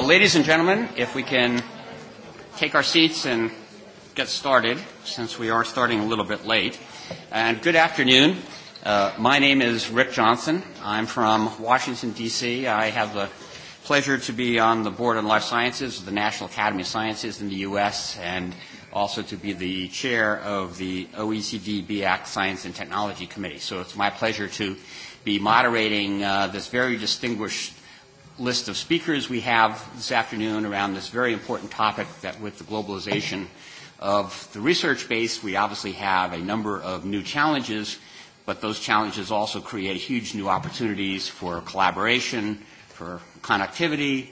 ladies and gentlemen, if we can take our seats and get started, since we are starting a little bit late. And good afternoon. my name is Rick Johnson. I'm from Washington, D.C. I have the pleasure to be on the Board of Life Sciences of the National Academy of Sciences in the U.S. and also to be the chair of the OECD BAC Science and Technology Committee. So it's my pleasure to be moderating this very distinguished list of speakers we have this afternoon around this very important topic that with the globalization of the research base, we obviously have a number of new challenges, but those challenges also create huge new opportunities for collaboration, for connectivity,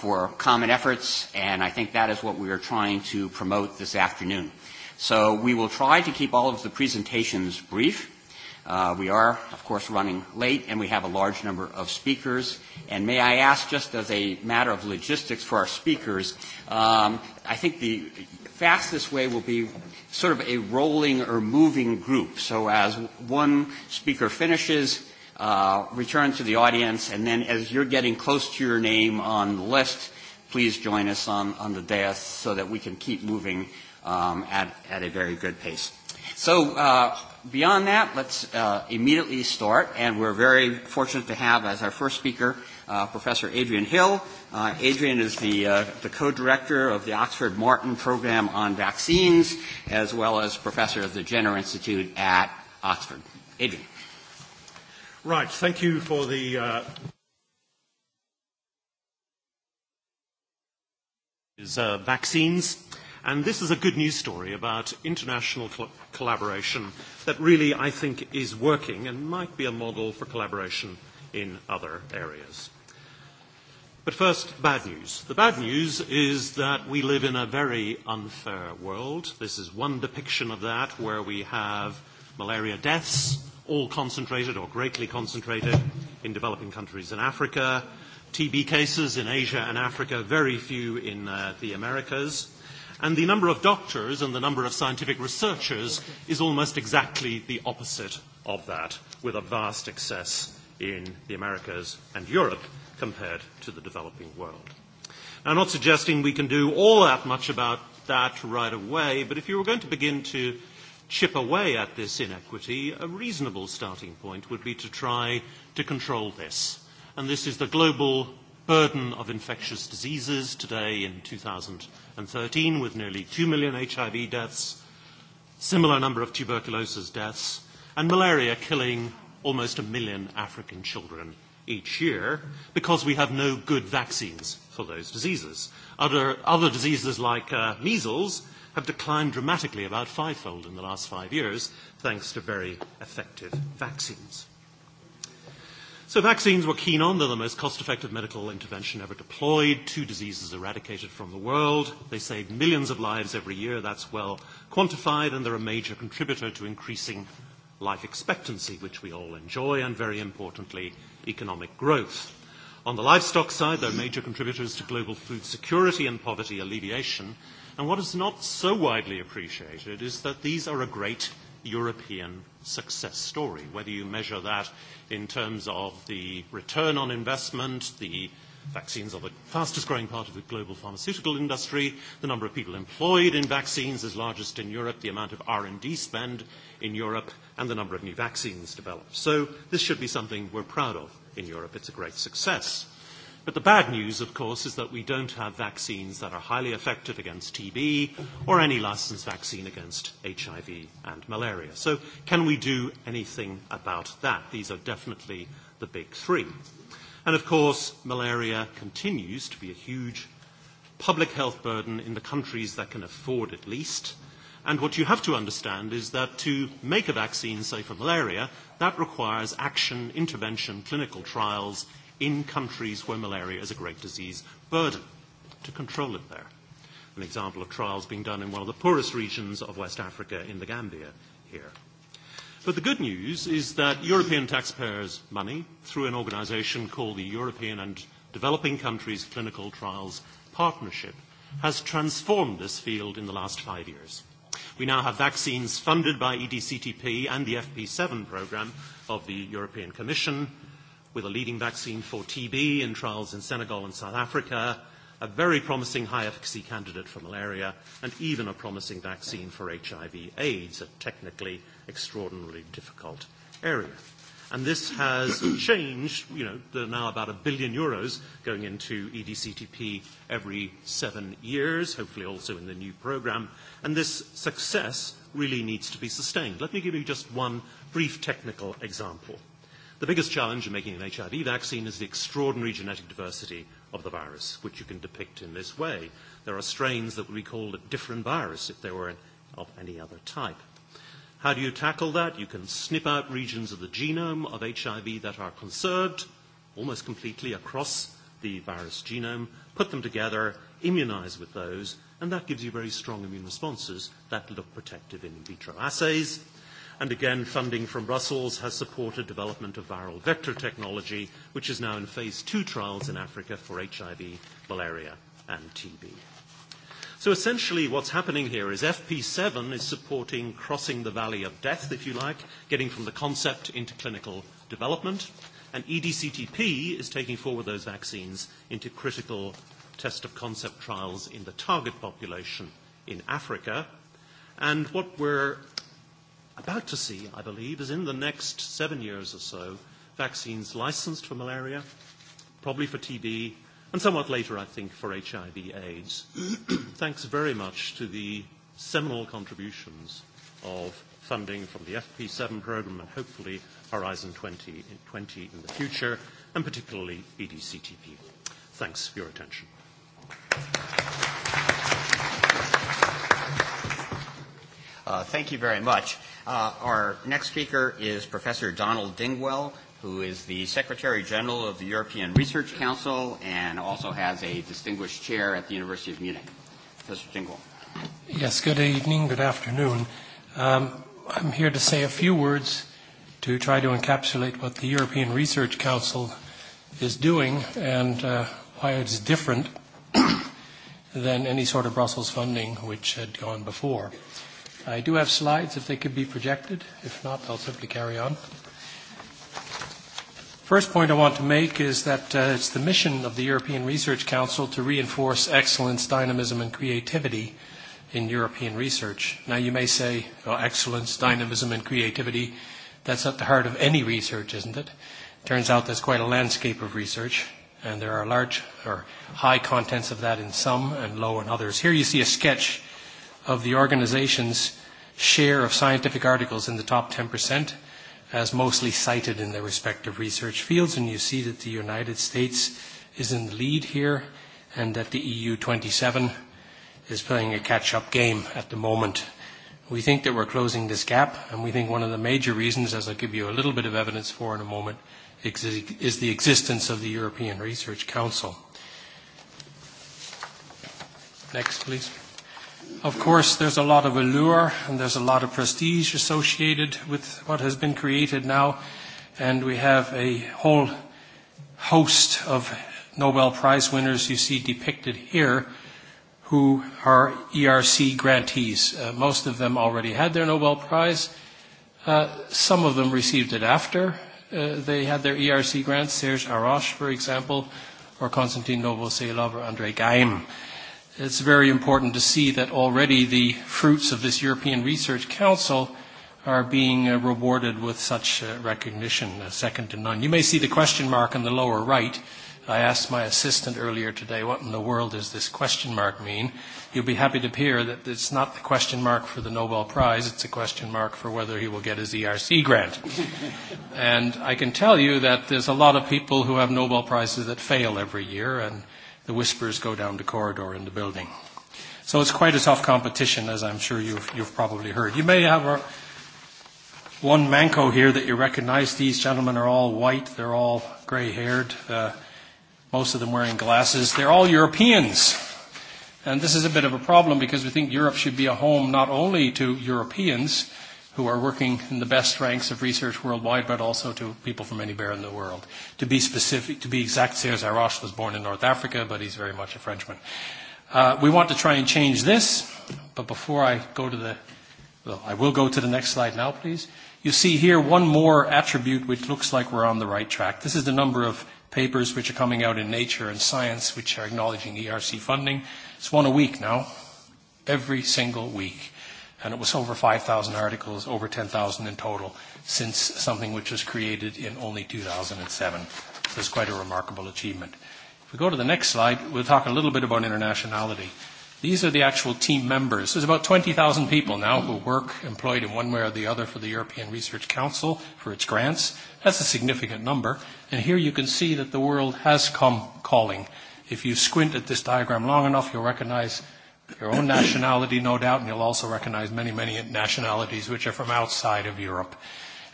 for common efforts, and I think that is what we are trying to promote this afternoon. So we will try to keep all of the presentations brief. We are, of course, running late, and we have a large number of speakers. And may I ask, just as a matter of logistics for our speakers, I think the fastest way will be sort of a rolling or moving group. So as one speaker finishes, return to the audience, and then as you're getting close to your name on the list, please join us on, on the dais so that we can keep moving at, at a very good pace. So beyond that, let's immediately start, and we're very fortunate to have as our first speaker Professor Adrian Hill. Adrian is the co-director of the Oxford Martin Program on Vaccines, as well as professor of the Jenner Institute at Oxford. Adrian. Right. Thank you for the. Is vaccines And this is a good news story about international collaboration that really, I think, is working and might be a model for collaboration in other areas. But first, bad news. The bad news is that we live in a very unfair world. This is one depiction of that where we have malaria deaths, all concentrated or greatly concentrated in developing countries in Africa, TB cases in Asia and Africa, very few in the Americas. And the number of doctors and the number of scientific researchers is almost exactly the opposite of that, with a vast excess in the Americas and Europe compared to the developing world. I'm not suggesting we can do all that much about that right away, but if you were going to begin to chip away at this inequity, a reasonable starting point would be to try to control this. And this is the global burden of infectious diseases today in 2000 2013 with nearly 2 million HIV deaths, similar number of tuberculosis deaths, and malaria killing almost a million African children each year because we have no good vaccines for those diseases. Other diseases like measles have declined dramatically, about fivefold in the last five years, thanks to very effective vaccines. So vaccines were keen on. They're the most cost-effective medical intervention ever deployed. Two diseases eradicated from the world. They save millions of lives every year. That's well quantified, and they're a major contributor to increasing life expectancy, which we all enjoy, and very importantly, economic growth. On the livestock side, they're major contributors to global food security and poverty alleviation. And what is not so widely appreciated is that these are a great European success story, whether you measure that in terms of the return on investment, the vaccines are the fastest growing part of the global pharmaceutical industry, the number of people employed in vaccines is largest in Europe, the amount of R&D spend in Europe, and the number of new vaccines developed. So this should be something we're proud of in Europe. It's a great success. But the bad news, of course, is that we don't have vaccines that are highly effective against TB or any licensed vaccine against HIV and malaria. So can we do anything about that? These are definitely the big three. And, of course, malaria continues to be a huge public health burden in the countries that can afford it least. And what you have to understand is that to make a vaccine, say, for malaria, that requires action, intervention, clinical trials, in countries where malaria is a great disease burden to control it there. An example of trials being done in one of the poorest regions of West Africa in the Gambia here. But the good news is that European taxpayers' money, through an organisation called the European and Developing Countries Clinical Trials Partnership, has transformed this field in the last five years. We now have vaccines funded by EDCTP and the FP7 programme of the European Commission, with a leading vaccine for TB in trials in Senegal and South Africa, a very promising high-efficacy candidate for malaria, and even a promising vaccine for HIV/AIDS, a technically extraordinarily difficult area. And this has changed. You know, there are now about a billion euros going into EDCTP every seven years, hopefully also in the new program. And this success really needs to be sustained. Let me give you just one brief technical example. The biggest challenge in making an HIV vaccine is the extraordinary genetic diversity of the virus, which you can depict in this way. There are strains that would be called a different virus if they were of any other type. How do you tackle that? You can snip out regions of the genome of HIV that are conserved almost completely across the virus genome, put them together, immunize with those, and that gives you very strong immune responses that look protective in in vitro assays. And again, funding from Brussels has supported development of viral vector technology, which is now in phase two trials in Africa for HIV, malaria, and TB. So essentially what's happening here is FP7 is supporting crossing the valley of death, if you like, getting from the concept into clinical development, and EDCTP is taking forward those vaccines into critical test of concept trials in the target population in Africa. And what we're about to see, I believe, is in the next seven years or so, vaccines licensed for malaria, probably for TB, and somewhat later, I think, for HIV/AIDS. Thanks very much to the seminal contributions of funding from the FP7 program and hopefully Horizon 2020 in the future, and particularly EDCTP. Thanks for your attention. Thank you very much. Our next speaker is Professor Donald Dingwell, who is the Secretary General of the European Research Council and also has a distinguished chair at the University of Munich. Professor Dingwell. Yes, good evening, good afternoon. I'm here to say a few words to try to encapsulate what the European Research Council is doing and why it's different than any sort of Brussels funding which had gone before. I do have slides if they could be projected. If not, I'll simply carry on. First point I want to make is that it's the mission of the European Research Council to reinforce excellence, dynamism, and creativity in European research. Now, you may say, excellence, dynamism, and creativity, that's at the heart of any research, isn't it? Turns out there's quite a landscape of research, and there are large or high contents of that in some and low in others. Here you see a sketch of the organization's share of scientific articles in the top 10% as mostly cited in their respective research fields. And you see that the United States is in the lead here and that the EU27 is playing a catch-up game at the moment. We think that we're closing this gap, and we think one of the major reasons, as I'll give you a little bit of evidence for in a moment, is the existence of the European Research Council. Next, please. Of course, there's a lot of allure and there's a lot of prestige associated with what has been created now, and we have a whole host of Nobel Prize winners you see depicted here who are ERC grantees. Most of them already had their Nobel Prize. Some of them received it after they had their ERC grants, Serge Arash, for example, or Konstantin Novoselov or Andrei Gaim it's very important to see that already the fruits of this European Research Council are being rewarded with such recognition, second to none. You may see the question mark in the lower right. I asked my assistant earlier today, what in the world does this question mark mean? You'll be happy to hear that it's not the question mark for the Nobel Prize, it's a question mark for whether he will get his ERC grant. And I can tell you that there's a lot of people who have Nobel Prizes that fail every year, and the whispers go down the corridor in the building. So it's quite a tough competition, as I'm sure you've, you've probably heard. You may have a, one manco here that you recognize. These gentlemen are all white. They're all gray-haired, uh, most of them wearing glasses. They're all Europeans. And this is a bit of a problem because we think Europe should be a home not only to Europeans – who are working in the best ranks of research worldwide, but also to people from anywhere in the world. To be specific, to be exact, Serge Arroche was born in North Africa, but he's very much a Frenchman. We want to try and change this, but before I go to the, well, I will go to the next slide now, please. You see here one more attribute which looks like we're on the right track. This is the number of papers which are coming out in Nature and Science which are acknowledging ERC funding. It's one a week now, every single week and it was over 5,000 articles, over 10,000 in total, since something which was created in only 2007. So it's quite a remarkable achievement. If we go to the next slide, we'll talk a little bit about internationality. These are the actual team members. There's about 20,000 people now who work employed in one way or the other for the European Research Council for its grants. That's a significant number. And here you can see that the world has come calling. If you squint at this diagram long enough, you'll recognize your own nationality, no doubt, and you'll also recognize many, many nationalities which are from outside of Europe.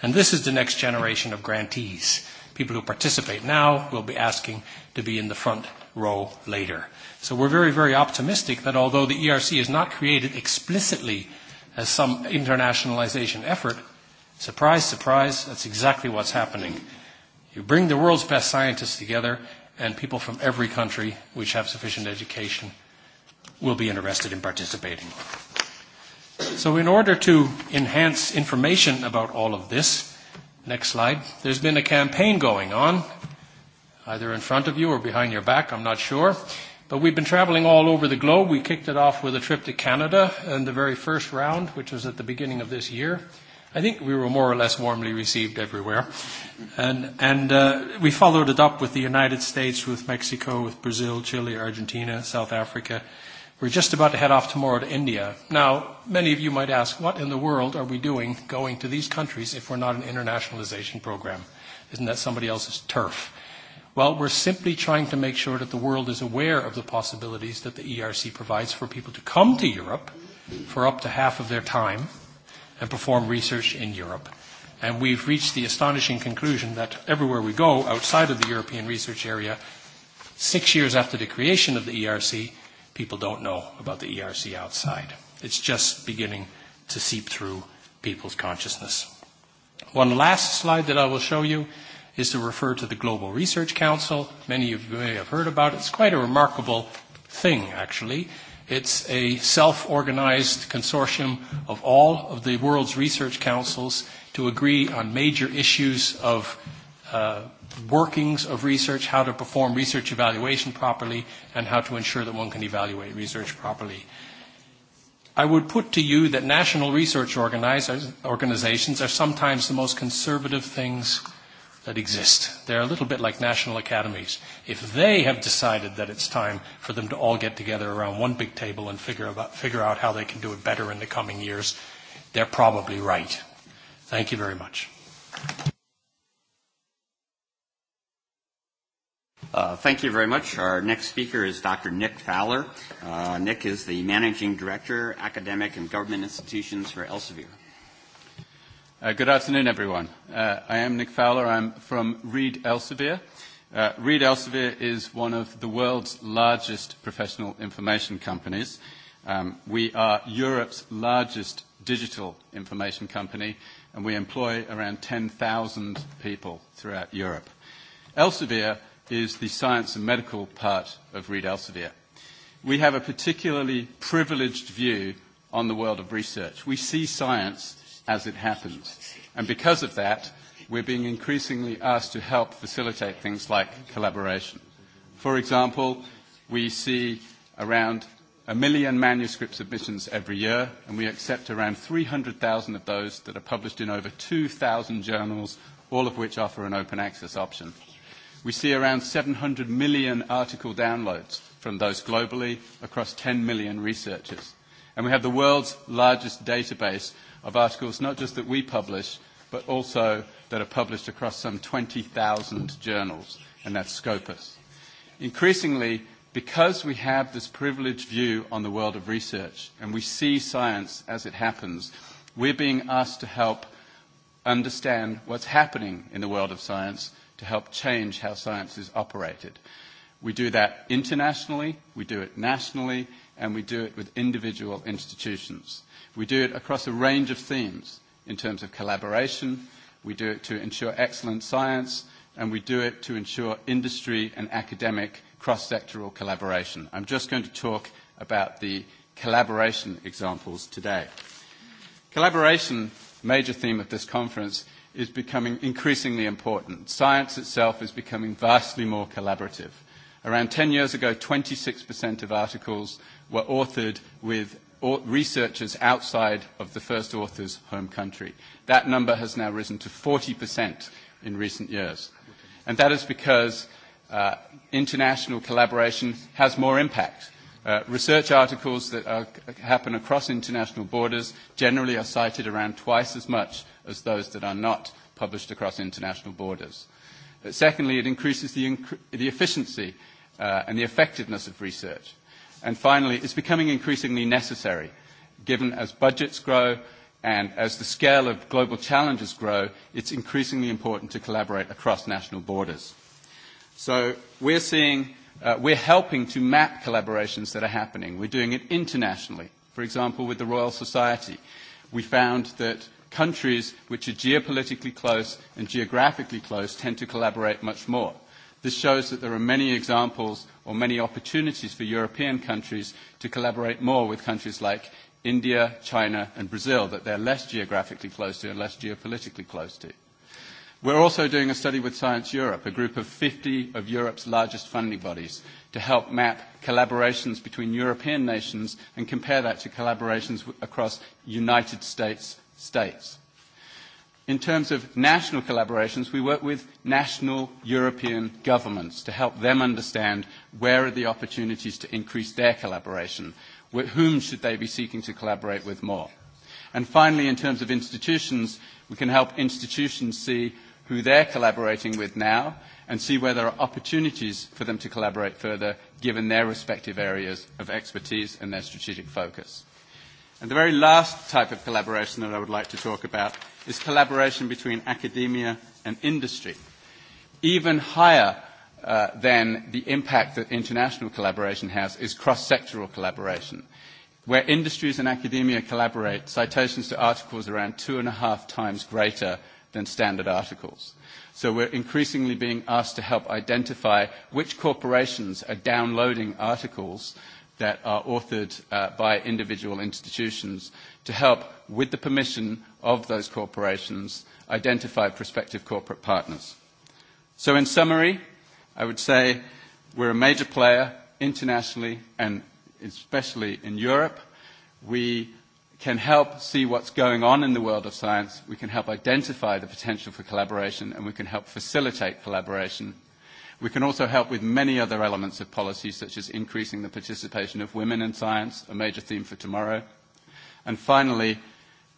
And this is the next generation of grantees. People who participate now will be asking to be in the front row later. So we're very, very optimistic that although the ERC is not created explicitly as some internationalization effort, surprise, surprise, that's exactly what's happening. You bring the world's best scientists together and people from every country which have sufficient education will be interested in participating. So in order to enhance information about all of this, next slide, there's been a campaign going on, either in front of you or behind your back, I'm not sure. But we've been traveling all over the globe. We kicked it off with a trip to Canada in the very first round, which was at the beginning of this year. I think we were more or less warmly received everywhere. And, and uh, we followed it up with the United States, with Mexico, with Brazil, Chile, Argentina, South Africa, We're just about to head off tomorrow to India. Now, many of you might ask, what in the world are we doing going to these countries if we're not an internationalization program? Isn't that somebody else's turf? Well, we're simply trying to make sure that the world is aware of the possibilities that the ERC provides for people to come to Europe for up to half of their time and perform research in Europe. And we've reached the astonishing conclusion that everywhere we go outside of the European research area, six years after the creation of the ERC, people don't know about the ERC outside. It's just beginning to seep through people's consciousness. One last slide that I will show you is to refer to the Global Research Council. Many of you may have heard about it. It's quite a remarkable thing, actually. It's a self-organized consortium of all of the world's research councils to agree on major issues of workings of research, how to perform research evaluation properly, and how to ensure that one can evaluate research properly. I would put to you that national research organizations are sometimes the most conservative things that exist. They're a little bit like national academies. If they have decided that it's time for them to all get together around one big table and figure out how they can do it better in the coming years, they're probably right. Thank you very much. Thank you very much. Our next speaker is Dr. Nick Fowler. Nick is the Managing Director, Academic and Government Institutions for Elsevier. Good afternoon, everyone. I am Nick Fowler. I'm from Reed Elsevier. Reed Elsevier is one of the world's largest professional information companies. We are Europe's largest digital information company, and we employ around 10,000 people throughout Europe. Elsevier is the science and medical part of Reed Elsevier. We have a particularly privileged view on the world of research. We see science as it happens. And because of that, we're being increasingly asked to help facilitate things like collaboration. For example, we see around a million manuscript submissions every year, and we accept around 300,000 of those that are published in over 2,000 journals, all of which offer an open access option. We see around 700 million article downloads from those globally across 10 million researchers. And we have the world's largest database of articles, not just that we publish, but also that are published across some 20,000 journals, and that's Scopus. Increasingly, because we have this privileged view on the world of research and we see science as it happens, we're being asked to help understand what's happening in the world of science to help change how science is operated. We do that internationally, we do it nationally, and we do it with individual institutions. We do it across a range of themes in terms of collaboration, we do it to ensure excellent science, and we do it to ensure industry and academic cross-sectoral collaboration. I'm just going to talk about the collaboration examples today. Collaboration, major theme of this conference, is becoming increasingly important. Science itself is becoming vastly more collaborative. Around 10 years ago, 26% of articles were authored with researchers outside of the first author's home country. That number has now risen to 40% in recent years. And that is because international collaboration has more impact. Research articles that happen across international borders generally are cited around twice as much as those that are not published across international borders. Secondly, it increases the efficiency and the effectiveness of research. And finally, it's becoming increasingly necessary, given as budgets grow and as the scale of global challenges grow, it's increasingly important to collaborate across national borders. So we're seeing We're helping to map collaborations that are happening. We're doing it internationally. For example, with the Royal Society, we found that countries which are geopolitically close and geographically close tend to collaborate much more. This shows that there are many examples or many opportunities for European countries to collaborate more with countries like India, China, and Brazil that they're less geographically close to and less geopolitically close to. We're also doing a study with Science Europe, a group of 50 of Europe's largest funding bodies, to help map collaborations between European nations and compare that to collaborations across United States states. In terms of national collaborations, we work with national European governments to help them understand where are the opportunities to increase their collaboration, with whom should they be seeking to collaborate with more. And finally, in terms of institutions, we can help institutions see who they're collaborating with now, and see where there are opportunities for them to collaborate further, given their respective areas of expertise and their strategic focus. And the very last type of collaboration that I would like to talk about is collaboration between academia and industry, even higher than the impact that international collaboration has is cross-sectoral collaboration. Where industries and academia collaborate, citations to articles are around two and a half times greater than standard articles. So we're increasingly being asked to help identify which corporations are downloading articles that are authored by individual institutions to help, with the permission of those corporations, identify prospective corporate partners. So in summary, I would say we're a major player internationally and especially in Europe. We can help see what's going on in the world of science, we can help identify the potential for collaboration, and we can help facilitate collaboration. We can also help with many other elements of policy, such as increasing the participation of women in science, a major theme for tomorrow. And finally,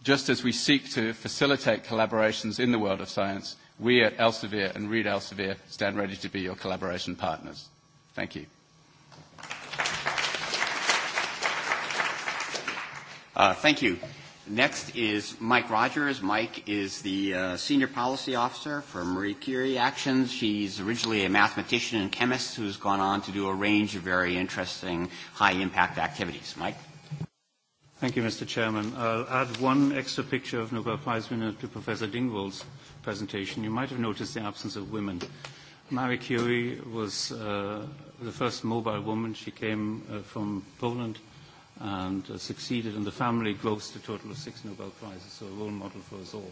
just as we seek to facilitate collaborations in the world of science, we at Elsevier and Reed Elsevier stand ready to be your collaboration partners. Thank you. Thank you. Next is Mike Rogers. Mike is the Senior Policy Officer for Marie Curie Actions. She's originally a mathematician and chemist who's gone on to do a range of very interesting high-impact activities. Mike? Thank you, Mr. Chairman. I'll add one extra picture of Nobel Prize winner to Professor Dingwall's presentation. You might have noticed the absence of women. Marie Curie was the first mobile woman. She came from Poland and succeeded, and the family grossed a total of six Nobel Prizes, so a role model for us all.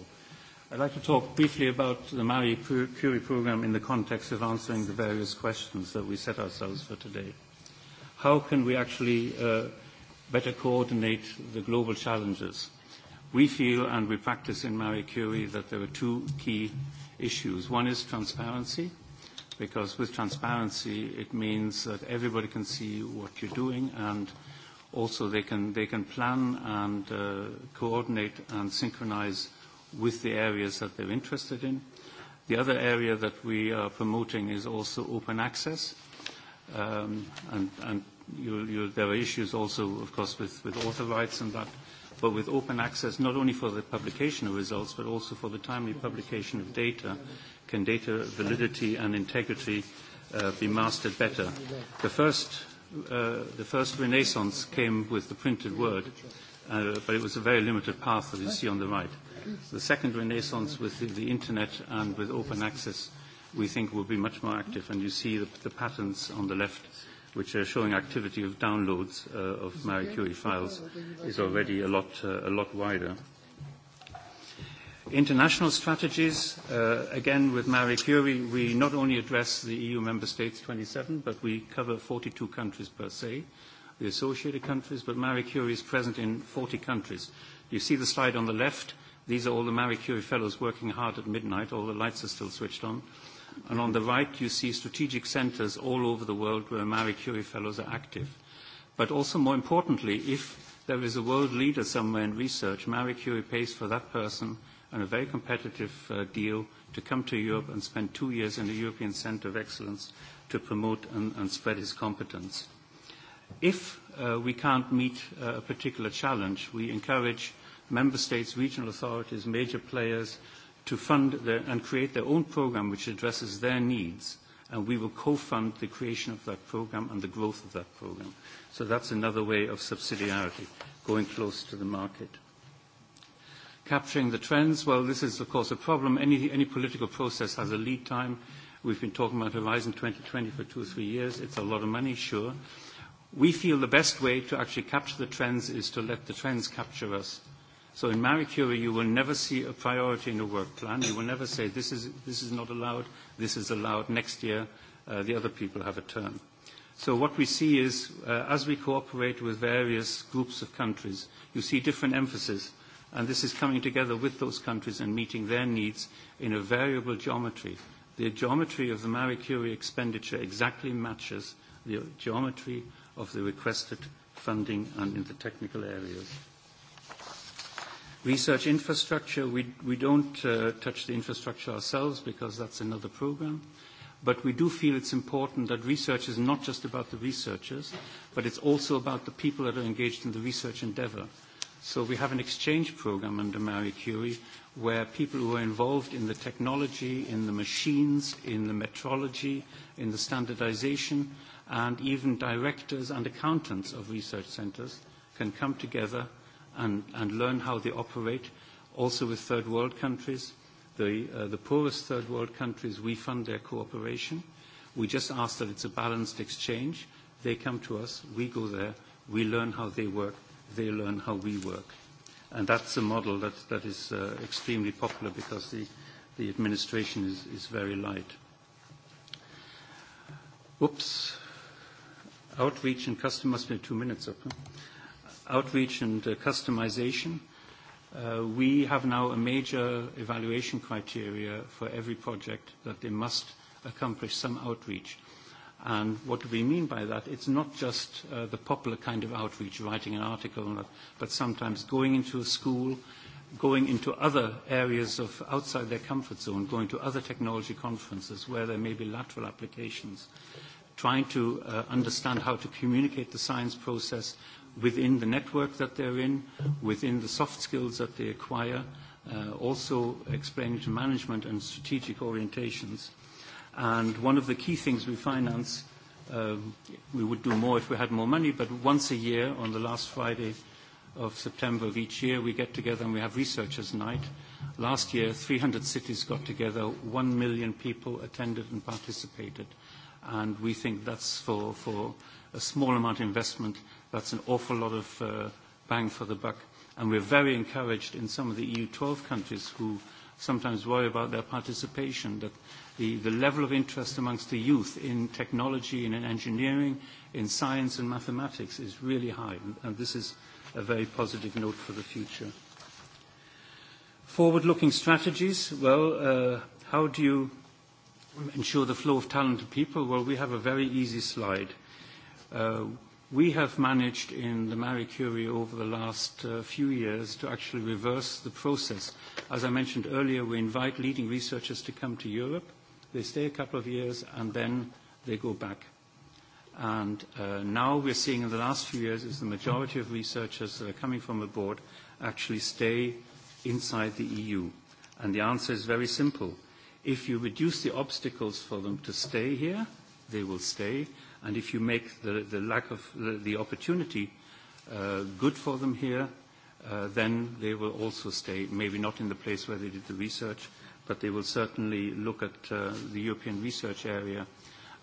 I'd like to talk briefly about the Marie Curie program in the context of answering the various questions that we set ourselves for today. How can we actually better coordinate the global challenges? We feel, and we practice in Marie Curie, that there are two key issues. One is transparency, because with transparency it means that everybody can see what you're doing and also they can they can plan and coordinate and synchronize with the areas that they're interested in. The other area that we are promoting is also open access. And there are issues also, of course, with author rights and that, but with open access, not only for the publication of results, but also for the timely publication of data, can data validity and integrity be mastered better. The first the first Renaissance came with the printed word, but it was a very limited path that you see on the right. The second Renaissance with the Internet and with open access, we think will be much more active, and you see the patterns on the left which are showing activity of downloads of Marie Curie files is already a lot a lot wider. International strategies, again with Marie Curie, we not only address the EU member states 27, but we cover 42 countries per se, the associated countries, but Marie Curie is present in 40 countries. You see the slide on the left. These are all the Marie Curie fellows working hard at midnight. All the lights are still switched on. And on the right, you see strategic centers all over the world where Marie Curie fellows are active. But also, more importantly, if there is a world leader somewhere in research, Marie Curie pays for that person and a very competitive deal to come to Europe and spend two years in the European Centre of Excellence to promote and spread his competence. If we can't meet a particular challenge, we encourage member states, regional authorities, major players to fund and create their own program which addresses their needs, and we will co-fund the creation of that program and the growth of that program. So that's another way of subsidiarity, going close to the market. Capturing the trends, well, this is, of course, a problem. Any political process has a lead time. We've been talking about Horizon 2020 for two or three years. It's a lot of money, sure. We feel the best way to actually capture the trends is to let the trends capture us. So in Marie Curie, you will never see a priority in a work plan. You will never say, this is, this is not allowed, this is allowed, next year the other people have a turn. So what we see is, as we cooperate with various groups of countries, you see different emphasis and this is coming together with those countries and meeting their needs in a variable geometry. The geometry of the Marie Curie expenditure exactly matches the geometry of the requested funding and in the technical areas. Research infrastructure, we don't touch the infrastructure ourselves because that's another program, but we do feel it's important that research is not just about the researchers, but it's also about the people that are engaged in the research endeavor So we have an exchange program under Marie Curie where people who are involved in the technology, in the machines, in the metrology, in the standardization, and even directors and accountants of research centers can come together and learn how they operate. Also with third world countries, the poorest third world countries, we fund their cooperation. We just ask that it's a balanced exchange. They come to us, we go there, we learn how they work they learn how we work. And that's a model that, that is extremely popular because the, the administration is, is very light. Oops. Outreach and customer, must be two minutes up. Outreach and customization. We have now a major evaluation criteria for every project that they must accomplish some outreach. And what do we mean by that? It's not just the popular kind of outreach, writing an article, but sometimes going into a school, going into other areas of outside their comfort zone, going to other technology conferences where there may be lateral applications, trying to understand how to communicate the science process within the network that they're in, within the soft skills that they acquire, also explaining to management and strategic orientations And one of the key things we finance, we would do more if we had more money, but once a year, on the last Friday of September of each year, we get together and we have researchers' night. Last year, 300 cities got together, 1 million people attended and participated. And we think that's for, for a small amount of investment, that's an awful lot of bang for the buck. And we're very encouraged in some of the EU 12 countries who sometimes worry about their participation, that the level of interest amongst the youth in technology and in engineering, in science and mathematics is really high, and this is a very positive note for the future. Forward-looking strategies, well, how do you ensure the flow of talented people? Well, we have a very easy slide. We have managed in the Marie Curie over the last few years to actually reverse the process. As I mentioned earlier, we invite leading researchers to come to Europe They stay a couple of years and then they go back. And now we're seeing in the last few years is the majority of researchers that are coming from abroad actually stay inside the EU. And the answer is very simple. If you reduce the obstacles for them to stay here, they will stay. And if you make the, the lack of the opportunity good for them here, then they will also stay, maybe not in the place where they did the research, but they will certainly look at the European research area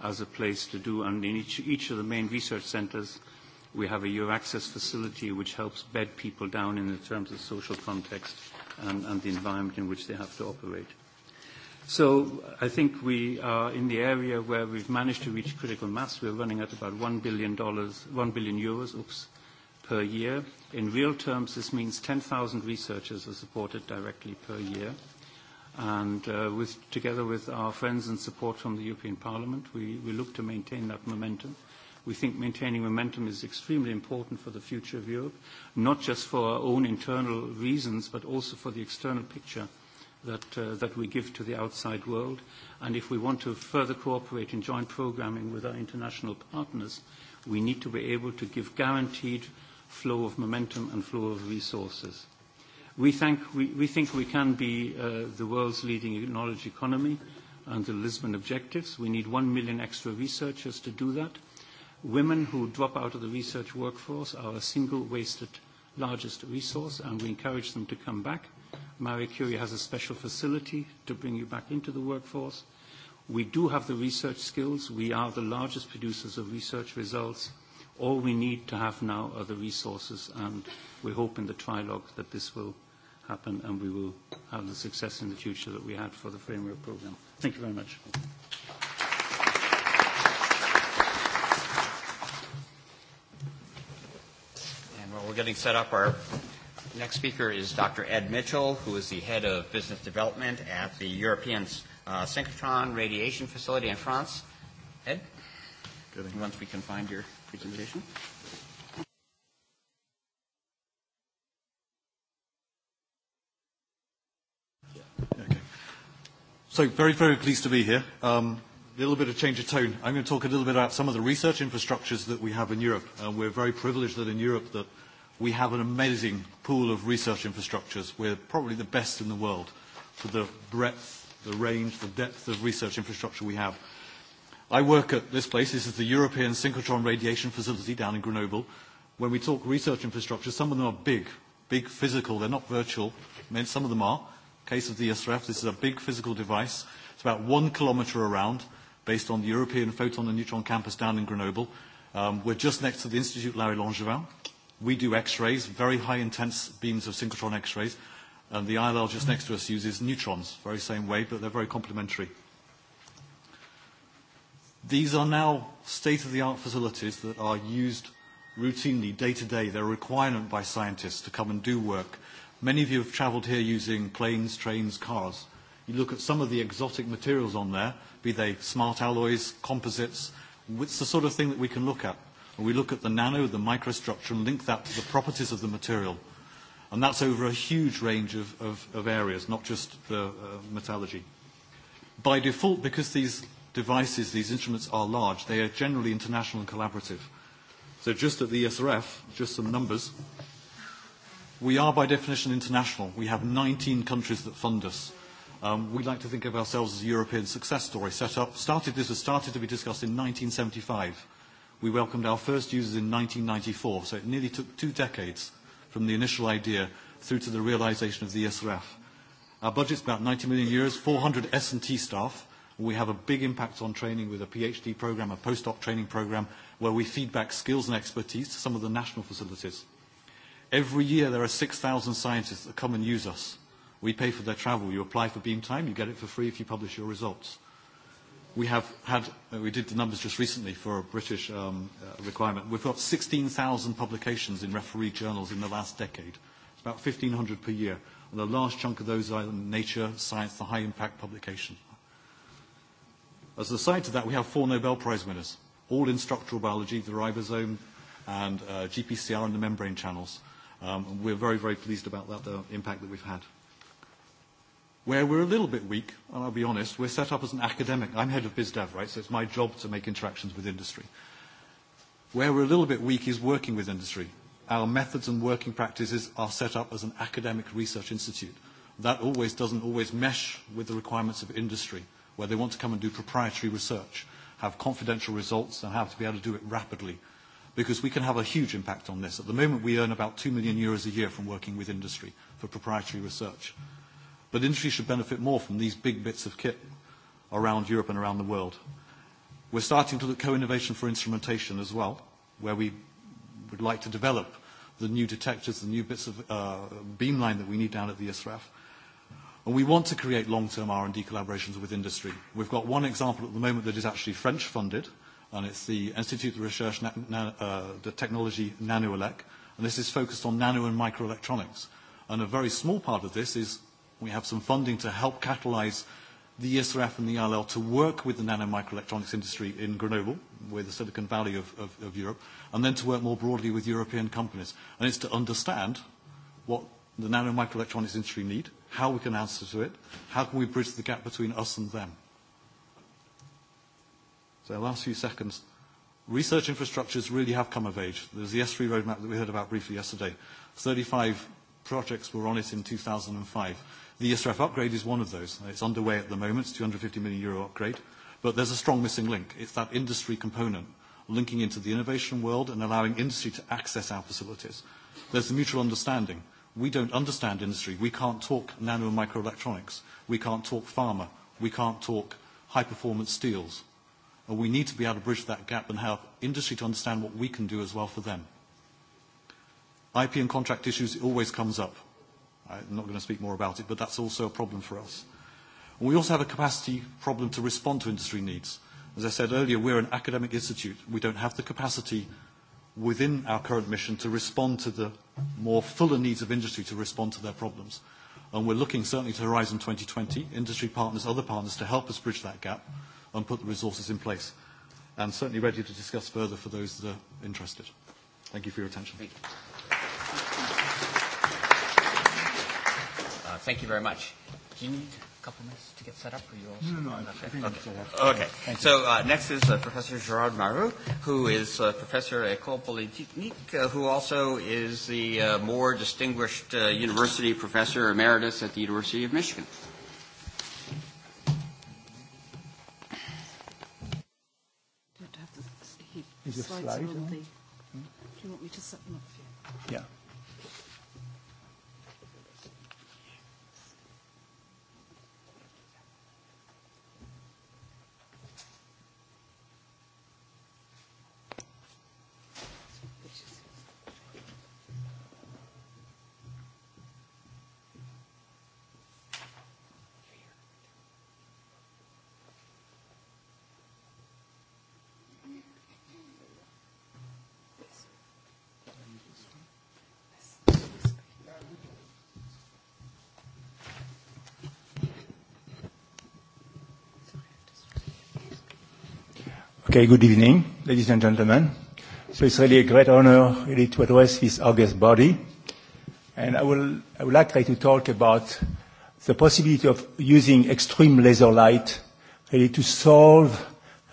as a place to do. And in each of the main research centres, we have a Access facility which helps bed people down in terms of social context and the environment in which they have to operate. So I think we are in the area where we've managed to reach critical mass. We're running at about $1 billion, 1 billion euros, oops, per year. In real terms, this means 10,000 researchers are supported directly per year. And together with our friends and support from the European Parliament, we look to maintain that momentum. We think maintaining momentum is extremely important for the future of Europe, not just for our own internal reasons, but also for the external picture that we give to the outside world. And if we want to further cooperate in joint programming with our international partners, we need to be able to give guaranteed flow of momentum and flow of resources. We think we can be the world's leading knowledge economy under the Lisbon objectives. We need one million extra researchers to do that. Women who drop out of the research workforce are a single wasted largest resource, and we encourage them to come back. Marie Curie has a special facility to bring you back into the workforce. We do have the research skills. We are the largest producers of research results. All we need to have now are the resources, and we hope in the trilogue that this will happen and we will have the success in the future that we had for the framework program. Thank you very much. And while we're getting set up, our next speaker is Dr. Ed Mitchell, who is the head of business development at the European Synchrotron Radiation Facility in France. Ed, once we can find your presentation. So very, very pleased to be here. a little bit of change of tone. I'm going to talk a little bit about some of the research infrastructures that we have in Europe. And we're very privileged that in Europe that we have an amazing pool of research infrastructures. We're probably the best in the world for the breadth, the range, the depth of research infrastructure we have. I work at this place. This is the European Synchrotron Radiation Facility down in Grenoble. When we talk research infrastructure, some of them are big, big physical. They're not virtual. Some of them are case of the SRF, this is a big physical device. It's about one kilometre around, based on the European Photon and Neutron campus down in Grenoble. We're just next to the Institute Larry Langevin. We do X-rays, very high intense beams of synchrotron X-rays, and the ILL just next to us uses neutrons, very same way, but they're very complementary. These are now state-of-the-art facilities that are used routinely, day-to-day. They're a requirement by scientists to come and do work. Many of you have travelled here using planes, trains, cars. You look at some of the exotic materials on there, be they smart alloys, composites. It's the sort of thing that we can look at. We look at the nano, the microstructure, and link that to the properties of the material. And that's over a huge range of areas, not just the metallurgy. By default, because these devices, these instruments are large, they are generally international and collaborative. So just at the ESRF, just some numbers. We are by definition international. We have 19 countries that fund us. We like to think of ourselves as a European success story set up. Started, this was started to be discussed in 1975. We welcomed our first users in 1994, so it nearly took two decades from the initial idea through to the realization of the ESRF. Our budget is about 90 million euros, 400 S&T staff. We have a big impact on training with a PhD program, a postdoc training program, where we feed back skills and expertise to some of the national facilities. Every year there are 6,000 scientists that come and use us. We pay for their travel. You apply for Beam Time, you get it for free if you publish your results. We have had, we did the numbers just recently for a British requirement. We've got 16,000 publications in referee journals in the last decade. It's about 1,500 per year. And a large chunk of those are in Nature, Science, the high-impact publication. As a side to that, we have four Nobel Prize winners, all in structural biology, the ribosome and GPCR and the membrane channels we're very, very pleased about that, the impact that we've had. Where we're a little bit weak, and I'll be honest, we're set up as an academic. I'm head of BizDev, right, so it's my job to make interactions with industry. Where we're a little bit weak is working with industry. Our methods and working practices are set up as an academic research institute. That always doesn't always mesh with the requirements of industry, where they want to come and do proprietary research, have confidential results, and have to be able to do it rapidly because we can have a huge impact on this. At the moment, we earn about 2 million euros a year from working with industry for proprietary research. But industry should benefit more from these big bits of kit around Europe and around the world. We're starting to look co-innovation for instrumentation as well, where we would like to develop the new detectors, the new bits of beamline that we need down at the ISRAF. And we want to create long-term R&D collaborations with industry. We've got one example at the moment that is actually French-funded, and it's the Institute of Research the Technology NanoElec, and this is focused on nano and microelectronics. And a very small part of this is we have some funding to help catalyze the ESRF and the ILL to work with the nano microelectronics industry in Grenoble, where the Silicon Valley of Europe, and then to work more broadly with European companies. And it's to understand what the nano microelectronics industry need, how we can answer to it, how can we bridge the gap between us and them. So the last few seconds. Research infrastructures really have come of age. There's the S3 roadmap that we heard about briefly yesterday. 35 projects were on it in 2005. The ESRF upgrade is one of those. It's underway at the moment, 250 million euro upgrade. But there's a strong missing link. It's that industry component, linking into the innovation world and allowing industry to access our facilities. There's a mutual understanding. We don't understand industry. We can't talk nano and microelectronics. We can't talk pharma. We can't talk high-performance steels and we need to be able to bridge that gap and help industry to understand what we can do as well for them. IP and contract issues always comes up. I'm not going to speak more about it, but that's also a problem for us. We also have a capacity problem to respond to industry needs. As I said earlier, we're an academic institute. We don't have the capacity within our current mission to respond to the more fuller needs of industry to respond to their problems. And we're looking certainly to Horizon 2020, industry partners, other partners, to help us bridge that gap and put the resources in place. And certainly ready to discuss further for those that are interested. Thank you for your attention. Thank you very much. Do you need a couple minutes to get set up? No, no, no. Okay. So next is Professor Gerard Maru, who is Professor École Polytechnique, who also is the more distinguished University Professor Emeritus at the University of Michigan. Is your slide on? Do you want me to set them up for you? Yeah. Okay, good evening, ladies and gentlemen. So it's really a great honor really to address this august body. And I will I would like to talk about the possibility of using extreme laser light really to solve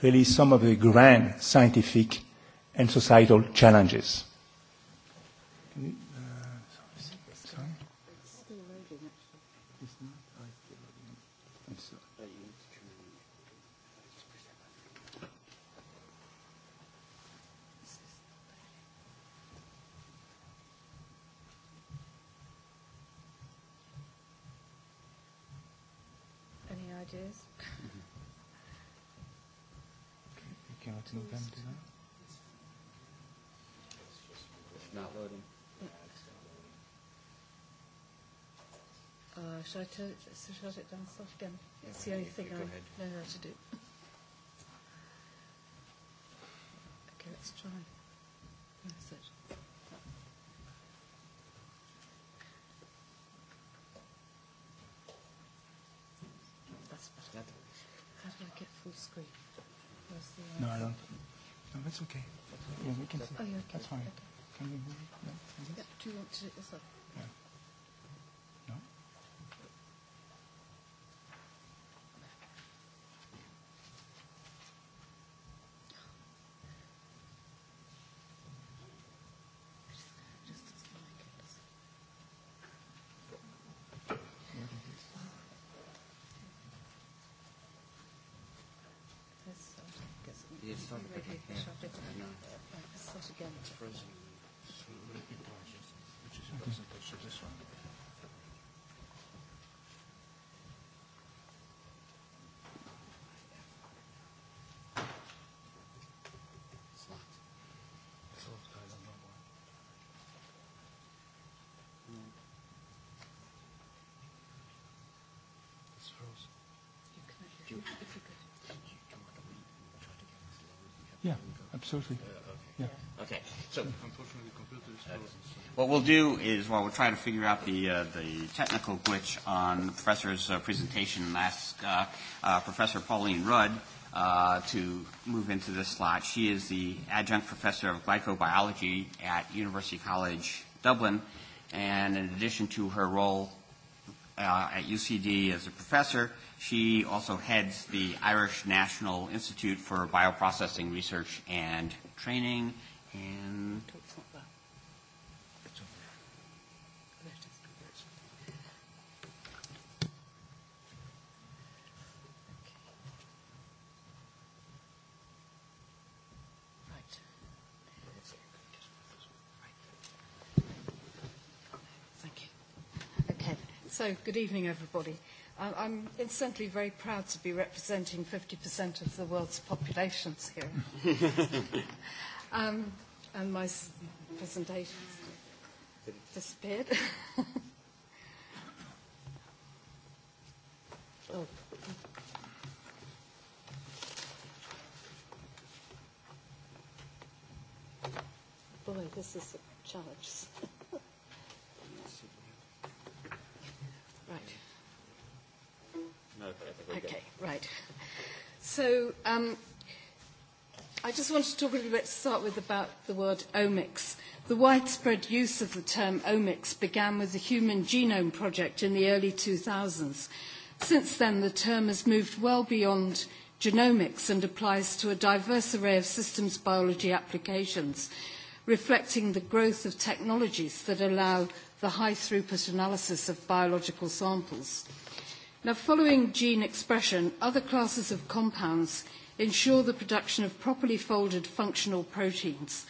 really some of the grand scientific and societal challenges. to shut it down soft again. It's the only thing I know how to do. Okay, let's try. That's it. That's better. How do I get full screen? No, I don't. No, that's okay. Yeah, we can see. Oh, yeah, okay. That's fine. Can we move it? No? Do you want to do it yourself? Yeah. Yeah, absolutely. Yeah. Okay. So unfortunately, computer is What we'll do is, while we're trying to figure out the the technical glitch on the professor's presentation, and ask uh, uh, Professor Pauline Rudd uh, to move into this slot. She is the adjunct professor of glycobiology at University College Dublin, and in addition to her role at UCD as a professor, She also heads the Irish National Institute for Bioprocessing Research and Training. And So, good evening, everybody. I'm instantly very proud to be representing 50% of the world's populations here. um, and my presentation disappeared. Boy, this is a challenge. right. Okay, right. So um, I just wanted to talk a little bit to start with about the word omics. The widespread use of the term omics began with the Human Genome Project in the early 2000s. Since then, the term has moved well beyond genomics and applies to a diverse array of systems biology applications, reflecting the growth of technologies that allow the high throughput analysis of biological samples. Now, following gene expression, other classes of compounds ensure the production of properly folded functional proteins.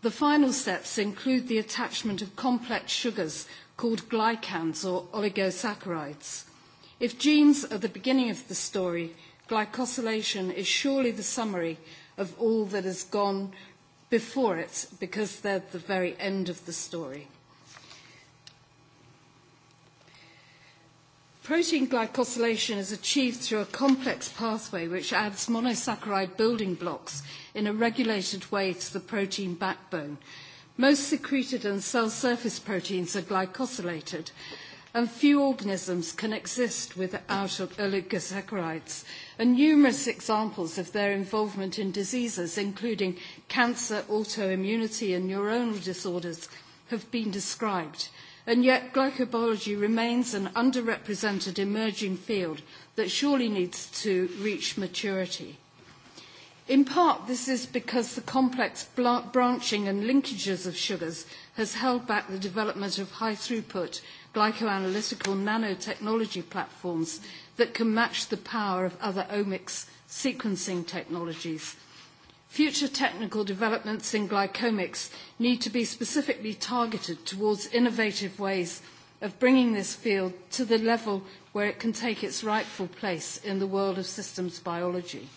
The final steps include the attachment of complex sugars called glycans or oligosaccharides. If genes are the beginning of the story, glycosylation is surely the summary of all that has gone before it because they're the very end of the story. Protein glycosylation is achieved through a complex pathway which adds monosaccharide building blocks in a regulated way to the protein backbone. Most secreted and cell surface proteins are glycosylated, and few organisms can exist without oligosaccharides. And numerous examples of their involvement in diseases, including cancer, autoimmunity, and neuronal disorders, have been described. And yet glycobiology remains an underrepresented emerging field that surely needs to reach maturity. In part, this is because the complex branching and linkages of sugars has held back the development of high-throughput glycoanalytical nanotechnology platforms that can match the power of other omics sequencing technologies Future technical developments in glycomics need to be specifically targeted towards innovative ways of bringing this field to the level where it can take its rightful place in the world of systems biology.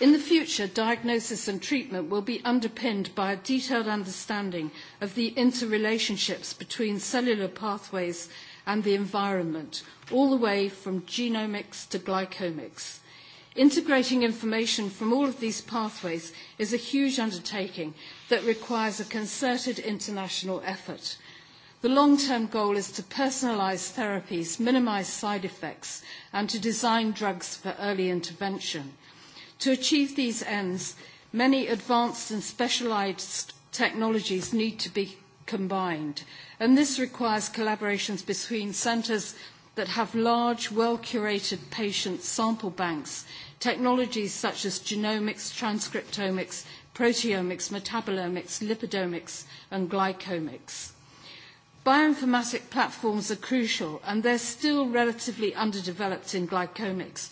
In the future, diagnosis and treatment will be underpinned by a detailed understanding of the interrelationships between cellular pathways and the environment, all the way from genomics to glycomics. Integrating information from all of these pathways is a huge undertaking that requires a concerted international effort. The long-term goal is to personalise therapies, minimise side effects, and to design drugs for early intervention. To achieve these ends, many advanced and specialised technologies need to be combined, and this requires collaborations between centres that have large, well-curated patient sample banks, technologies such as genomics, transcriptomics, proteomics, metabolomics, lipidomics, and glycomics. Bioinformatic platforms are crucial, and they're still relatively underdeveloped in glycomics.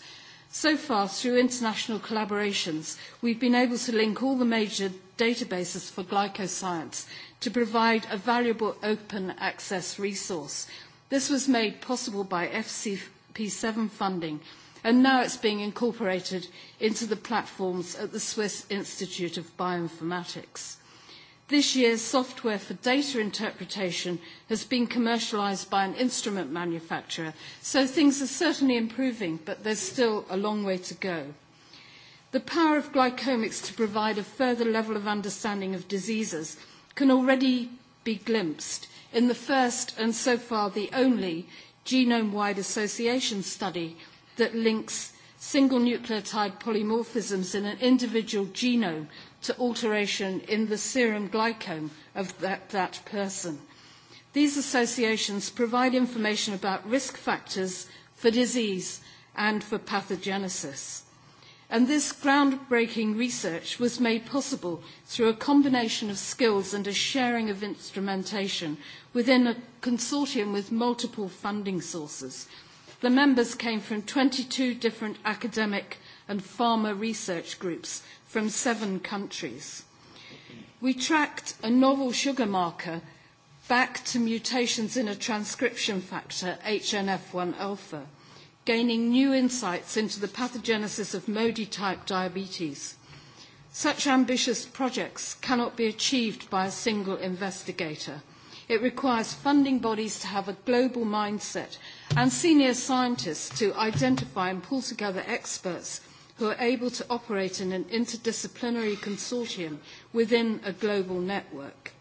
So far, through international collaborations, we've been able to link all the major databases for glycoscience to provide a valuable open access resource This was made possible by FCP7 funding, and now it's being incorporated into the platforms at the Swiss Institute of Bioinformatics. This year's software for data interpretation has been commercialized by an instrument manufacturer, so things are certainly improving, but there's still a long way to go. The power of glycomics to provide a further level of understanding of diseases can already be glimpsed in the first and so far the only genome-wide association study that links single nucleotide polymorphisms in an individual genome to alteration in the serum glycome of that person. These associations provide information about risk factors for disease and for pathogenesis. And this groundbreaking research was made possible through a combination of skills and a sharing of instrumentation within a consortium with multiple funding sources. The members came from 22 different academic and pharma research groups from seven countries. We tracked a novel sugar marker back to mutations in a transcription factor, HNF1 alpha, gaining new insights into the pathogenesis of Modi-type diabetes. Such ambitious projects cannot be achieved by a single investigator – It requires funding bodies to have a global mindset and senior scientists to identify and pull together experts who are able to operate in an interdisciplinary consortium within a global network.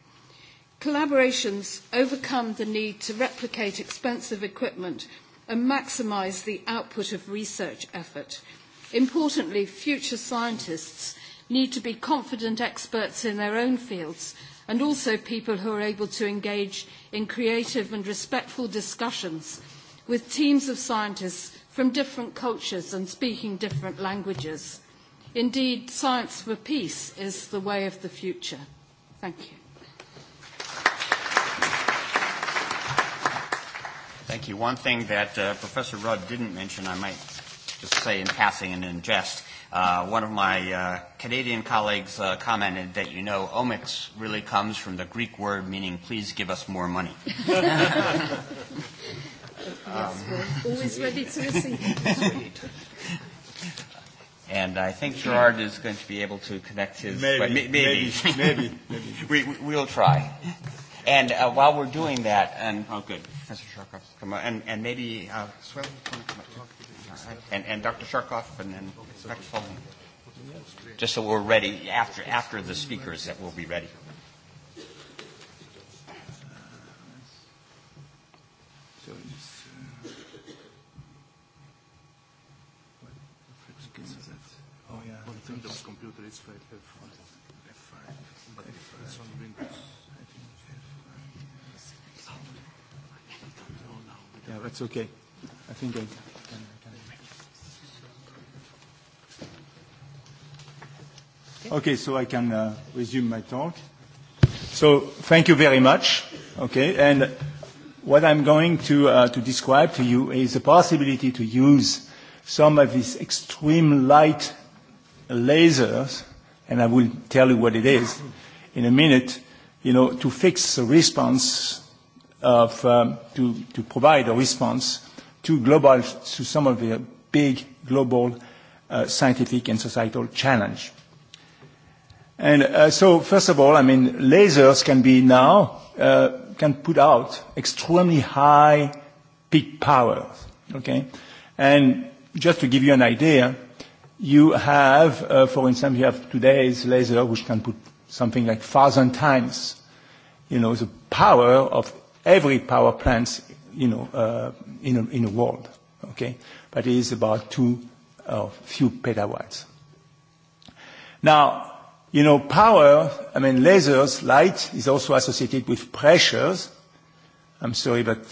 Collaborations overcome the need to replicate expensive equipment and maximise the output of research effort. Importantly, future scientists need to be confident experts in their own fields and also people who are able to engage in creative and respectful discussions with teams of scientists from different cultures and speaking different languages. Indeed, science for peace is the way of the future. Thank you. Thank you. One thing that Professor Rudd didn't mention, I might just say in passing and in jest, One of my Canadian colleagues commented that, you know, omics really comes from the Greek word meaning please give us more money. Always ready to receive. And I think Gerard is going to be able to connect his... Maybe, maybe, maybe. We'll try. And while we're doing that, and... Oh, good. come And maybe... come and, and Dr. Sharkoff and then Dr. Just so we're ready after, after the speakers that we'll be ready. Yeah, that's okay. I think I Okay, so I can uh, resume my talk. So thank you very much. Okay, and what I'm going to, uh, to describe to you is the possibility to use some of these extreme light lasers, and I will tell you what it is in a minute, you know, to fix the response of, um, to, to provide a response to global, to some of the big global uh, scientific and societal challenge. And so, first of all, I mean, lasers can be now, can put out extremely high peak power, okay? And just to give you an idea, you have, for instance, you have today's laser which can put something like thousand times, you know, the power of every power plant, you know, in a, in the world, okay? But it is about two or few petawatts. Now, You know, power, I mean, lasers, light is also associated with pressures. I'm sorry, but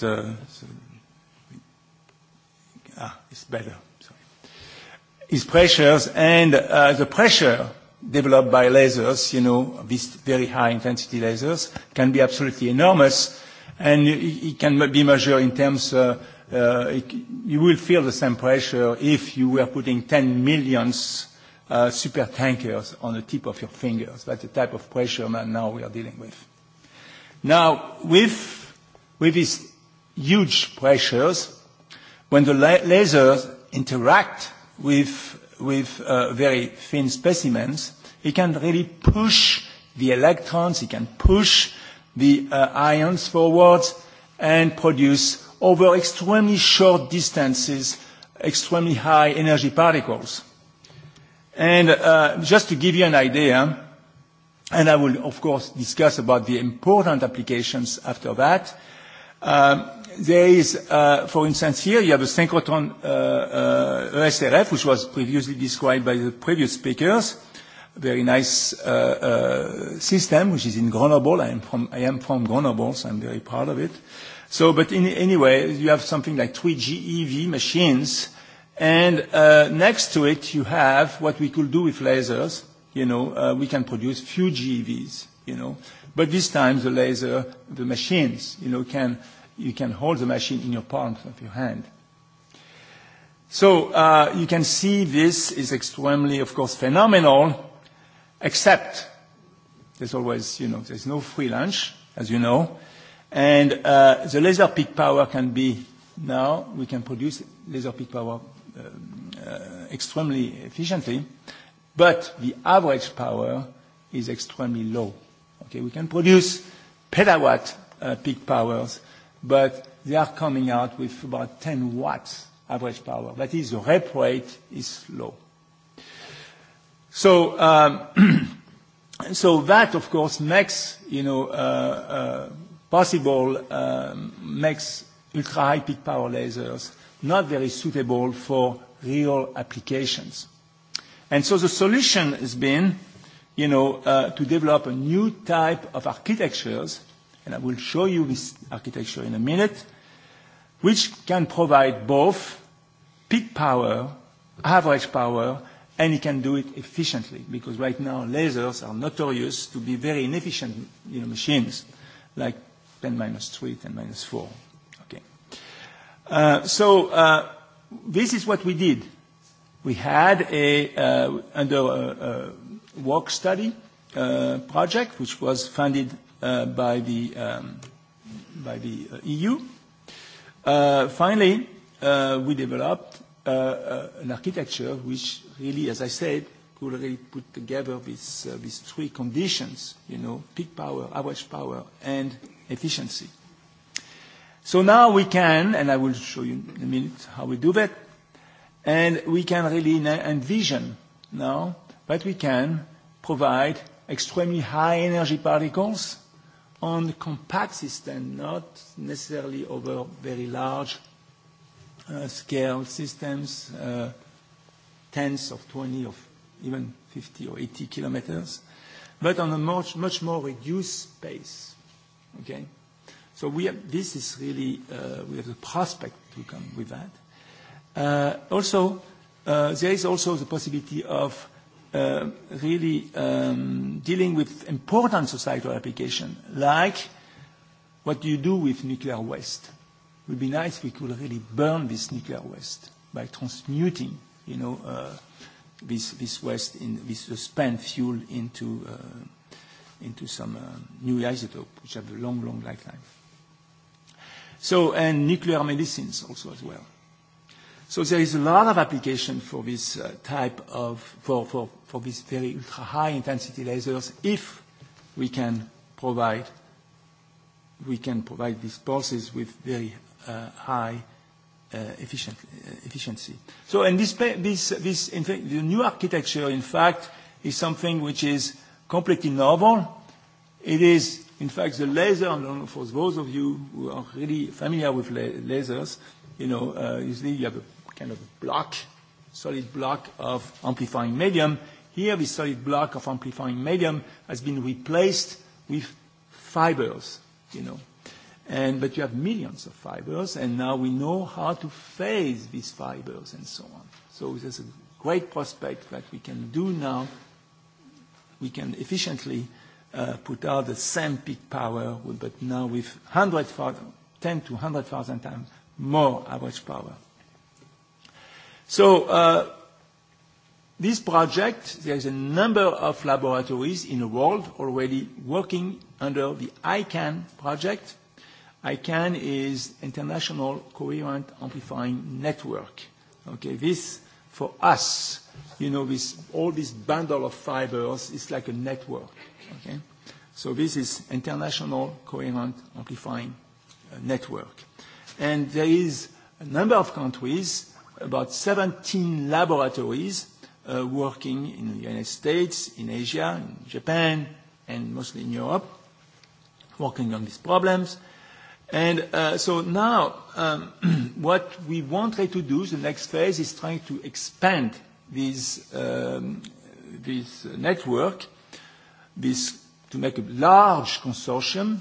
ah, it's better. Sorry. pressures and the pressure developed by lasers, you know, these very high intensity lasers, can be absolutely enormous, and it can be measured in terms. You will feel the same pressure if you were putting 10 millions super tankers on the tip of your fingers. That's the type of pressure that now we are dealing with. Now, with these huge pressures, when the lasers interact with very thin specimens, it can really push the electrons, it can push the ions forwards and produce over extremely short distances extremely high energy particles. And just to give you an idea, and I will of course discuss about the important applications after that, there is, for instance, here you have a synchrotron ESRF, which was previously described by the previous speakers, very nice system, which is in Grenoble. I am from I am from Grenoble, so I'm very proud of it. So, but anyway, you have something like three GeV machines And next to it, you have what we could do with lasers. You know, we can produce few GEVs, you know. But this time, the laser, the machines, you know, can, you can hold the machine in your palm of your hand. So you can see this is extremely, of course, phenomenal, except there's always, you know, there's no free lunch, as you know. And the laser peak power can be, now we can produce laser peak power extremely efficiently, but the average power is extremely low. Okay, we can produce petawatt peak powers, but they are coming out with about 10 watts average power. That is, the rep rate is low. So, so that of course makes, you know, possible, makes ultra high peak power lasers not very suitable for real applications. And so the solution has been, you know, to develop a new type of architectures, and I will show you this architecture in a minute, which can provide both peak power, average power, and it can do it efficiently, because right now lasers are notorious to be very inefficient, you know, machines, like 10 minus 3, 10 minus 4. So this is what we did. We had a under a work study project which was funded by the EU. Finally, we developed an architecture which really, as I said, could really put together these these three conditions, you know, peak power, average power, and efficiency. So now we can, and I will show you in a minute how we do that, and we can really envision now that we can provide extremely high energy particles on compact system, not necessarily over very large scale systems, tens of 20 of even 50 or 80 kilometers, but on a much, much more reduced space. Okay? So we have, this is really, we have the prospect to come with that. Also, there is also the possibility of really dealing with important societal application, like what do you do with nuclear waste? It would be nice if we could really burn this nuclear waste by transmuting, you know, this this waste in this spent fuel into into some new isotope, which have a long, long lifetime. So, and nuclear medicines also as well. So there is a lot of application for this type of, for, for, these very ultra high intensity lasers if we can provide, we can provide these pulses with very high efficiency. So, and this, this, this, in fact, the new architecture, in fact, is something which is completely novel. It is In fact, the laser, for those of you who are really familiar with lasers, you know, uh, usually you have a kind of block, solid block of amplifying medium. Here, this solid block of amplifying medium has been replaced with fibers, you know. And, but you have millions of fibers, and now we know how to phase these fibers and so on. So there's a great prospect that we can do now, we can efficiently put out the same peak power, but now with 10 to 100,000 times more average power. So this project, there is a number of laboratories in the world already working under the ICANN project. ICANN is International Coherent Amplifying Network. Okay, this for us, you know, this all this bundle of fibers is like a network. Okay? So this is international coherent amplifying network. And there is a number of countries, about 17 laboratories working in the United States, in Asia, in Japan, and mostly in Europe, working on these problems. And so now what we want to do, the next phase, is trying to expand this network this to make a large consortium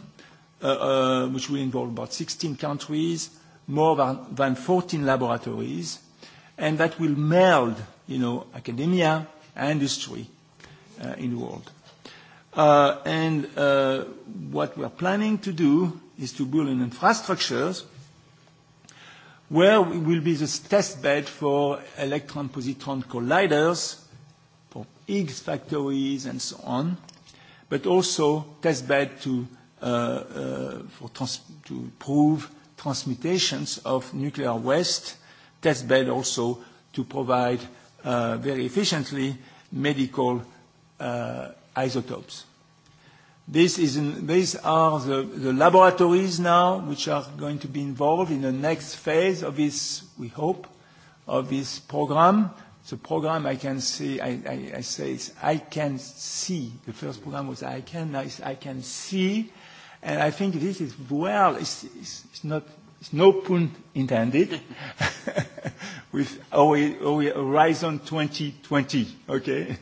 which will involve about 16 countries, more than 14 laboratories, and that will meld, you know, academia and industry in the world. And what we are planning to do is to build an infrastructure where we will be the test bed for electron-positron colliders, for Higgs factories and so on, but also bed to to prove transmutations of nuclear waste, test bed also to provide very efficiently medical isotopes. These are the laboratories now which are going to be involved in the next phase of this, we hope, of this program the program I can see, I, I, I say I can see. The first program was I can, now I can see. And I think this is well, it's, it's, not, it's no pun intended with Horizon 2020, okay?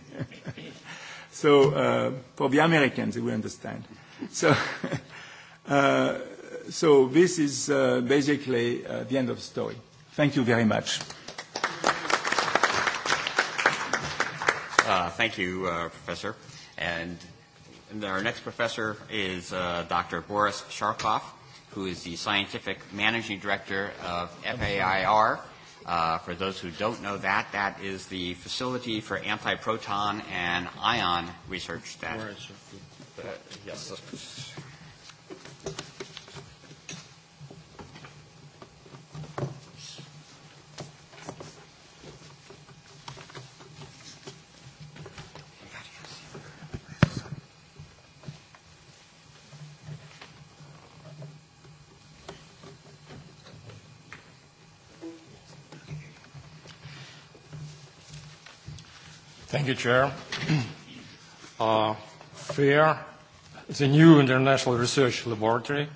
so for the Americans, we understand. So, so this is basically the end of the story. Thank you very much. Thank you, Professor. And our next professor is Dr. Boris Sharkov, who is the Scientific Managing Director of FAIR. For those who don't know that, that is the Facility for Antiproton and Ion Research. Yes. Thank you, Chair. FAIR is a new international research laboratory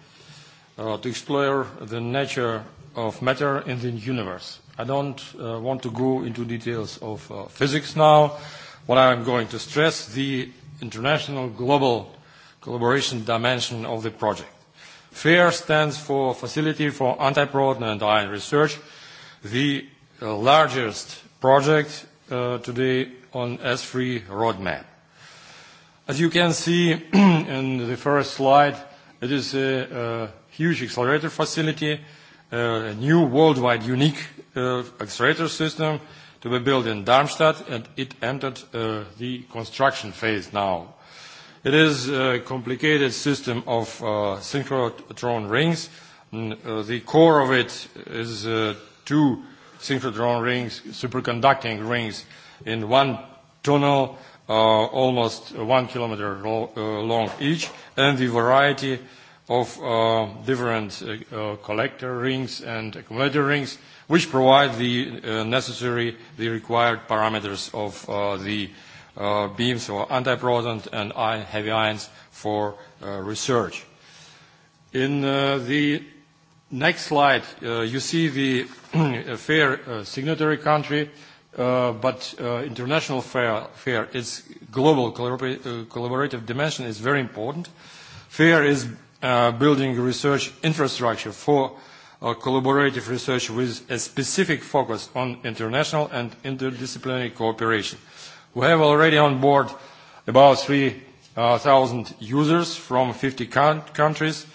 to explore the nature of matter in the universe. I don't want to go into details of physics now. What I am going to stress the international global collaboration dimension of the project. FAIR stands for Facility for Antiproton and Iron Research, the largest project today on S3 roadmap. As you can see in the first slide, it is a huge accelerator facility, a new worldwide unique accelerator system to be built in Darmstadt, and it entered the construction phase now. It is a complicated system of synchrotron rings. The core of it is two synchrotron rings, superconducting rings, in one tunnel, almost one kilometer long each, and the variety of different collector rings and accumulator rings, which provide the necessary, the required parameters of the beams or antiproton and heavy ions for research. In the next slide, you see the fair signatory country but international fair, its global collaborative dimension is very important. FAIR is building research infrastructure for collaborative research with a specific focus on international and interdisciplinary cooperation. We have already on board about 3,000 users from 50 countries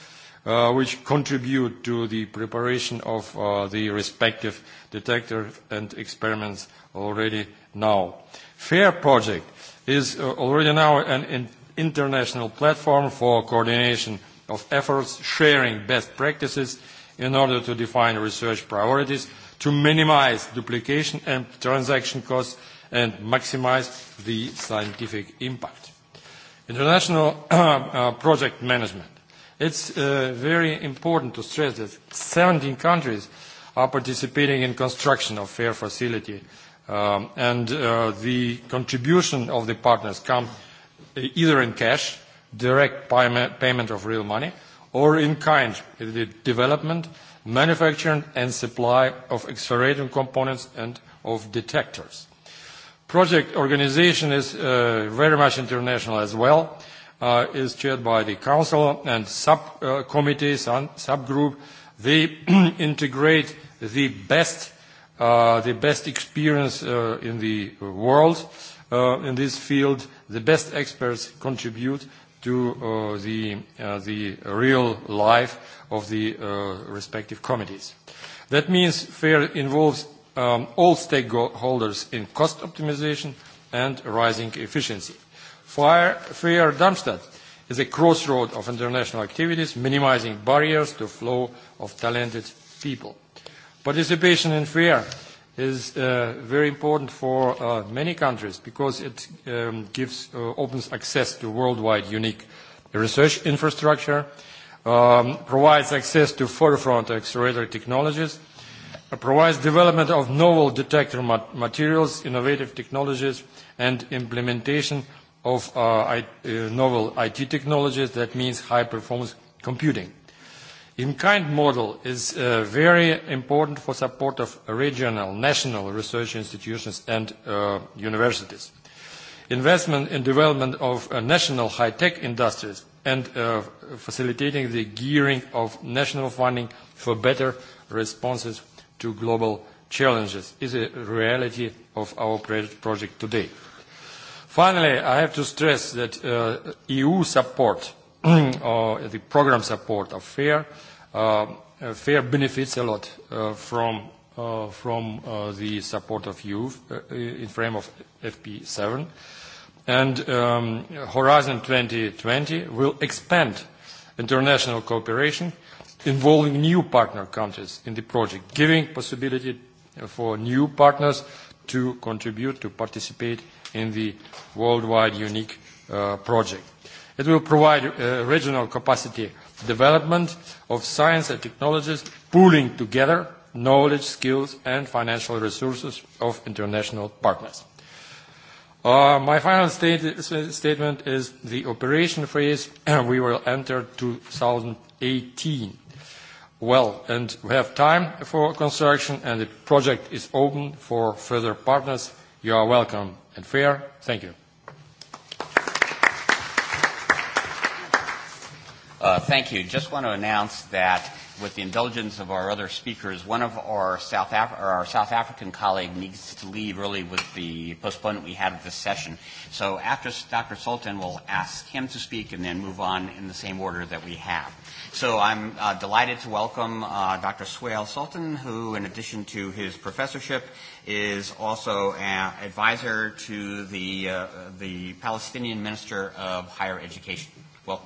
which contribute to the preparation of the respective detectors and experiments already now. FAIR project is already now an international platform for coordination of efforts, sharing best practices in order to define research priorities, to minimize duplication and transaction costs, and maximize the scientific impact. International project management It's very important to stress that 17 countries are participating in construction of fair facility, and the contribution of the partners comes either in cash, direct payment of real money, or in kind, the development, manufacturing and supply of accelerating components and of detectors. Project organization is very much international as well is chaired by the Council and subcommittees and subgroup. They integrate the best the best experience in the world in this field. The best experts contribute to the the real life of the respective committees. That means FAIR involves all stakeholders in cost optimization and rising efficiency. Darmstadt is a crossroad of international activities, minimizing barriers to flow of talented people. Participation in FAIR is very important for many countries because it gives opens access to worldwide unique research infrastructure, provides access to forefront accelerator technologies, provides development of novel detector materials, innovative technologies, and implementation of novel IT technologies, that means high-performance computing. In-kind model is very important for support of regional, national research institutions and universities. Investment in development of national high-tech industries and facilitating the gearing of national funding for better responses to global challenges is a reality of our project today. Finally, I have to stress that EU support or the program support of FAIR, FAIR benefits a lot from from the support of youth in frame of FP7. And Horizon 2020 will expand international cooperation involving new partner countries in the project, giving possibility for new partners to contribute, to participate in the worldwide unique project. It will provide regional capacity development of science and technologies, pooling together knowledge, skills, and financial resources of international partners. My final statement is the operation phase we will enter 2018. Well, and we have time for construction, and the project is open for further partners. You are welcome and fair. Thank you. Thank you. Just want to announce that with the indulgence of our other speakers, one of our South, Af- our South African colleague needs to leave early with the postponement we had of this session. So after Dr. Sultan, we'll ask him to speak and then move on in the same order that we have. So I'm delighted to welcome Dr. Swale Sultan, who, in addition to his professorship, is also an advisor to the, the Palestinian Minister of Higher Education. Well.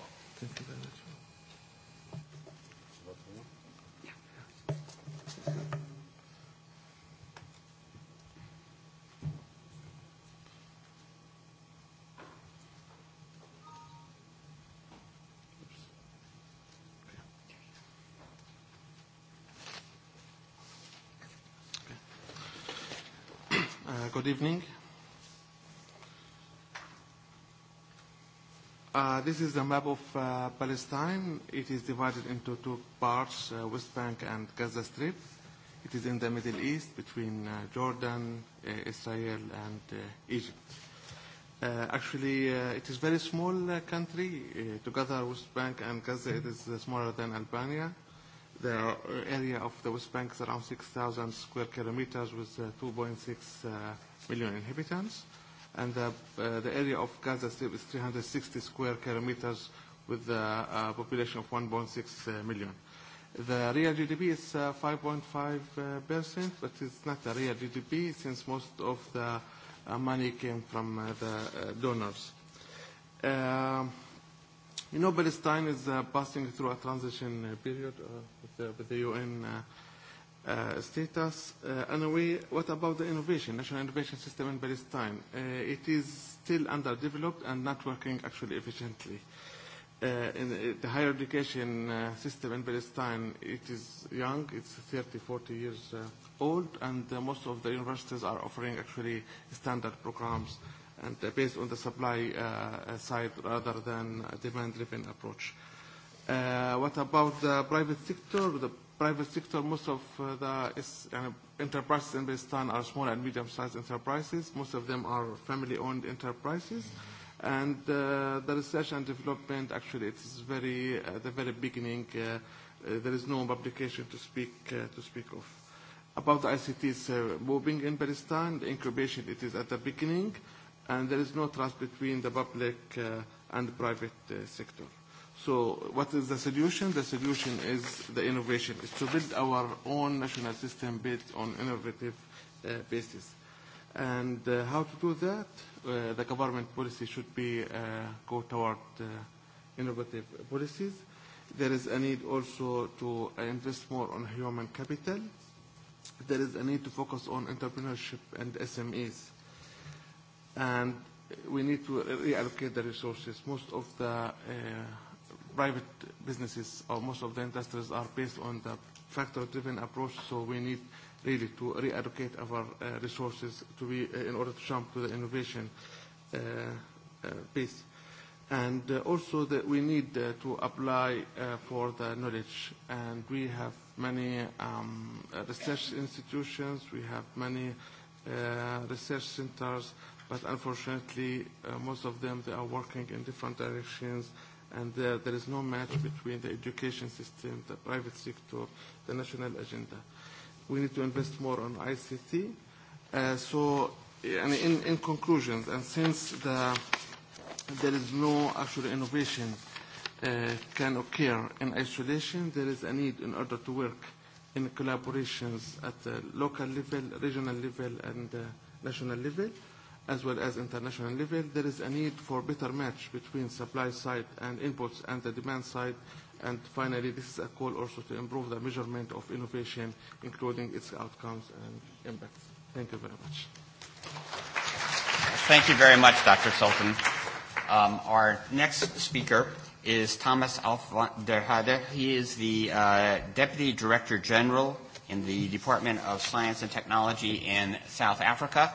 Good evening. This is the map of Palestine. It is divided into two parts, West Bank and Gaza Strip. It is in the Middle East between Jordan, Israel, and Egypt. Actually, it is a very small country. Together, West Bank and Gaza, it is smaller than Albania The area of the West Bank is around 6,000 square kilometers with 2.6 million inhabitants, and the area of Gaza Strip is 360 square kilometers with a population of 1.6 million. The real GDP is 5.5%, but it's not a real GDP since most of the money came from the donors. You know, Palestine is passing through a transition period with the UN status. we, what about the innovation, national innovation system in Palestine? It is still underdeveloped and not working actually efficiently. In the higher education system in Palestine, it is young, it's 30, 40 years old, and most of the universities are offering actually standard programs and based on the supply side rather than a demand-driven approach. What about the private sector? The private sector, most of the enterprises in Pakistan are small and medium-sized enterprises. Most of them are family-owned enterprises. And the research and development, actually, it is very at the very beginning. There is no publication to speak to speak of. About the ICTs moving in Pakistan, the incubation, it is at the beginning, and there is no trust between the public and the private sector. So what is the solution? The solution is the innovation, It's to build our own national system based on innovative basis. And how to do that? The government policy should be go toward innovative policies. There is a need also to invest more on human capital. There is a need to focus on entrepreneurship and SMEs. And we need to reallocate the resources. Most of the private businesses or most of the industries are based on the factor-driven approach, so we need really to reallocate our resources to be in order to jump to the innovation piece. And also that we need to apply for the knowledge. And we have many research institutions, we have many research centers, but unfortunately most of them they are working in different directions and there is no match between the education system, the private sector, the national agenda. We need to invest more on ICT. So, in conclusion, and since the there is no actual innovation can occur in isolation, there is a need in order to work in collaborations at the local level, regional level, and national level as well as international level, there is a need for better match between supply side and inputs and the demand side. And finally, this is a call also to improve the measurement of innovation, including its outcomes and impacts. Thank you very much. Thank you very much, Dr. Sultan. Um, our next speaker is Thomas Alfderhade. He is the uh, Deputy Director General in the Department of Science and Technology in South Africa.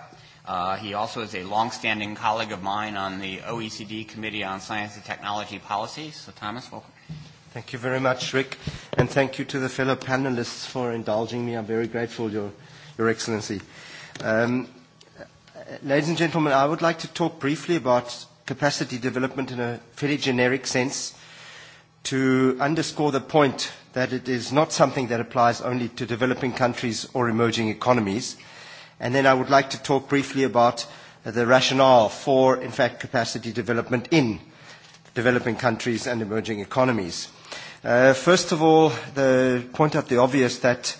He also is a long-standing colleague of mine on the OECD Committee on Science and Technology Policy. So, Thomas, welcome. Thank you very much, Rick, and thank you to the fellow panelists for indulging me. I'm very grateful, Your Your Excellency. Ladies and gentlemen, I would like to talk briefly about capacity development in a fairly generic sense to underscore the point that it is not something that applies only to developing countries or emerging economies And then I would like to talk briefly about the rationale for, in fact, capacity development in developing countries and emerging economies. First of all, the point out the obvious that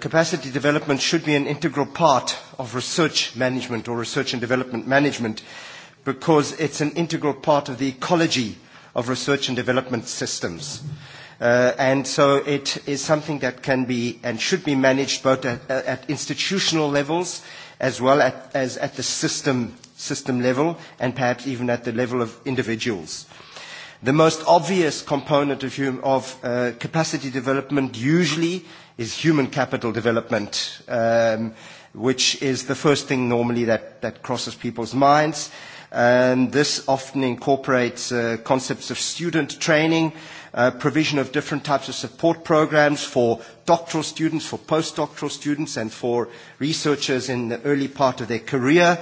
capacity development should be an integral part of research management or research and development management because it's an integral part of the ecology of research and development systems. And so it is something that can be and should be managed both at institutional levels as well as at the system level and perhaps even at the level of individuals. The most obvious component of capacity development usually is human capital development, which is the first thing normally that crosses people's minds. And This often incorporates concepts of student training provision of different types of support programs for doctoral students, for postdoctoral students, and for researchers in the early part of their career.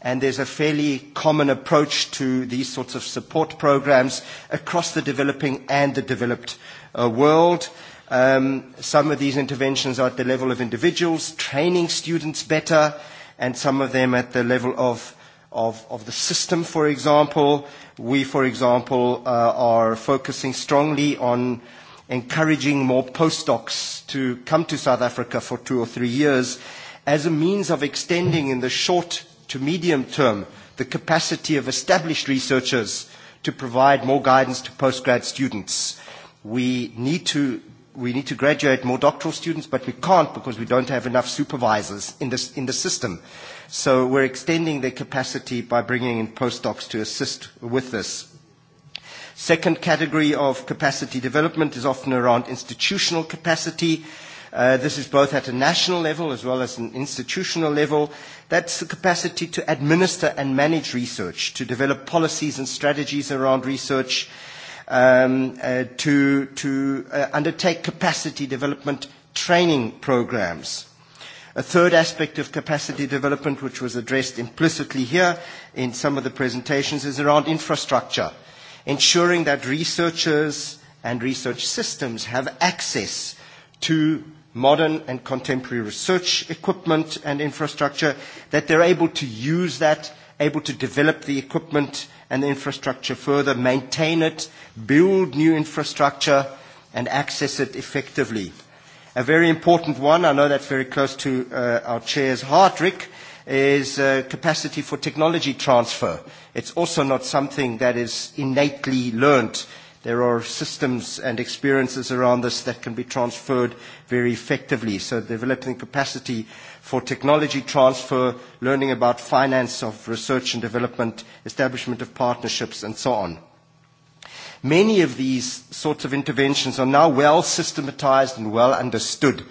And there's a fairly common approach to these sorts of support programs across the developing and the developed world. Some of these interventions are at the level of individuals, training students better, and some of them at the level of of the system, for example. We, for example, are focusing strongly on encouraging more postdocs to come to South Africa for two or three years as a means of extending in the short to medium term the capacity of established researchers to provide more guidance to postgrad students. We need to we need to graduate more doctoral students, but we can't because we don't have enough supervisors in the system. So we're extending their capacity by bringing in postdocs to assist with this. Second category of capacity development is often around institutional capacity. This is both at a national level as well as an institutional level. That's the capacity to administer and manage research, to develop policies and strategies around research, to undertake capacity development training programs. A third aspect of capacity development, which was addressed implicitly here in some of the presentations, is around infrastructure, ensuring that researchers and research systems have access to modern and contemporary research equipment and infrastructure, that they're able to use that, able to develop the equipment and the infrastructure further, maintain it, build new infrastructure, and access it effectively. A very important one, I know that's very close to our chair's heart, Rick, is capacity for technology transfer. It's also not something that is innately learnt. There are systems and experiences around this that can be transferred very effectively. So developing capacity for technology transfer, learning about finance of research and development, establishment of partnerships, and so on. Many of these sorts of interventions are now well systematized and well understood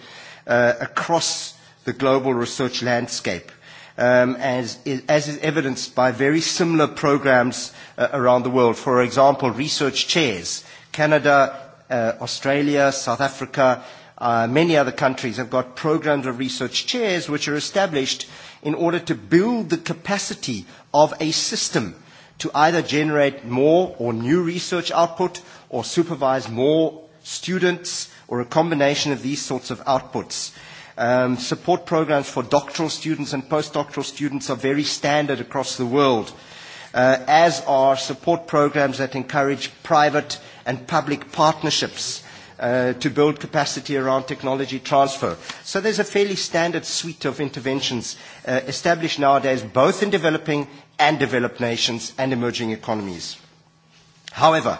across the global research landscape, as is evidenced by very similar programs around the world. For example, research chairs. Canada, Australia, South Africa, many other countries have got programs of research chairs which are established in order to build the capacity of a system to either generate more or new research output or supervise more students or a combination of these sorts of outputs. Support programs for doctoral students and postdoctoral students are very standard across the world, as are support programs that encourage private and public partnerships to build capacity around technology transfer. So there's a fairly standard suite of interventions established nowadays both in developing and developed nations and emerging economies. However,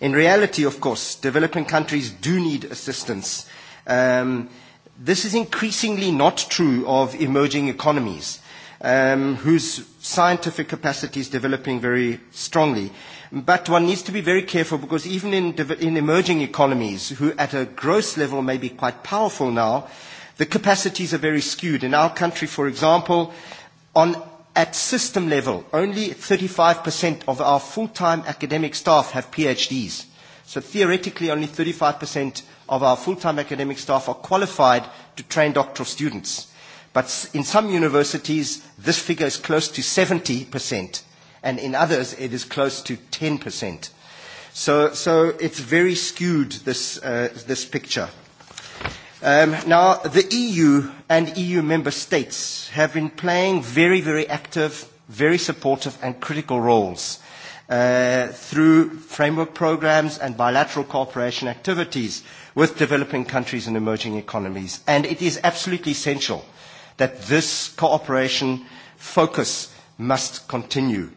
in reality, of course, developing countries do need assistance. This is increasingly not true of emerging economies, whose scientific capacity is developing very strongly. But one needs to be very careful because even in emerging economies, who at a gross level may be quite powerful now, the capacities are very skewed. In our country, for example, on At system level, only 35% of our full-time academic staff have PhDs. So theoretically, only 35% of our full-time academic staff are qualified to train doctoral students. But in some universities, this figure is close to 70%, and in others, it is close to 10%. So it's very skewed, this picture. Now, the EU and EU member states have been playing very, very active, very supportive and critical roles through framework programs and bilateral cooperation activities with developing countries and emerging economies. And it is absolutely essential that this cooperation focus must continue.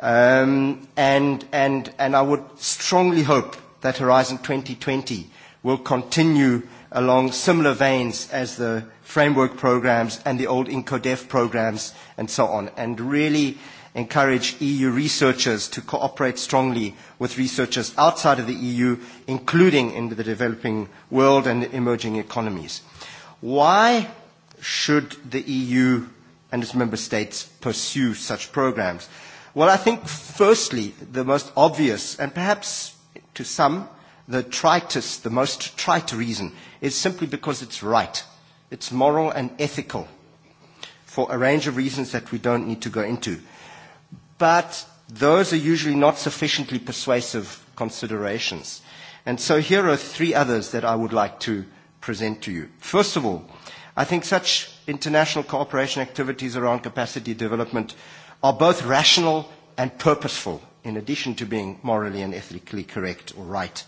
And I would strongly hope that Horizon 2020 will continue along similar veins as the framework programs and the old INCODEF programs and so on, and really encourage EU researchers to cooperate strongly with researchers outside of the EU, including in the developing world and emerging economies. Why should the EU and its member states pursue such programs? Well, I think, firstly, the most obvious, and perhaps to some, the tritest, the most trite reason is simply because it's right. It's moral and ethical for a range of reasons that we don't need to go into. But those are usually not sufficiently persuasive considerations. And so here are three others that I would like to present to you. First of all, I think such international cooperation activities around capacity development are both rational and purposeful, in addition to being morally and ethically correct or right.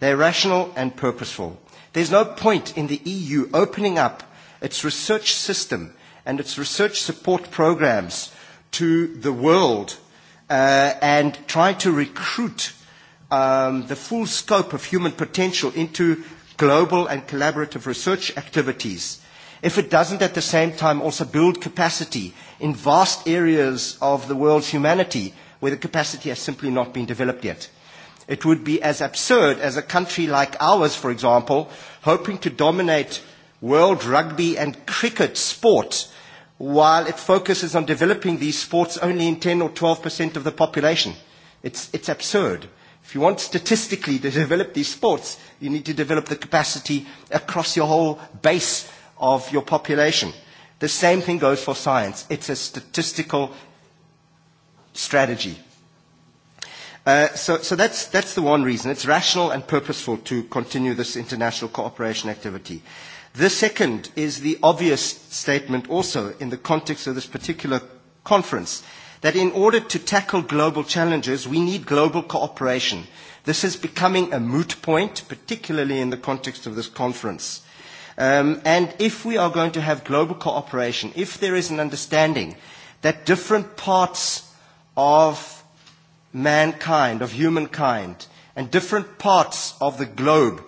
They're rational and purposeful. There is no point in the EU opening up its research system and its research support programs to the world and trying to recruit the full scope of human potential into global and collaborative research activities if it doesn't at the same time also build capacity in vast areas of the world's humanity where the capacity has simply not been developed yet. It would be as absurd as a country like ours, for example, hoping to dominate world rugby and cricket sports while it focuses on developing these sports only in 10 or 12% of the population. It's absurd. If you want statistically to develop these sports, you need to develop the capacity across your whole base of your population. The same thing goes for science. It's a statistical strategy. So that's the one reason. It's rational and purposeful to continue this international cooperation activity. The second is the obvious statement also in the context of this particular conference, that in order to tackle global challenges, we need global cooperation. This is becoming a moot point, particularly in the context of this conference. And if we are going to have global cooperation, if there is an understanding that different parts of mankind, of humankind, and different parts of the globe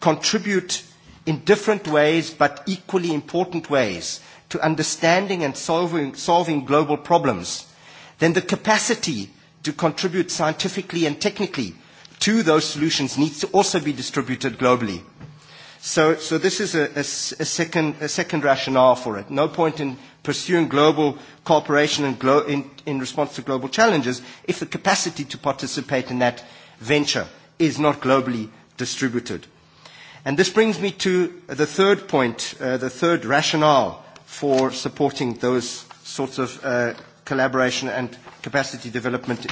contribute in different ways but equally important ways to understanding and solving global problems, then the capacity to contribute scientifically and technically to those solutions needs to also be distributed globally. So this is a second rationale for it. No point in pursuing global cooperation in response to global challenges if the capacity to participate in that venture is not globally distributed. And this brings me to the third point, the third rationale for supporting those sorts of collaboration and capacity development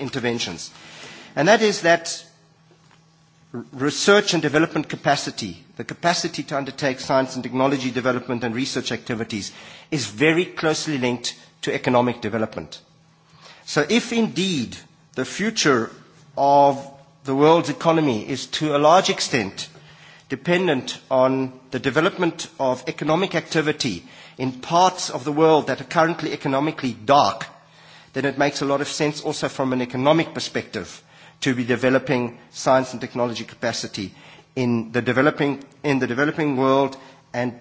interventions. And that is that research and development capacity, the capacity to undertake science and technology development and research activities, is very closely linked to economic development. So if indeed the future of the world's economy is to a large extent dependent on the development of economic activity in parts of the world that are currently economically dark, then it makes a lot of sense also from an economic perspective to be developing science and technology capacity in the developing in the developing world and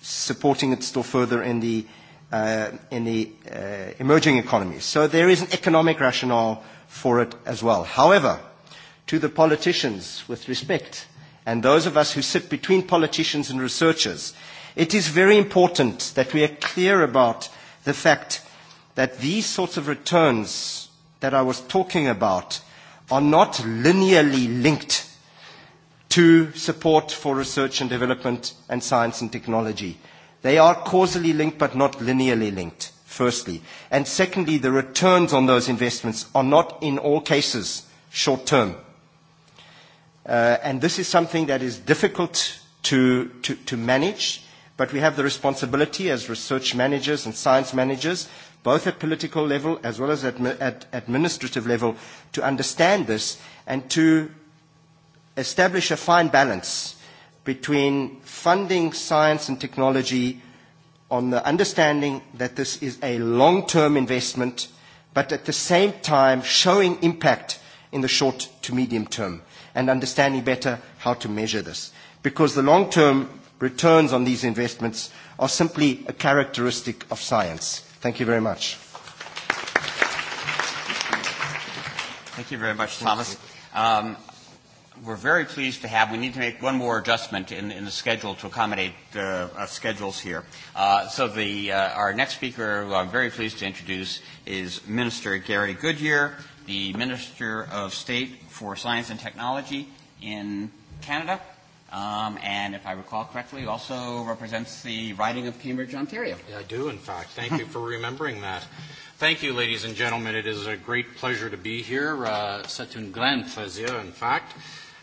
supporting it still further in the in the emerging economies. So there is an economic rationale for it as well. However, to the politicians, with respect, and those of us who sit between politicians and researchers, it is very important that we are clear about the fact that these sorts of returns that I was talking about are not linearly linked to support for research and development and science and technology. They are causally linked but not linearly linked, firstly. And secondly, the returns on those investments are not in all cases short-term. And this is something that is difficult to manage, but we have the responsibility as research managers and science managers both at political level as well as at administrative level, to understand this and to establish a fine balance between funding science and technology on the understanding that this is a long-term investment, but at the same time showing impact in the short to medium term and understanding better how to measure this. Because the long-term returns on these investments are simply a characteristic of science. Thank you very much. Thank you very much, Thomas. we're very pleased to have, we need to make one more adjustment in, the schedule to accommodate the schedules here. so the, our next speaker, who I'm very pleased to introduce, is Minister Gary Goodyear, the Minister of State for Science and Technology in Canada um, and if I recall correctly, also represents the riding of Cambridge, Ontario. I do, in fact. Thank you for remembering that. Thank you, ladies and gentlemen. It is a great pleasure to be here. Uh, c'est un grand plaisir, in fact.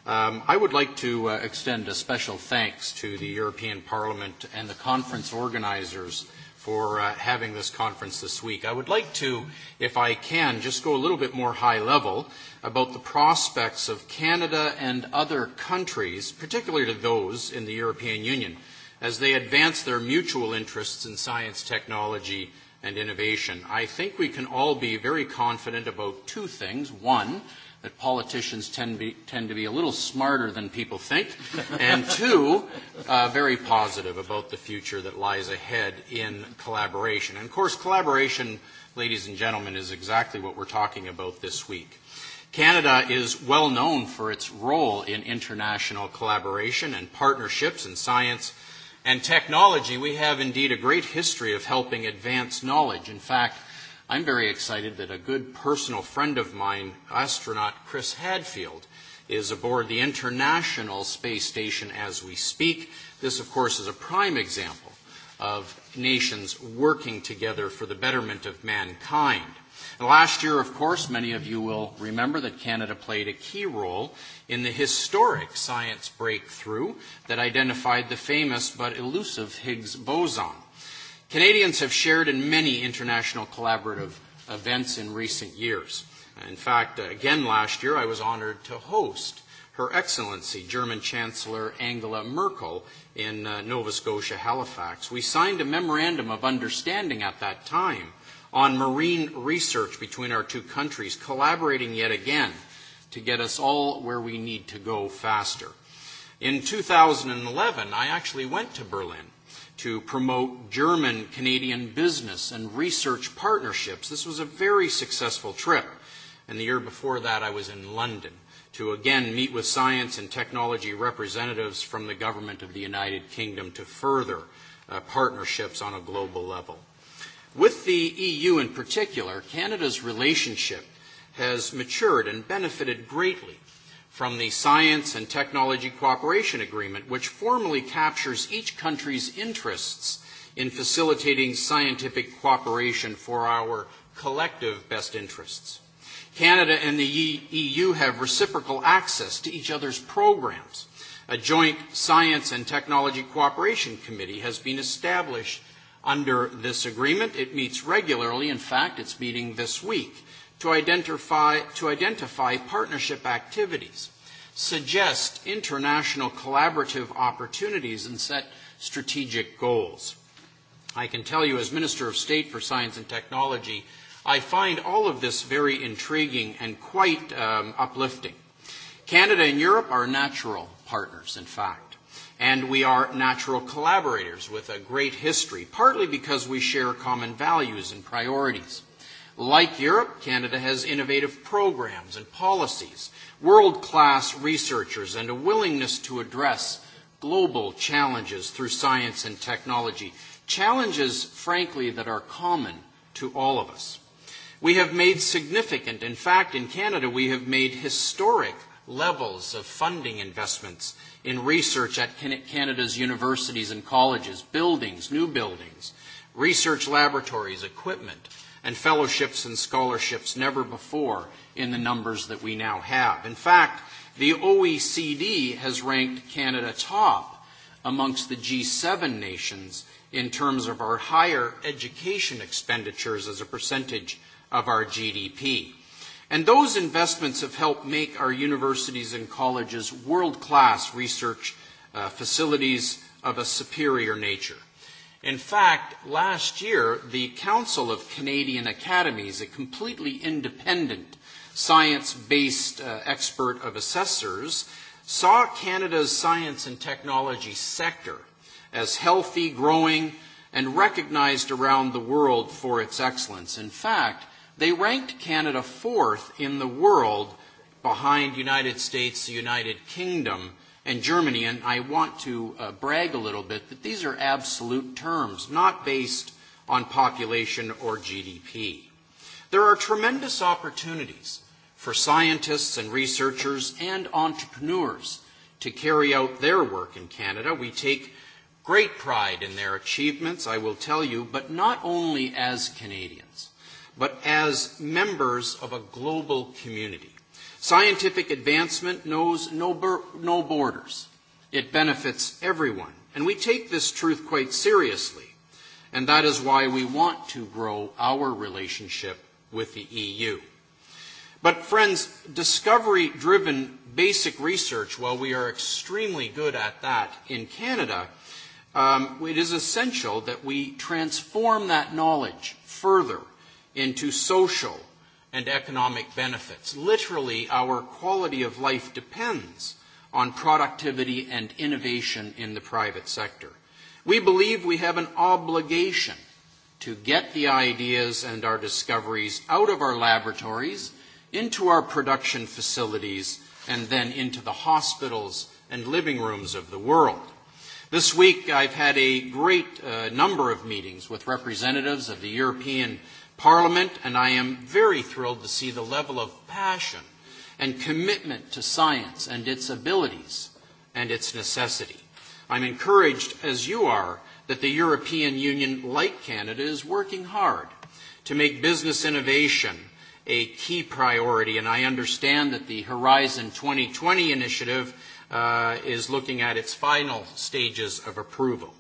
Um, I would like to extend a special thanks to the European Parliament and the conference organizers for having this conference this week. I would like to, if I can, just go a little bit more high level about the prospects of Canada and other countries, particularly to those in the European Union, as they advance their mutual interests in science, technology, and innovation. I think we can all be very confident about two things. One, that politicians tend to be a little smarter than people think, and two, very positive about the future that lies ahead in collaboration. And, of course, collaboration, ladies and gentlemen, is exactly what we're talking about this week. Canada is well known for its role in international collaboration and partnerships in science and technology. We have indeed a great history of helping advance knowledge. In fact, I'm very excited that a good personal friend of mine, astronaut Chris Hadfield, is aboard the International Space Station as we speak. This, of course, is a prime example of nations working together for the betterment of mankind. Last year, of course, many of you will remember that Canada played a key role in the historic science breakthrough that identified the famous but elusive Higgs boson. Canadians have shared in many international collaborative events in recent years. In fact, again last year, I was honored to host Her Excellency, German Chancellor Angela Merkel, in Nova Scotia, Halifax. We signed a memorandum of understanding at that time on marine research between our two countries, collaborating yet again to get us all where we need to go faster. In 2011, I actually went to Berlin to promote German-Canadian business and research partnerships. This was a very successful trip. And the year before that, I was in London to again meet with science and technology representatives from the government of the United Kingdom to further partnerships on a global level. With the EU in particular, Canada's relationship has matured and benefited greatly from the Science and Technology Cooperation Agreement, which formally captures each country's interests in facilitating scientific cooperation for our collective best interests. Canada and the EU have reciprocal access to each other's programs. A joint Science and Technology Cooperation Committee has been established under this agreement. It meets regularly. In fact, it's meeting this week to identify, partnership activities, suggest international collaborative opportunities, and set strategic goals. I can tell you, as Minister of State for Science and Technology, I find all of this very intriguing and quite uplifting. Canada and Europe are natural partners, in fact, and we are natural collaborators with a great history, partly because we share common values and priorities. Like Europe, Canada has innovative programs and policies, world-class researchers, and a willingness to address global challenges through science and technology, challenges, frankly, that are common to all of us. We have made significant, in fact, in Canada, we have made historic levels of funding investments in research at Canada's universities and colleges, buildings, new buildings, research laboratories, equipment, and fellowships and scholarships never before in the numbers that we now have. In fact, the OECD has ranked Canada top amongst the G7 nations in terms of our higher education expenditures as a percentage of our GDP. And those investments have helped make our universities and colleges world-class research facilities of a superior nature. In fact, last year, the Council of Canadian Academies, a completely independent science-based expert of assessors, saw Canada's science and technology sector as healthy, growing, and recognized around the world for its excellence. In fact, they ranked Canada fourth in the world behind United States, the United Kingdom, and Germany, and I want to brag a little bit that these are absolute terms, not based on population or GDP. There are tremendous opportunities for scientists and researchers and entrepreneurs to carry out their work in Canada. We take great pride in their achievements, I will tell you, but not only as Canadians, but as members of a global community. Scientific advancement knows no borders. It benefits everyone. And we take this truth quite seriously. And that is why we want to grow our relationship with the EU. But friends, discovery-driven basic research, while we are extremely good at that in Canada, it is essential that we transform that knowledge further into social and economic benefits. Literally, our quality of life depends on productivity and innovation in the private sector. We believe we have an obligation to get the ideas and our discoveries out of our laboratories, into our production facilities, and then into the hospitals and living rooms of the world. This week, I've had a great number of meetings with representatives of the European Parliament, and I am very thrilled to see the level of passion and commitment to science and its abilities and its necessity. I'm encouraged, as you are, that the European Union, like Canada, is working hard to make business innovation a key priority, and I understand that the Horizon 2020 initiative is looking at its final stages of approval.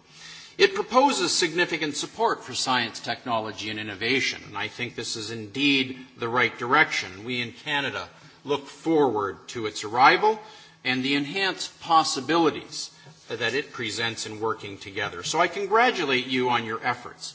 It proposes significant support for science, technology, and innovation, and I think this is indeed the right direction. We in Canada look forward to its arrival and the enhanced possibilities that it presents in working together. So I congratulate you on your efforts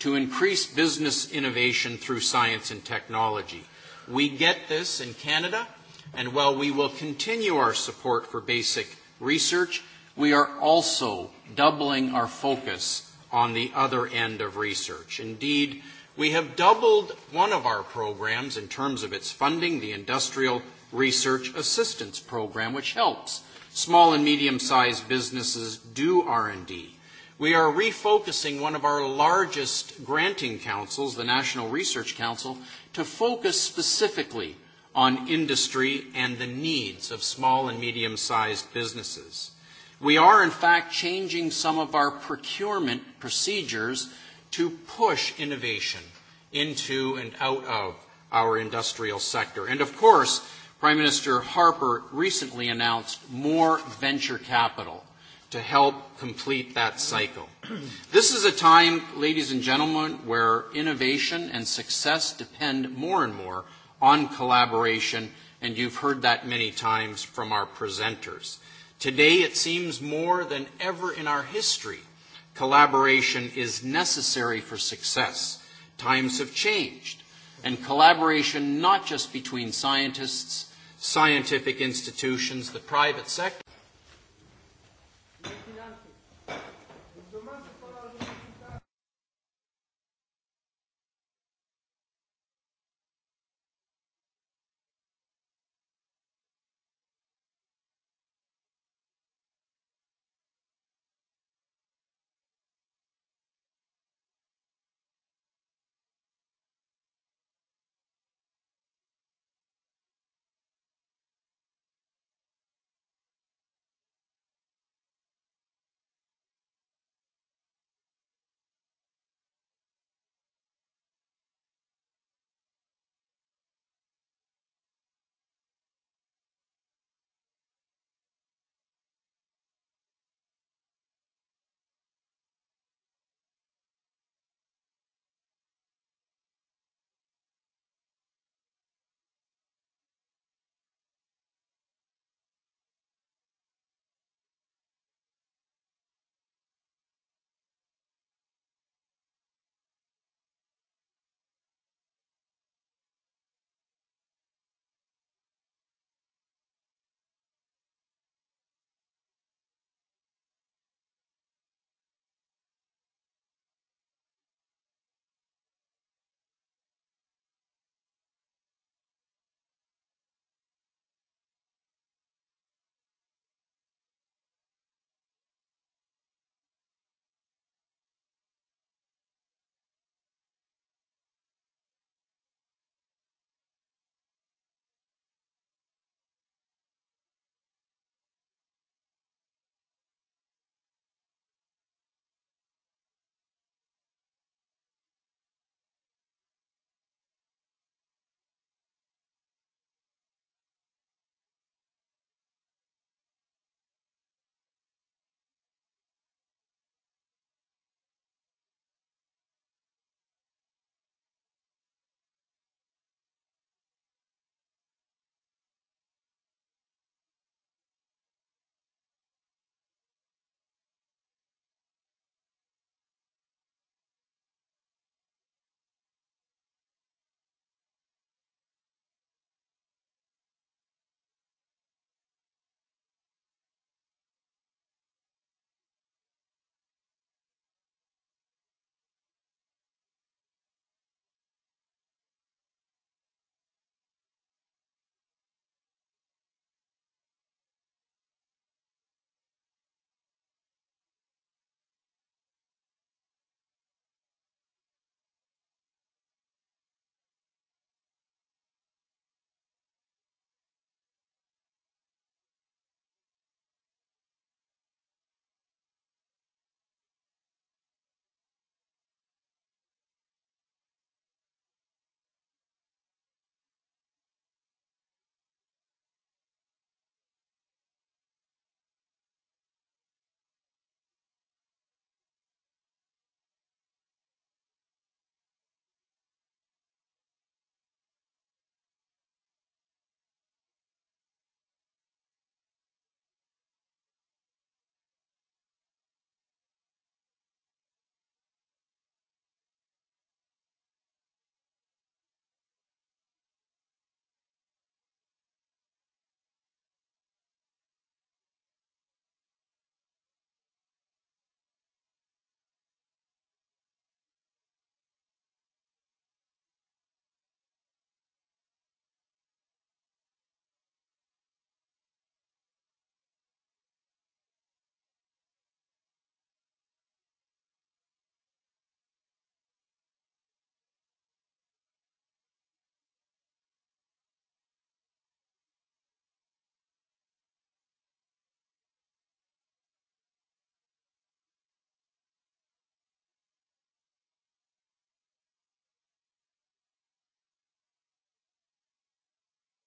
to increase business innovation through science and technology. We get this in Canada, and while we will continue our support for basic research, we are also doubling our focus on the other end of research. Indeed, we have doubled one of our programs in terms of its funding, the Industrial Research Assistance Program, which helps small and medium-sized businesses do R&D. We are refocusing one of our largest granting councils, the National Research Council, to focus specifically on industry and the needs of small and medium-sized businesses. We are, in fact, changing some of our procurement procedures to push innovation into and out of our industrial sector. And, of course, Prime Minister Harper recently announced more venture capital to help complete that cycle. This is a time, ladies and gentlemen, where innovation and success depend more and more on collaboration, and you've heard that many times from our presenters. Today, it seems more than ever in our history, collaboration is necessary for success. Times have changed, and collaboration not just between scientists, scientific institutions, the private sector,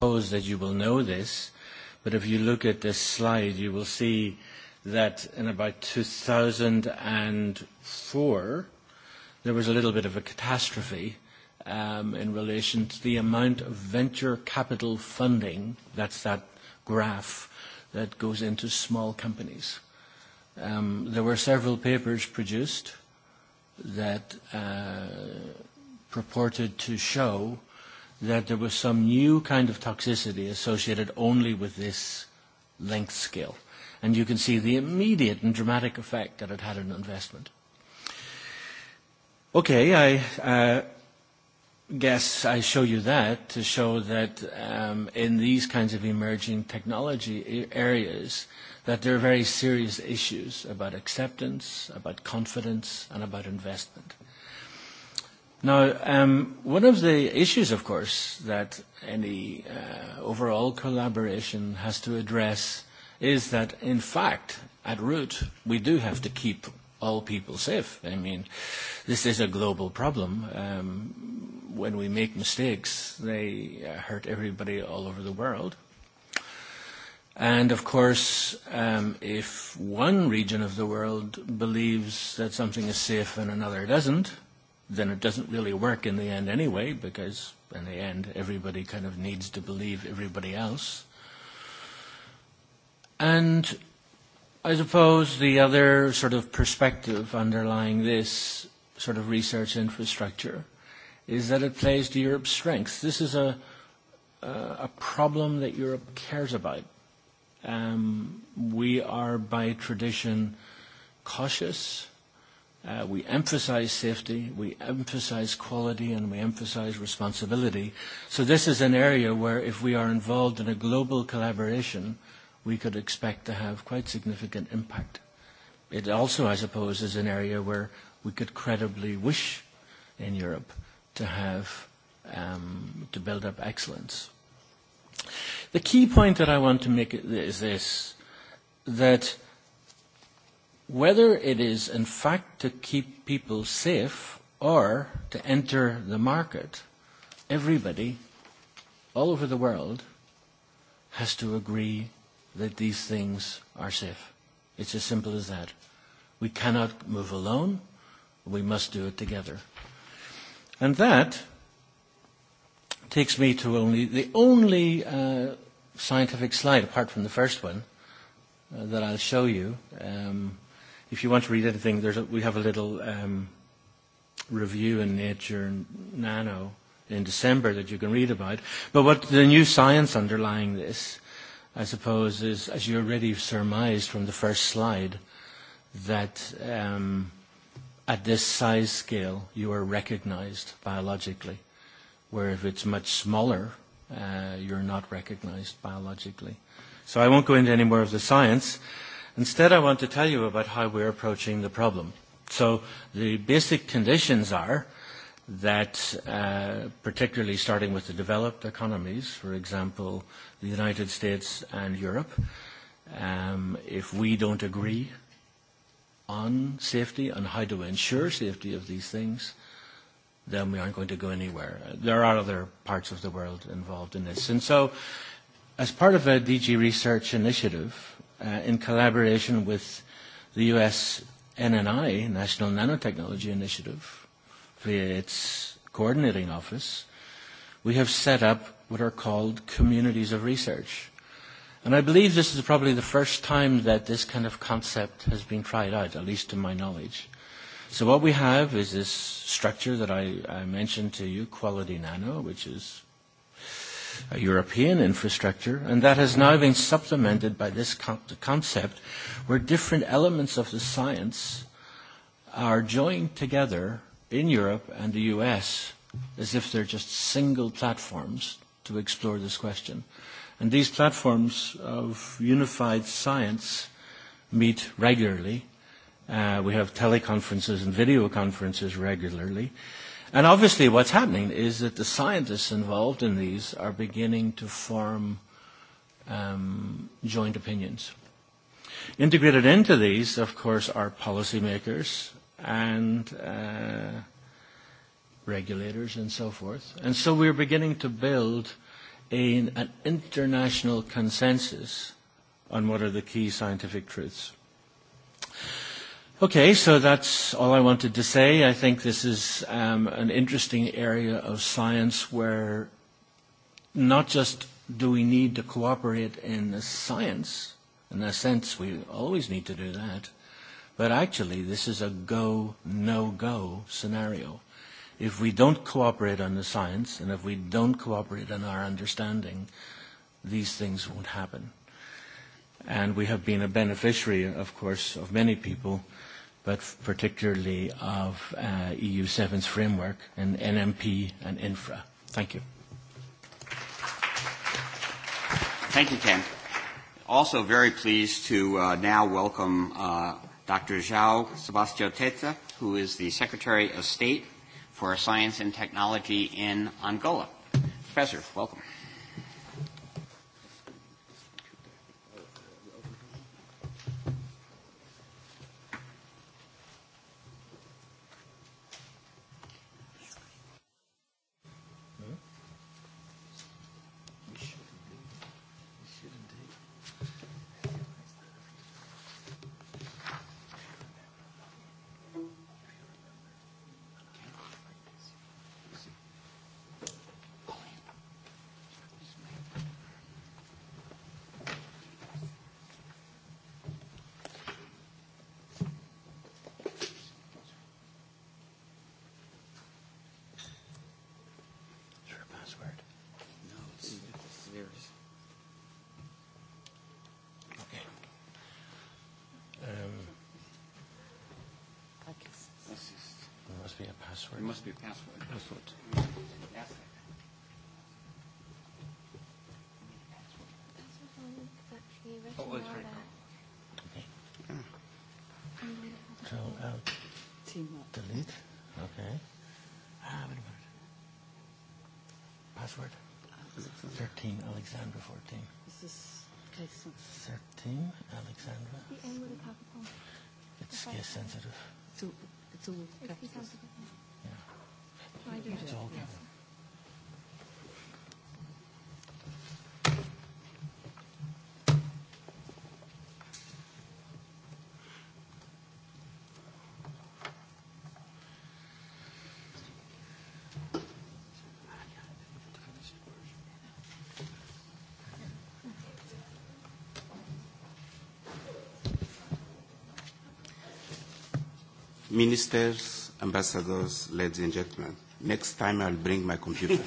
suppose that you will know this, but if you look at this slide, you will see that in about 2004, there was a little bit of a catastrophe in relation to the amount of venture capital funding, that's that graph, that goes into small companies. There were several papers produced that purported to show that there was some new kind of toxicity associated only with this length scale. And you can see the immediate and dramatic effect that it had on investment. Okay, I guess I show you that to show that in these kinds of emerging technology areas that there are very serious issues about acceptance, about confidence, and about investment. Now, one of the issues, of course, that any overall collaboration has to address is that, in fact, at root, we do have to keep all people safe. I mean, this is a global problem. When we make mistakes, they hurt everybody all over the world. And of course, if one region of the world believes that something is safe and another doesn't, then it doesn't really work in the end anyway, because in the end everybody kind of needs to believe everybody else. And I suppose the other sort of perspective underlying this sort of research infrastructure is that it plays to Europe's strengths. This is a, a problem that Europe cares about. Um, we are by tradition cautious We emphasize safety, we emphasize quality, and we emphasize responsibility. So this is an area where if we are involved in a global collaboration, we could expect to have quite significant impact. It also, I suppose, is an area where we could credibly wish in Europe to have to build up excellence. The key point that I want to make is this, that whether it is in fact to keep people safe or to enter the market, everybody all over the world has to agree that these things are safe. It's as simple as that. We cannot move alone. We must do it together. And that takes me to only the only scientific slide, apart from the first one, that I'll show you. Um, if you want to read anything, there's a, we have a little um, review in Nature Nano in December that you can read about. But what the new science underlying this, I suppose, is, as you already surmised from the first slide, that um, at this size scale you are recognized biologically, where if it's much smaller, uh, you're not recognized biologically. So I won't go into any more of the science. Instead, I want to tell you about how we're approaching the problem. So the basic conditions are that, particularly starting with the developed economies, for example, the United States and Europe, if we don't agree on safety and how to ensure safety of these things, then we aren't going to go anywhere. There are other parts of the world involved in this. And so, as part of a DG Research initiative, in collaboration with the U.S. NNI, National Nanotechnology Initiative, via its coordinating office, we have set up what are called communities of research. And I believe this is probably the first time that this kind of concept has been tried out, at least to my knowledge. So what we have is this structure that I mentioned to you, Quality Nano, which is A European infrastructure, and that has now been supplemented by this concept where different elements of the science are joined together in Europe and the US as if they're just single platforms to explore this question. And these platforms of unified science meet regularly. We have teleconferences and video conferences regularly. And obviously what's happening is that the scientists involved in these are beginning to form um, joint opinions. Integrated into these, of course, are policymakers and uh, regulators and so forth. And so we're beginning to build an international consensus on what are the key scientific truths. Okay, so that's all I wanted to say. I think this is um, an interesting area of science where not just do we need to cooperate in the science, in a sense we always need to do that, but actually this is a go, no-go scenario. If we don't cooperate on the science and if we don't cooperate on our understanding, these things won't happen. And we have been a beneficiary, of course, of many people but particularly of EU7's framework and NMP and infra. Thank you. Thank you, Ken. Also very pleased to now welcome Dr. Zhao Sebastião Teza, who is the Secretary of State for Science and Technology in Angola. Professor, welcome. password? 13, Alexandra 14. This is 13, Alexandra. The end with a capital. It's case sensitive. It's all, it's all capital. Yeah. It's all capital. ministers, ambassadors, ladies and gentlemen. Next time I'll bring my computer.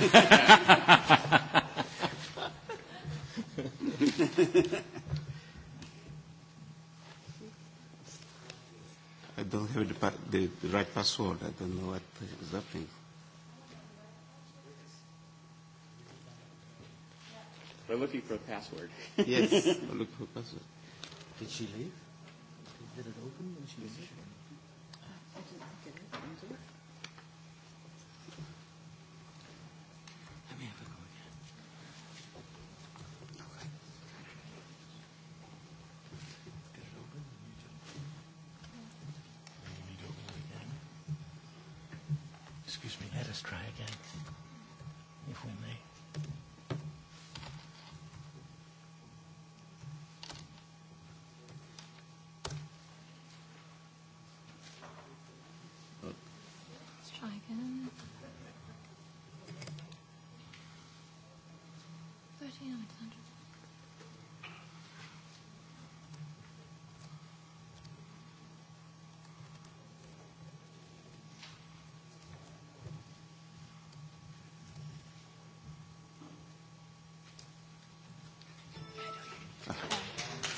I don't have the, the right password. I don't know what is happening. We're looking for a password. yes, we're looking for a password. Did she leave? Did it open when she was Thank you.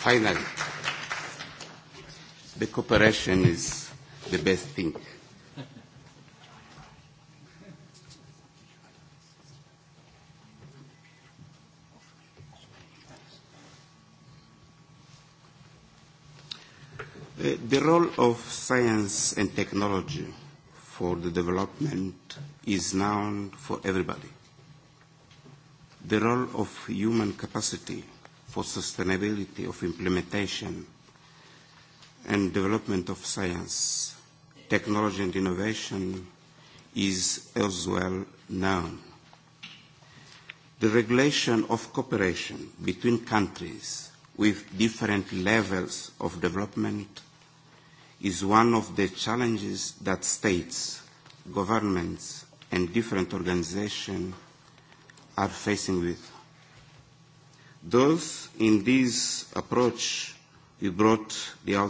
Finally, the cooperation is the best thing. The role of science and technology for the development is known for everybody. The role of human capacity for sustainability of implementation and development of science, technology and innovation is as well known. The regulation of cooperation between countries with different levels of development is one of the challenges that states, governments and different organizations are facing with. Those in this approach, we brought the,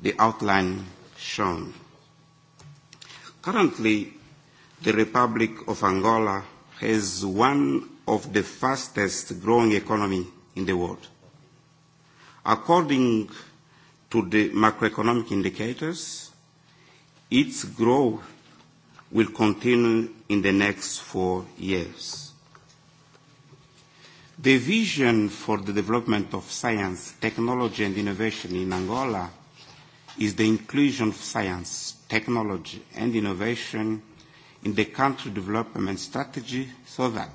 the outline shown. Currently, the Republic of Angola has one of the fastest growing economies in the world. According to the macroeconomic indicators, its growth will continue in the next four years. The vision for the development of science, technology and innovation in Angola is the inclusion of science, technology and innovation in the country development strategy so that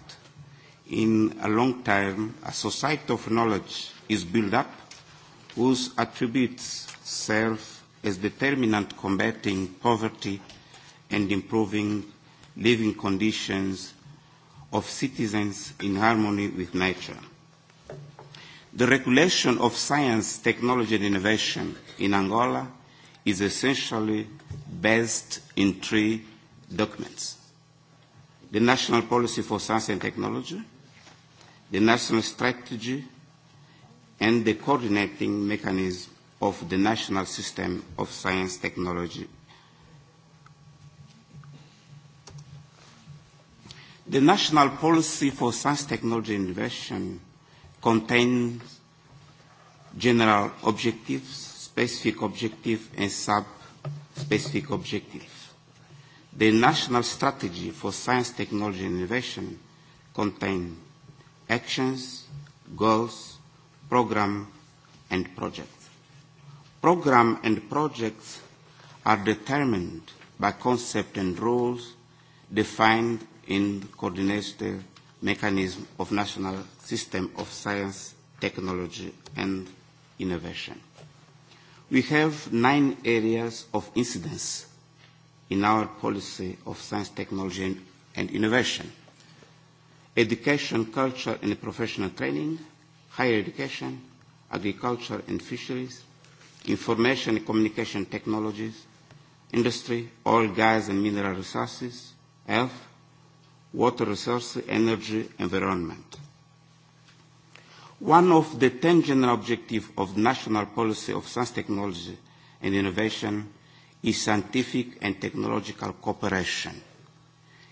in a long term a society of knowledge is built up whose attributes serve as determinant combating poverty and improving living conditions of citizens in harmony with nature. The regulation of science, technology and innovation in Angola is essentially based in three documents. The National Policy for Science and Technology, the National Strategy and the coordinating mechanism of the National System of Science, Technology The National Policy for Science Technology Innovation contains general objectives, specific objectives, and sub-specific objectives. The National Strategy for Science Technology Innovation contains actions, goals, program, and projects. Program and projects are determined by concepts and rules defined in the coordinated mechanism of national system of science, technology and innovation. We have nine areas of incidence in our policy of science, technology and innovation. Education, culture and professional training, higher education, agriculture and fisheries, information and communication technologies, industry, oil, gas and mineral resources, health, water resources, energy, environment. One of the ten general objectives of the national policy of science, technology and innovation is scientific and technological cooperation.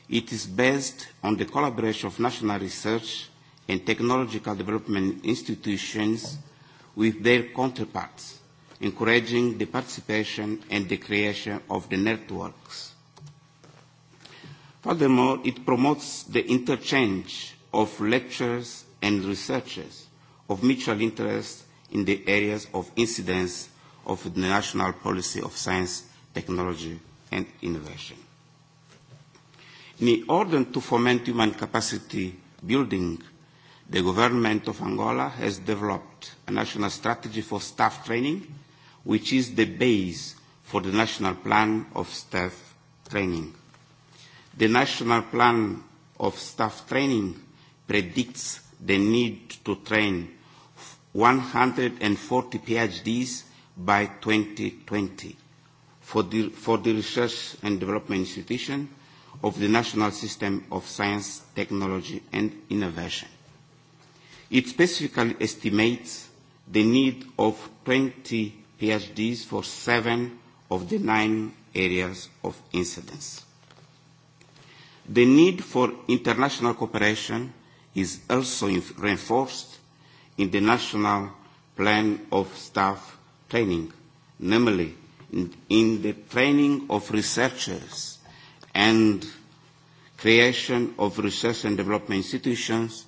It is based on the collaboration of national research and technological development institutions with their counterparts, encouraging the participation and the creation of the networks Furthermore, it promotes the interchange of lecturers and researchers of mutual interest in the areas of incidence of the national policy of science, technology and innovation. In order to foment human capacity building, the government of Angola has developed a national strategy for staff training, which is the base for the national plan of staff training. The National Plan of Staff Training predicts the need to train 140 PhDs by 2020. For the, for the Research and Development Institution of the National System of Science, Technology and Innovation. It specifically estimates the need of 20 PhDs for seven of the nine areas of incidence. The need for international cooperation is also reinforced in the National Plan of Staff Training, namely in the training of researchers and creation of research and development institutions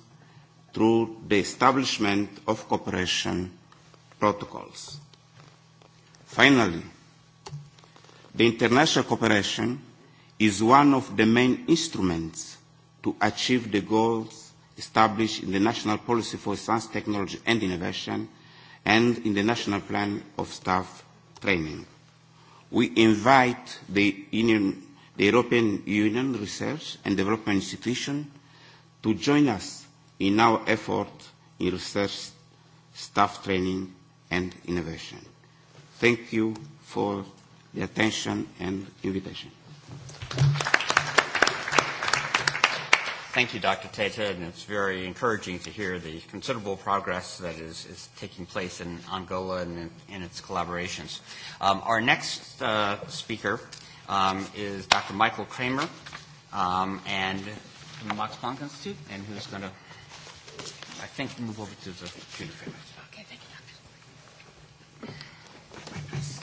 through the establishment of cooperation protocols. Finally, the international cooperation is one of the main instruments to achieve the goals established in the National Policy for Science, Technology and Innovation and in the National Plan of Staff Training. We invite the European Union Research and Development Institution to join us in our effort in research, staff training and innovation. Thank you for the attention and invitation. Thank you, Dr. Tata, and it's very encouraging to hear the considerable progress that is, is taking place in Angola and in, its collaborations. Um, our next uh, speaker um, is Dr. Michael Kramer um, and from the Max Planck Institute, and who's going to, I think, move over to the computer. Okay, thank you,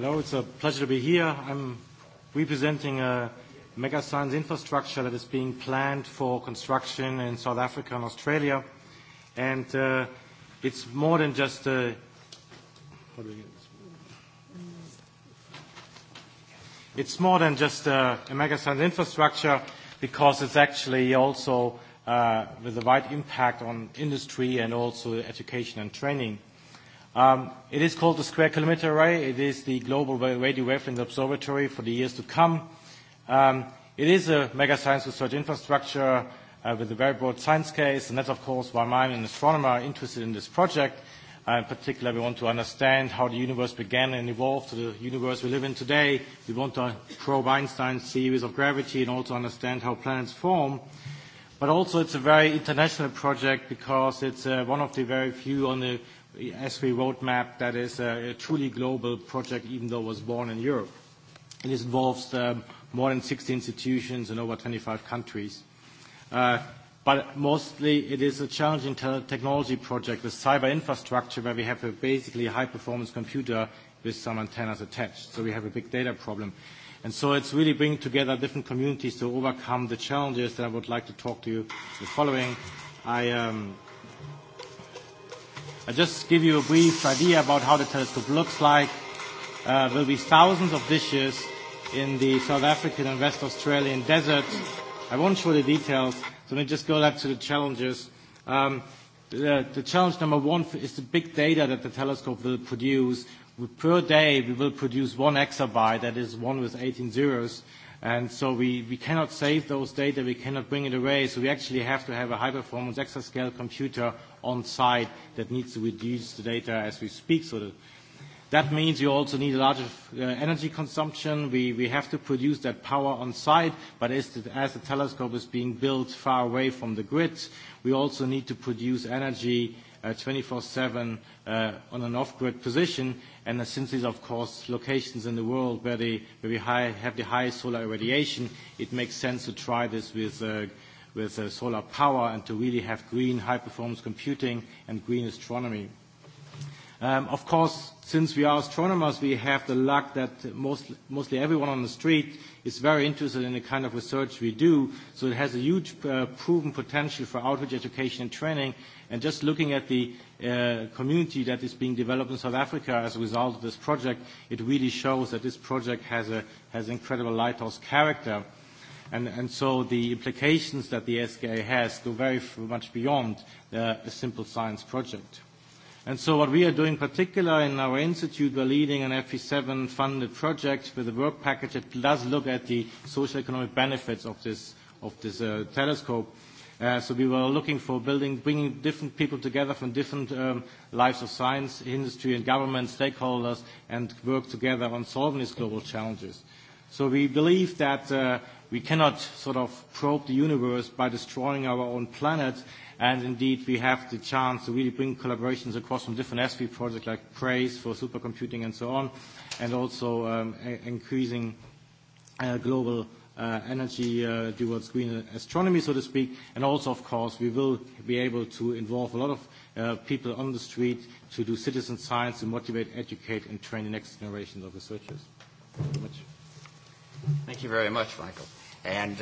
Hello, it's a pleasure to be here. I'm representing a mega science infrastructure that is being planned for construction in South Africa and Australia. And it's more than just a It's more than just a mega science infrastructure because it's actually also with a wide impact on industry and also education and training. It is called the Square Kilometer Array. It is the global radio wavelength observatory for the years to come. It is a mega science research infrastructure with a very broad science case, and that's, of course, why mine an astronomer are interested in this project. In particular, we want to understand how the universe began and evolved to the universe we live in today. We want to probe Einstein's theories of gravity and also understand how planets form. But also, it's a very international project because it's one of the very few on the we roadmap that is a truly global project, even though it was born in Europe. It involves more than 60 institutions in over 25 countries. But mostly it is a challenging technology project with cyber infrastructure where we have a basically high-performance computer with some antennas attached. So we have a big data problem. And so it's really bringing together different communities to overcome the challenges that I would like to talk to you the following. I I just give you a brief idea about how the telescope looks like. There will be thousands of dishes in the South African and West Australian desert. I won't show the details, so let me just go back to the challenges. Um, the, the challenge number one is the big data that the telescope will produce. Per day, we will produce one exabyte, that is one with 18 zeros. And so we, we cannot save those data, we cannot bring it away, so we actually have to have a high-performance exascale computer on site that needs to reduce the data as we speak. So that, that means you also need a lot of energy consumption. We, we have to produce that power on site, but as the, as the telescope is being built far away from the grid, we also need to produce energy 24/7 on an off-grid position. And since these, of course, locations in the world where they have the highest solar irradiation, it makes sense to try this with with solar power and to really have green high-performance computing and green astronomy. Of course, since we are astronomers, we have the luck that mostly everyone on the street is very interested in the kind of research we do, so it has a huge proven potential for outreach, education, and training, just looking at the community that is being developed in South Africa as a result of this project, it really shows that this project has a has incredible lighthouse character. And so the implications that the SKA has go very much beyond a simple science project. And so what we are doing, in particular in our institute, we're leading an FE7-funded project with a work package that does look at the socio-economic benefits of this telescope. So we were looking for building, bringing different people together from different lives of science, industry and government stakeholders, and work together on solving these global challenges. So we believe that we cannot sort of probe the universe by destroying our own planet, and indeed we have the chance to really bring collaborations across from different SV projects like PRAISE for supercomputing and so on, and also increasing global energy towards green astronomy, so to speak. And also, of course, we will be able to involve a lot of people on the street to do citizen science, to motivate, educate, and train the next generation of researchers. Thank you very much, Michael. And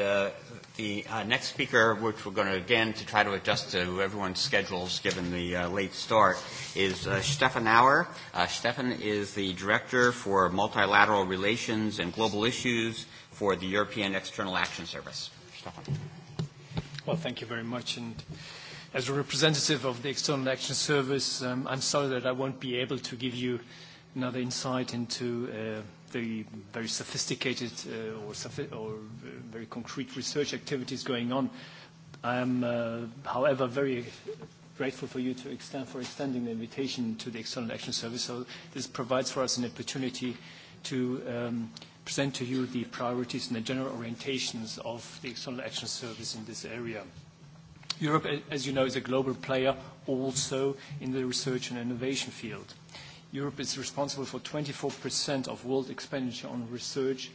the next speaker, which we're going to, again, to try to adjust to everyone's schedules given the late start, is Stefan Auer. Stefan is the Director for Multilateral Relations and Global Issues for the European External Action Service. Well, thank you very much. And as a representative of the External Action Service, I'm sorry that I won't be able to give you another insight into the very sophisticated or very concrete research activities going on. I am, however, very grateful for you to extend for extending the invitation to the External Action Service. So this provides for us an opportunity to present to you the priorities and the general orientations of the External Action Service in this area. Europe, as you know, is a global player also in the research and innovation field. Europe is responsible for 24% of world expenditure on research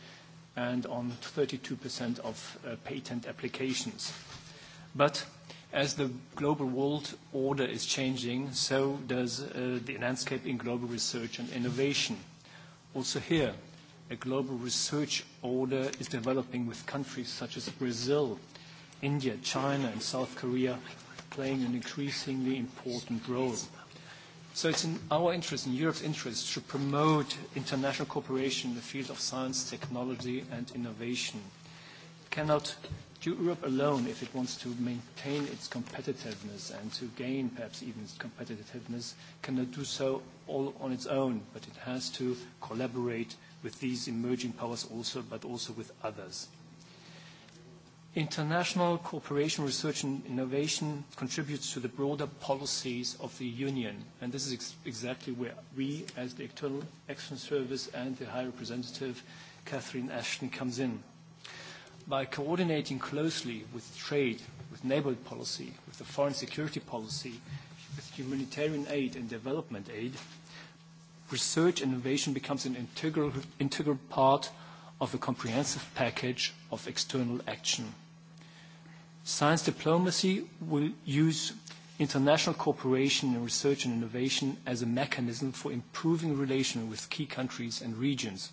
and on 32% of patent applications. But as the global world order is changing, so does the landscape in global research and innovation. Also here, a global research order is developing with countries such as Brazil, India, China and South Korea playing an increasingly important role. So it's in our interest, in Europe's interest, to promote international cooperation in the field of science, technology and innovation. It cannot do Europe alone if it wants to maintain its competitiveness and to gain perhaps even its competitiveness, cannot do so all on its own, but it has to collaborate with these emerging powers also, but also with others. International cooperation, research and innovation contributes to the broader policies of the Union, and this is exactly where we, as the External Action Service and the High Representative, Catherine Ashton, comes in. By coordinating closely with trade, with neighborhood policy, with the foreign security policy, with humanitarian aid and development aid, research and innovation becomes an integral part of a comprehensive package of external action. Science diplomacy will use international cooperation in research and innovation as a mechanism for improving relations with key countries and regions.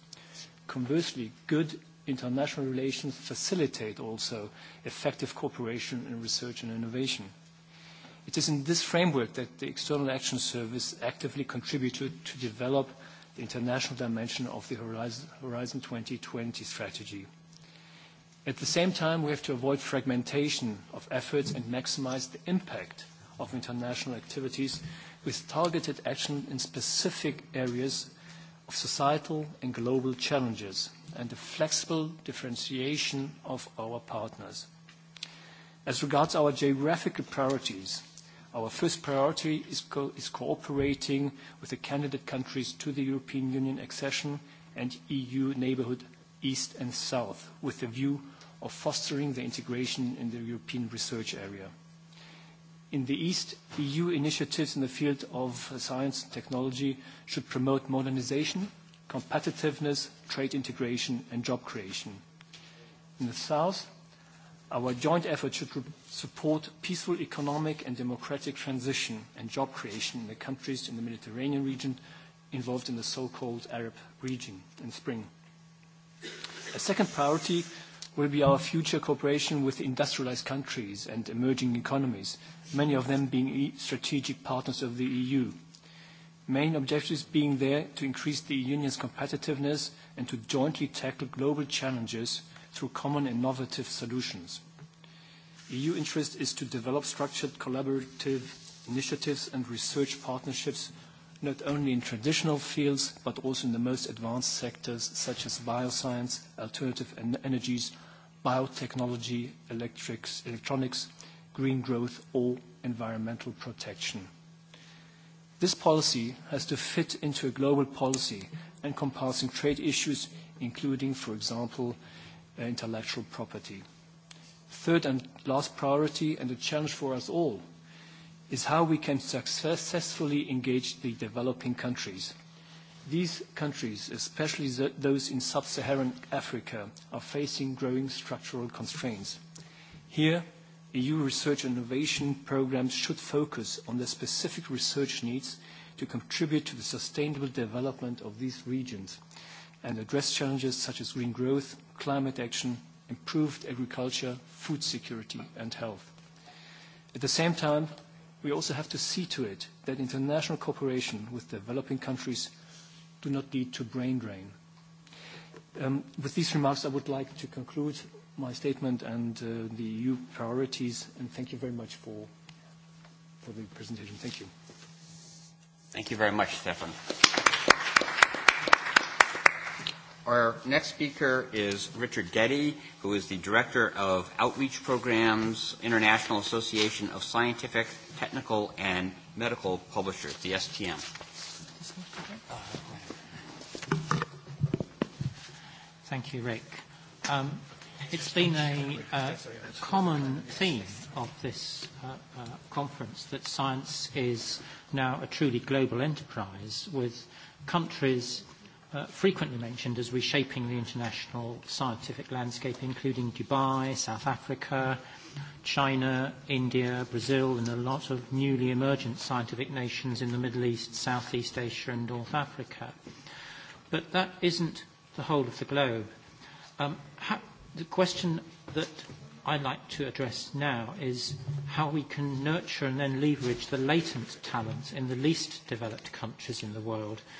Conversely, good international relations facilitate also effective cooperation in research and innovation. It is in this framework that the External Action Service actively contributed to develop the international dimension of the Horizon 2020 strategy. At the same time, we have to avoid fragmentation of efforts and maximize the impact of international activities with targeted action in specific areas of societal and global challenges and the flexible differentiation of our partners. As regards our geographical priorities, Our first priority is cooperating with the candidate countries to the European Union accession and EU neighbourhood east and south, with the view of fostering the integration in the European research area. In the East, EU initiatives in the field of science and technology should promote modernisation, competitiveness, trade integration and job creation. In the South, Our joint effort should support peaceful economic and democratic transition and job creation in the countries in the Mediterranean region involved in the so-called Arab region in spring. A second priority will be our future cooperation with industrialized countries and emerging economies, many of them being strategic partners of the EU. Main objectives being there to increase the Union's competitiveness and to jointly tackle global challenges through common innovative solutions. EU interest is to develop structured collaborative initiatives and research partnerships not only in traditional fields but also in the most advanced sectors such as bioscience, alternative energies, biotechnology, electrics, electronics, green growth or environmental protection. This policy has to fit into a global policy encompassing trade issues including, for example, intellectual property. Third and last priority, and a challenge for us all, is how we can successfully engage the developing countries. These countries, especially those in sub-Saharan Africa, are facing growing structural constraints. Here, EU research and innovation programs should focus on the specific research needs to contribute to the sustainable development of these regions and address challenges such as green growth, climate action, improved agriculture, food security and health. At the same time, we also have to see to it that international cooperation with developing countries do not lead to brain drain. With these remarks, I would like to conclude my statement and the EU priorities, and thank you very much for the presentation. Thank you. Thank you very much, Stefan. Our next speaker is Richard Getty, who is the Director of Outreach Programs, International Association of Scientific, Technical, and Medical Publishers, the STM. Thank you, Rick. it's been a common theme of this conference that science is now a truly global enterprise with countries frequently mentioned as reshaping the international scientific landscape, including Dubai, South Africa, China, India, Brazil, and a lot of newly emergent scientific nations in the Middle East, Southeast Asia, and North Africa. But that isn't the whole of the globe. The question that I'd like to address now is how we can nurture and then leverage the latent talents in the least developed countries in the world –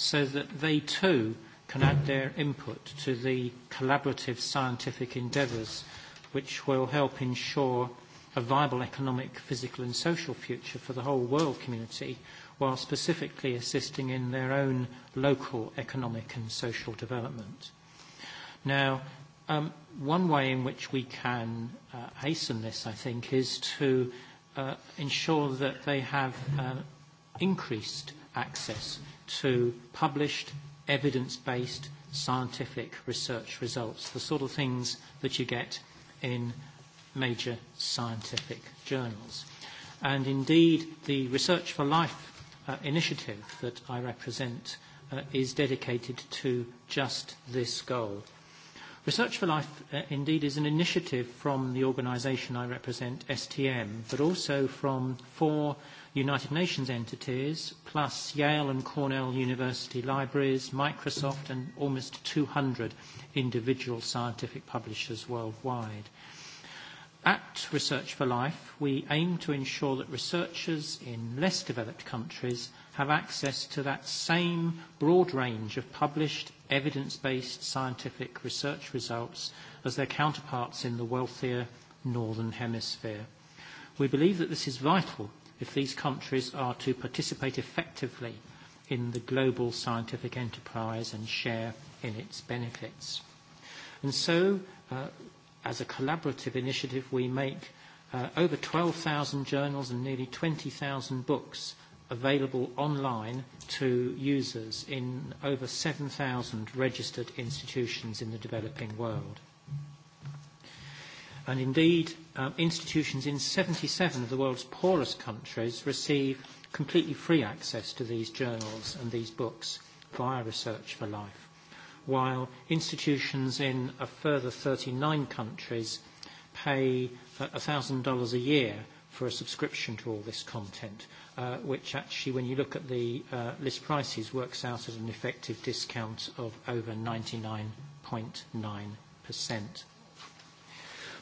so that they too can add their input to the collaborative scientific endeavours which will help ensure a viable economic, physical and social future for the whole world community while specifically assisting in their own local economic and social development. Now, one way in which we can hasten this, I think, is to ensure that they have increased access to published, evidence-based scientific research results, the sort of things that you get in major scientific journals. And indeed, the Research for Life initiative that I represent is dedicated to just this goal. Research for Life indeed is an initiative from the organisation I represent, STM, but also from four United Nations entities, plus Yale and Cornell University libraries, Microsoft, and almost 200 individual scientific publishers worldwide. At Research for Life, we aim to ensure that researchers in less developed countries have access to that same broad range of published, evidence-based scientific research results as their counterparts in the wealthier Northern Hemisphere. We believe that this is vital if these countries are to participate effectively in the global scientific enterprise and share in its benefits. And so, as a collaborative initiative, we make over 12,000 journals and nearly 20,000 books available online to users in over 7,000 registered institutions in the developing world. And indeed, institutions in 77 of the world's poorest countries receive completely free access to these journals and these books via Research for Life, while institutions in a further 39 countries pay $1,000 a year for a subscription to all this content, which actually, when you look at the list prices, works out at an effective discount of over 99.9%.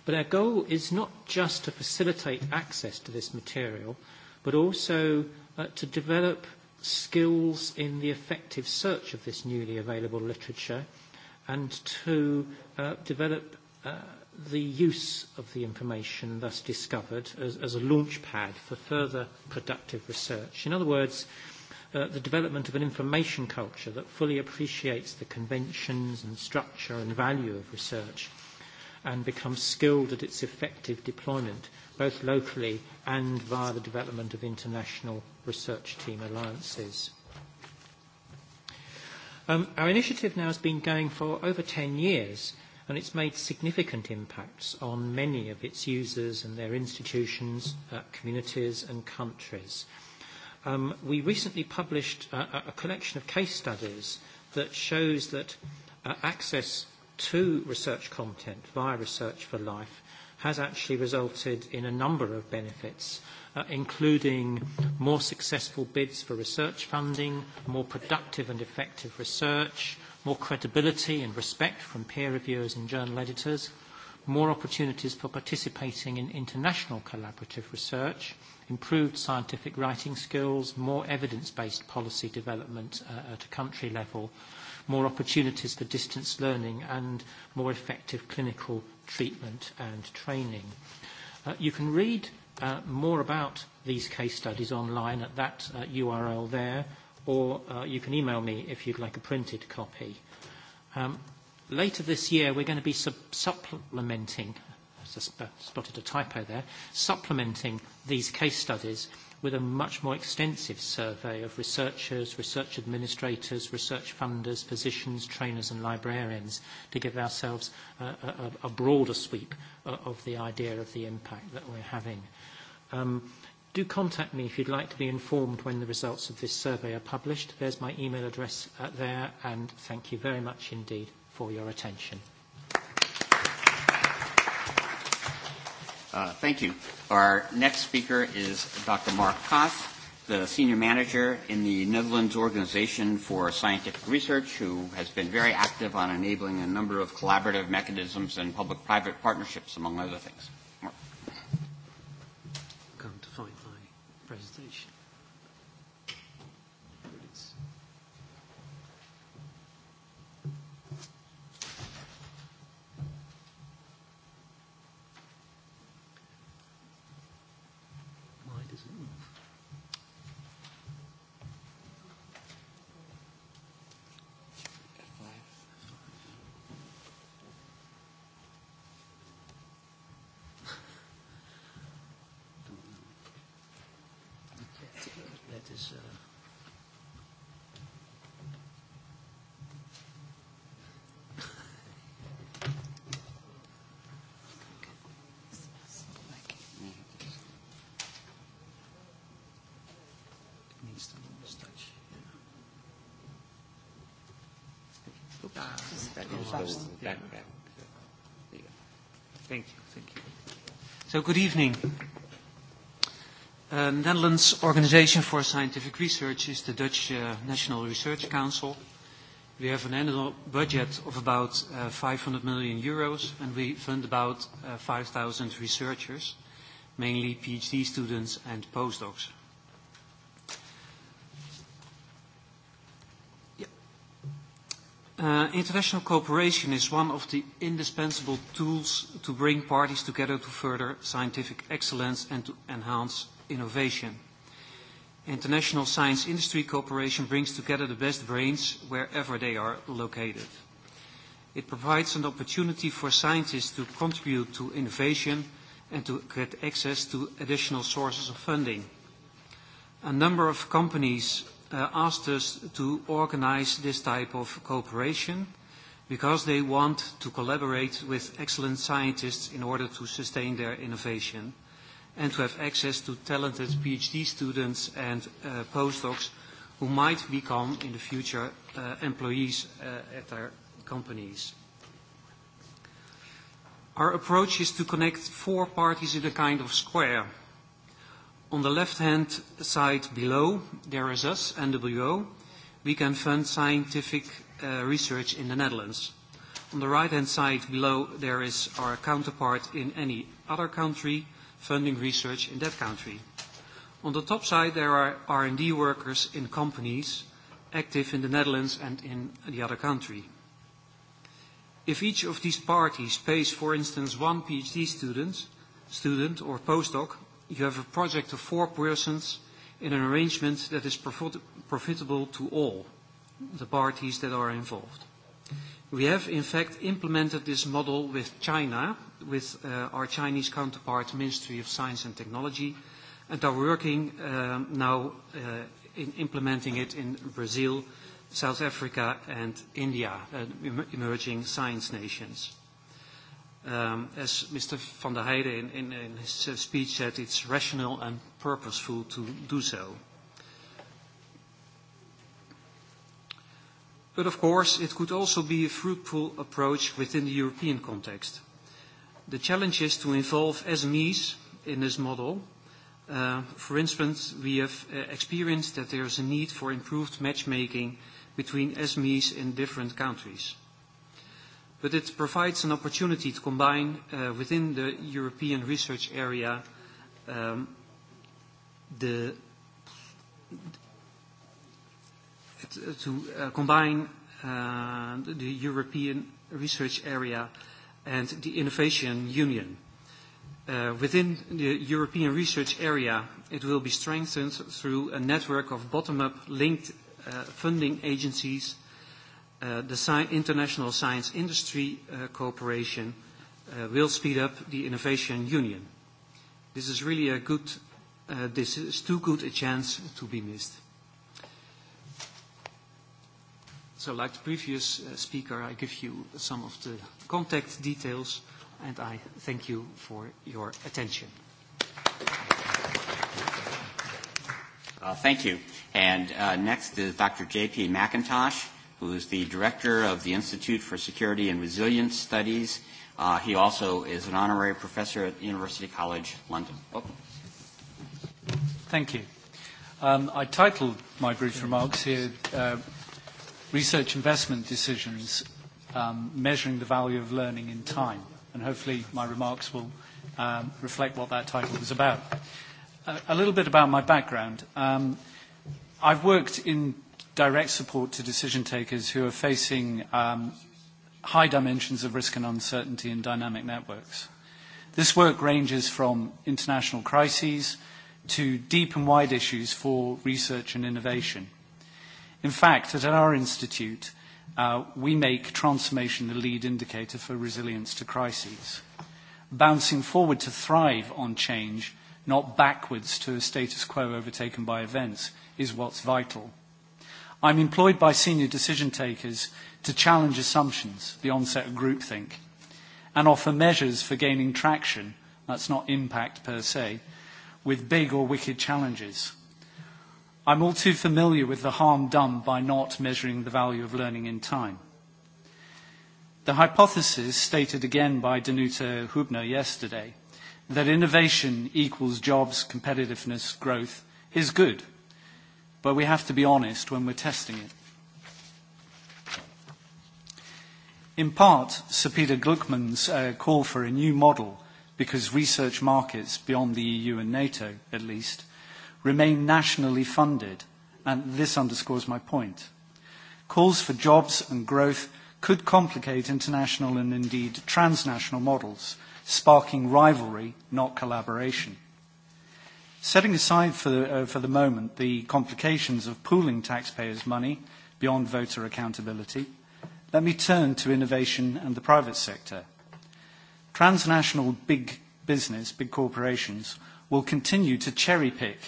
But our goal is not just to facilitate access to this material, but also to develop skills in the effective search of this newly available literature and to develop the use of the information thus discovered as a launch pad for further productive research. In other words, the development of an information culture that fully appreciates the conventions and structure and value of research and become skilled at its effective deployment, both locally and via the development of international research team alliances. Our initiative now has been going for over 10 years, and it's made significant impacts on many of its users and their institutions, communities and countries. We recently published a collection of case studies that shows that access to research content via Research for Life has actually resulted in a number of benefits, including more successful bids for research funding, more productive and effective research, more credibility and respect from peer reviewers and journal editors, more opportunities for participating in international collaborative research, improved scientific writing skills, more evidence-based policy development at a country level, more opportunities for distance learning and more effective clinical treatment and training. You can read more about these case studies online at that URL there, or you can email me if you'd like a printed copy. Later this year, we're going to be supplementing, I spotted a typo there, supplementing these case studies with a much more extensive survey of researchers, research administrators, research funders, physicians, trainers and librarians to give ourselves a broader sweep of the idea of the impact that we're having. Do contact me if you'd like to be informed when the results of this survey are published. There's my email address there and thank you very much indeed for your attention. Thank you. Our next speaker is Dr. Mark Koss, the senior manager in the Netherlands Organization for Scientific Research, who has been very active on enabling a number of collaborative mechanisms and public-private partnerships, among other things. Mark. to find my presentation. Thank you. Thank you. So good evening. The Netherlands Organization for Scientific Research is the Dutch National Research Council. We have an annual budget of about 500 million euros and we fund about 5,000 researchers, mainly PhD students and postdocs. International cooperation is one of the indispensable tools to bring parties together to further scientific excellence and to enhance innovation. International science industry cooperation brings together the best brains wherever they are located. It provides an opportunity for scientists to contribute to innovation and to get access to additional sources of funding. A number of companies asked us to organize this type of cooperation because they want to collaborate with excellent scientists in order to sustain their innovation and to have access to talented PhD students and postdocs who might become in the future employees at their companies. Our approach is to connect four parties in a kind of square – On the left-hand side below, there is us, NWO. We can fund scientific research in the Netherlands. On the right-hand side below, there is our counterpart in any other country funding research in that country. On the top side, there are R&D workers in companies active in the Netherlands and in the other country. If each of these parties pays, for instance, one PhD student student or postdoc, you have a project of four persons in an arrangement that is profitable to all the parties that are involved. We have, in fact, implemented this model with China, with our Chinese counterpart, Ministry of Science and Technology, and are working now in implementing it in Brazil, South Africa, and India, emerging science nations. As Mr. van der Heijden in his speech said, it's rational and purposeful to do so. But of course, it could also be a fruitful approach within the European context. The challenge is to involve SMEs in this model. For instance, we have experienced that there is a need for improved matchmaking between SMEs in different countries but it provides an opportunity to combine within the European research area the to combine the European research area and the Innovation Union. Within the European research area, it will be strengthened through a network of bottom-up linked funding agencies the international science industry cooperation will speed up the innovation union. This is really a good, this is too good a chance to be missed. So like the previous speaker, I give you some of the contact details and I thank you for your attention. Thank you. And next is Dr. J.P. McIntosh who is the director of the Institute for Security and Resilience Studies. He also is an honorary professor at University College London. Welcome. Thank you. I titled my brief remarks here Research Investment Decisions Measuring the Value of Learning in Time, and hopefully my remarks will reflect what that title was about. A little bit about my background. I've worked in direct support to decision takers who are facing high dimensions of risk and uncertainty in dynamic networks. This work ranges from international crises to deep and wide issues for research and innovation. In fact, at our institute, we make transformation the lead indicator for resilience to crises, bouncing forward to thrive on change, not backwards to a status quo overtaken by events, is what's vital I'm employed by senior decision takers to challenge assumptions, the onset of groupthink, and offer measures for gaining traction, that's not impact per se, with big or wicked challenges. I'm all too familiar with the harm done by not measuring the value of learning in time. The hypothesis, stated again by Danuta Hubner yesterday, that innovation equals jobs, competitiveness, growth, is good – but we have to be honest when we're testing it. In part, Sir Peter Gluckman's call for a new model, because research markets, beyond the EU and NATO at least, remain nationally funded, and this underscores my point. Calls for jobs and growth could complicate international and indeed transnational models, sparking rivalry, not collaboration. Setting aside for the moment the complications of pooling taxpayers' money beyond voter accountability, let me turn to innovation and the private sector. Transnational big business, big corporations, will continue to cherry-pick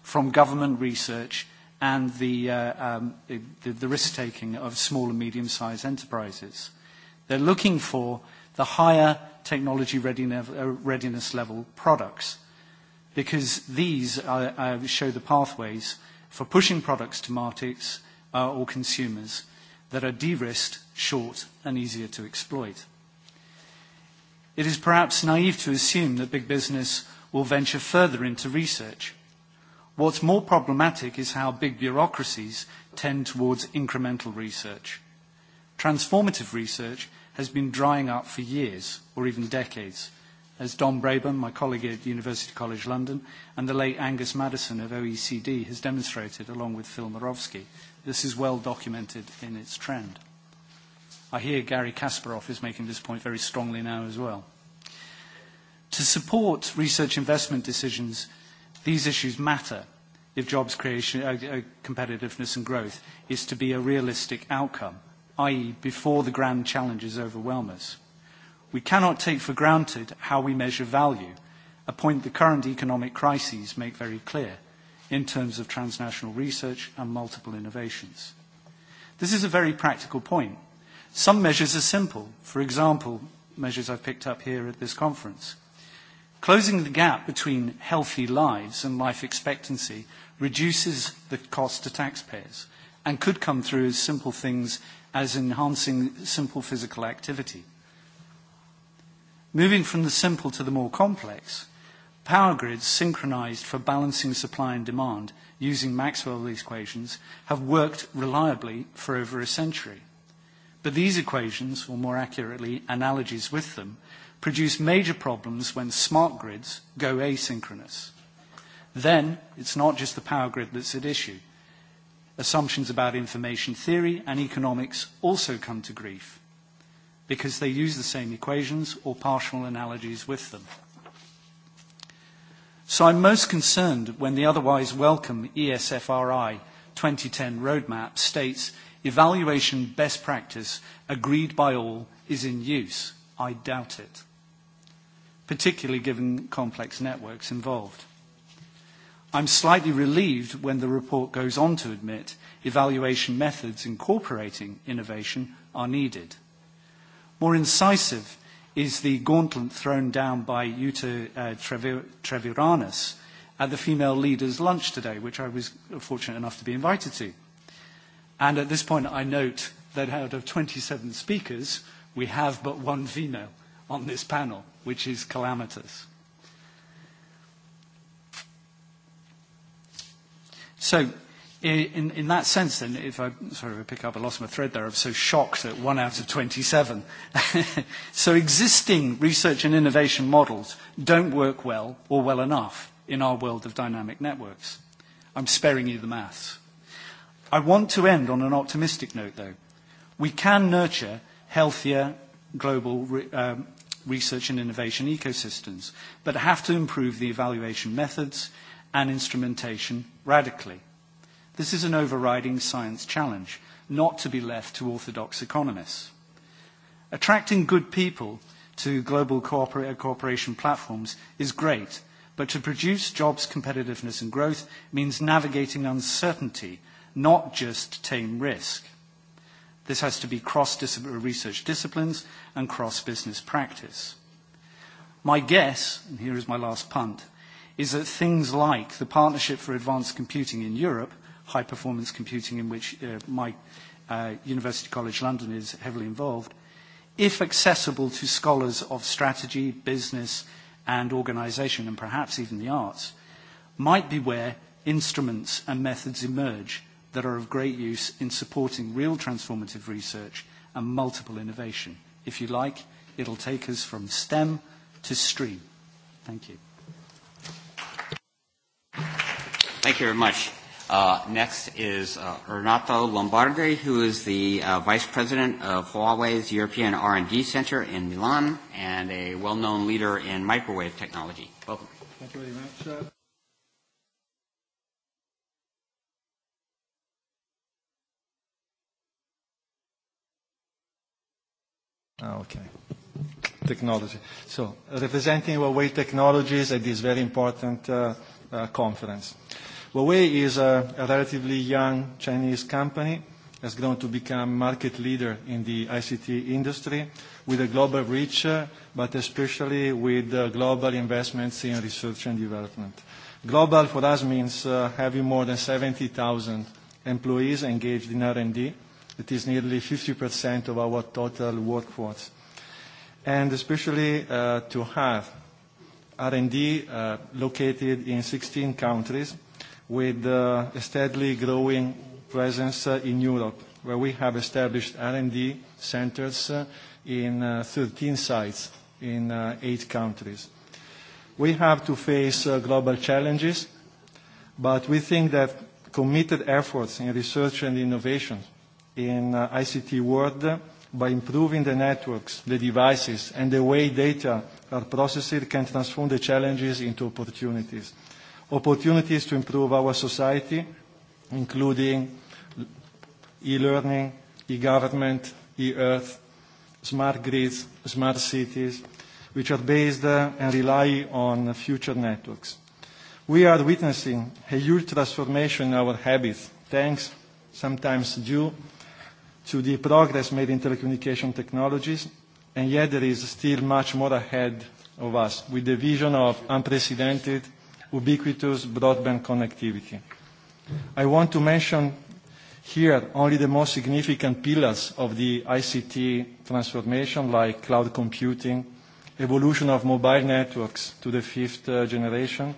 from government research and the risk-taking of small and medium-sized enterprises. They're looking for the higher technology readiness level products because these show the pathways for pushing products to markets or consumers that are de-risked, short, and easier to exploit. It is perhaps naive to assume that big business will venture further into research. What's more problematic is how big bureaucracies tend towards incremental research. Transformative research has been drying up for years or even decades as Don Braben, my colleague at University College London, and the late Angus Madison of OECD has demonstrated along with Phil Morovsky. This is well documented in its trend. I hear Gary Kasparov is making this point very strongly now as well. To support research investment decisions, these issues matter if jobs creation, competitiveness and growth is to be a realistic outcome, i.e. before the grand challenges overwhelm us. We cannot take for granted how we measure value, a point the current economic crises make very clear in terms of transnational research and multiple innovations. This is a very practical point. Some measures are simple, for example, measures I've picked up here at this conference. Closing the gap between healthy lives and life expectancy reduces the cost to taxpayers and could come through as simple things as enhancing simple physical activity Moving from the simple to the more complex, power grids synchronized for balancing supply and demand using Maxwell's equations have worked reliably for over a century. But these equations, or more accurately, analogies with them, produce major problems when smart grids go asynchronous. Then it's not just the power grid that's at issue. Assumptions about information theory and economics also come to grief because they use the same equations or partial analogies with them. So I'm most concerned when the otherwise welcome ESFRI 2010 roadmap states evaluation best practice agreed by all is in use. I doubt it, particularly given complex networks involved. I'm slightly relieved when the report goes on to admit evaluation methods incorporating innovation are needed. More incisive is the gauntlet thrown down by Jutta Treviranus at the female leaders' lunch today, which I was fortunate enough to be invited to. And at this point, I note that out of 27 speakers, we have but one female on this panel, which is calamitous. So In that sense, then, if I sorry, I pick up, I lost my thread there. I'm so shocked at one out of 27. So existing research and innovation models don't work well or well enough in our world of dynamic networks. I'm sparing you the maths. I want to end on an optimistic note, though. We can nurture healthier global research and innovation ecosystems, but have to improve the evaluation methods and instrumentation radically. This is an overriding science challenge, not to be left to orthodox economists. Attracting good people to global cooperation platforms is great, but to produce jobs, competitiveness and growth means navigating uncertainty, not just tame risk. This has to be cross research disciplines and cross-business practice. My guess, and here is my last punt, is that things like the Partnership for Advanced Computing in Europe high-performance computing in which my University College London is heavily involved, if accessible to scholars of strategy, business and organization and perhaps even the arts, might be where instruments and methods emerge that are of great use in supporting real transformative research and multiple innovation. If you like, it'll take us from STEM to STREAM. Thank you. Thank you very much. Next is Renato Lombardi, who is the Vice President of Huawei's European R&D Center in Milan and a well-known leader in microwave technology. Welcome. Thank you very much. Okay. Technology. So representing Huawei Technologies at this very important conference. Huawei is a relatively young Chinese company, has grown to become market leader in the ICT industry with a global reach, but especially with global investments in research and development. Global for us means having more than 70,000 employees engaged in R&D. It is nearly 50% of our total workforce. And especially to have R&D located in 16 countries with a steadily growing presence in Europe, where we have established R&D centers in 13 sites in eight countries. We have to face global challenges, but we think that committed efforts in research and innovation in ICT world by improving the networks, the devices, and the way data are processed can transform the challenges into opportunities opportunities to improve our society, including e-learning, e-government, e-earth, smart grids, smart cities, which are based and rely on future networks. We are witnessing a huge transformation in our habits, thanks sometimes due to the progress made in telecommunication technologies, and yet there is still much more ahead of us, with the vision of unprecedented ubiquitous broadband connectivity. I want to mention here only the most significant pillars of the ICT transformation, like cloud computing, evolution of mobile networks to the fifth generation,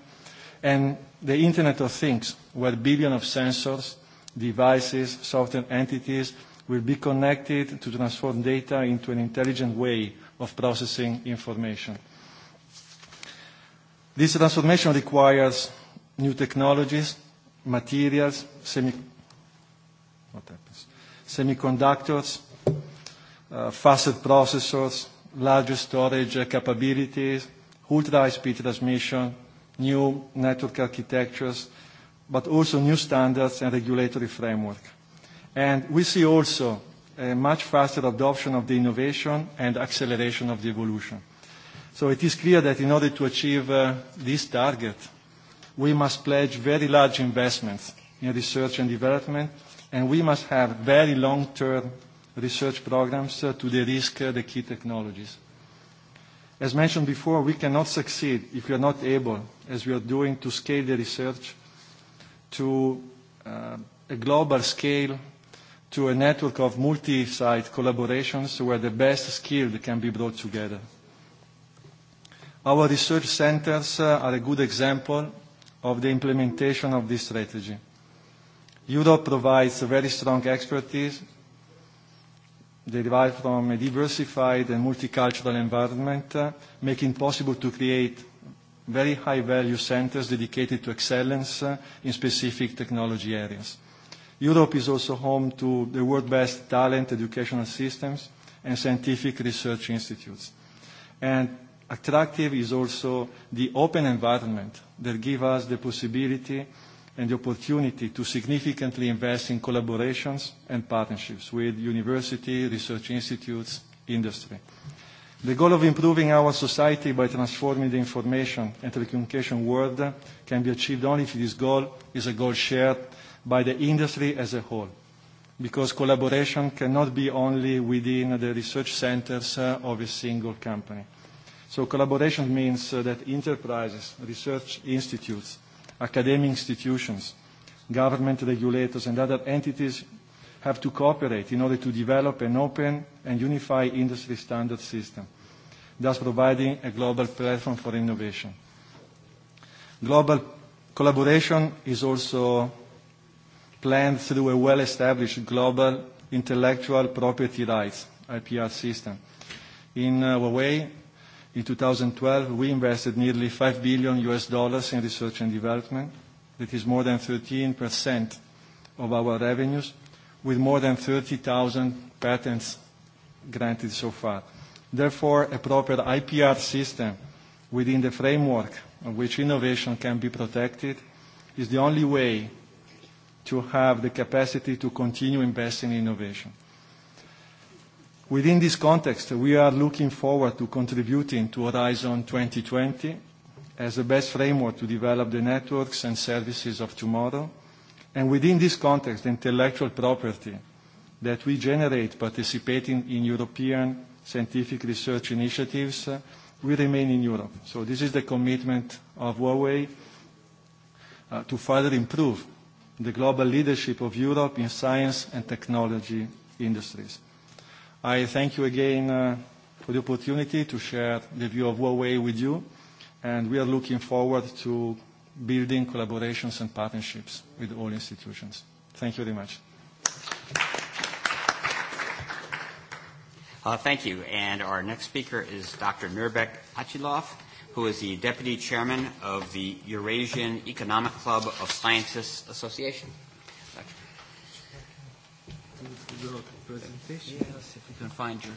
and the Internet of Things, where billions of sensors, devices, software entities will be connected to transform data into an intelligent way of processing information. This transformation requires new technologies, materials, semiconductors, faster processors, larger storage capabilities, ultra-high-speed transmission, new network architectures, but also new standards and regulatory framework. And we see also a much faster adoption of the innovation and acceleration of the evolution. So it is clear that in order to achieve this target, we must pledge very large investments in research and development, and we must have very long-term research programs to de-risk the key technologies. As mentioned before, we cannot succeed if we are not able, as we are doing, to scale the research to a global scale, to a network of multi-site collaborations where the best skilled can be brought together. Our research centers are a good example of the implementation of this strategy. Europe provides very strong expertise derived from a diversified and multicultural environment, making possible to create very high-value centers dedicated to excellence in specific technology areas. Europe is also home to the world's best talent educational systems and scientific research institutes. And attractive is also the open environment that gives us the possibility and the opportunity to significantly invest in collaborations and partnerships with university, research institutes, industry. The goal of improving our society by transforming the information and telecommunication world can be achieved only if this goal is a goal shared by the industry as a whole, because collaboration cannot be only within the research centers of a single company. So collaboration means that enterprises, research institutes, academic institutions, government regulators and other entities have to cooperate in order to develop an open and unified industry standard system, thus providing a global platform for innovation. Global collaboration is also planned through a well-established global intellectual property rights, IPR system. In Huawei, In 2012, we invested nearly 5 billion US dollars in research and development. That is more than 13% of our revenues, with more than 30,000 patents granted so far. Therefore, a proper IPR system within the framework of which innovation can be protected is the only way to have the capacity to continue investing in innovation. Within this context, we are looking forward to contributing to Horizon 2020 as the best framework to develop the networks and services of tomorrow, and within this context, intellectual property that we generate participating in European scientific research initiatives will remain in Europe. So this is the commitment of Huawei to further improve the global leadership of Europe in science and technology industries. I thank you again for the opportunity to share the view of Huawei with you, and we are looking forward to building collaborations and partnerships with all institutions. Thank you very much. Thank you. And our next speaker is Dr. Nurbek Achilov, who is the Deputy Chairman of the Eurasian Economic Club of Scientists Association presentation? see if we can find you.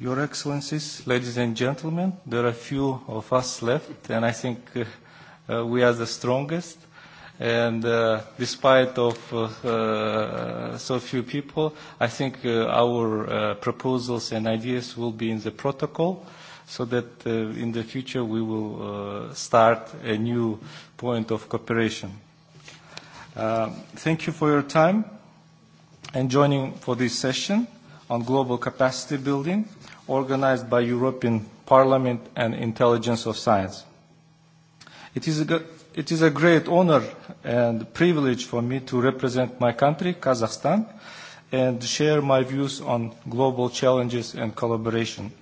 Your Excellencies, ladies and gentlemen, there are few of us left, and I think we are the strongest. And despite of so few people, I think our proposals and ideas will be in the protocol, so that in the future we will start a new point of cooperation. Thank you for your time and joining for this session on global capacity building organized by European Parliament and Intelligence of Science. It is a It is a great honor and privilege for me to represent my country, Kazakhstan, and share my views on global challenges and collaboration.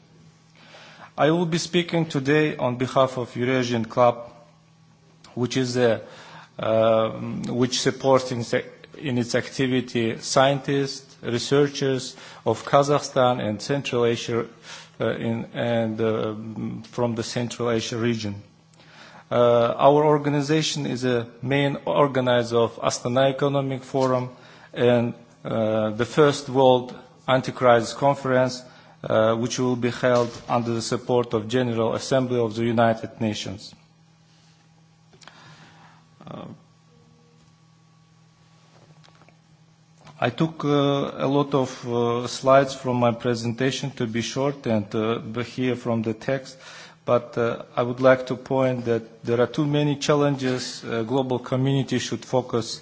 I will be speaking today on behalf of Eurasian Club, which is a which supports in its activity scientists, researchers of Kazakhstan and Central Asia and from the Central Asia region. Our organization is a main organizer of Astana Economic Forum and the first World Anti-Crisis Conference, which will be held under the support of General Assembly of the United Nations. I took a lot of slides from my presentation to be short and here from the text, but I would like to point that there are too many challenges global community should focus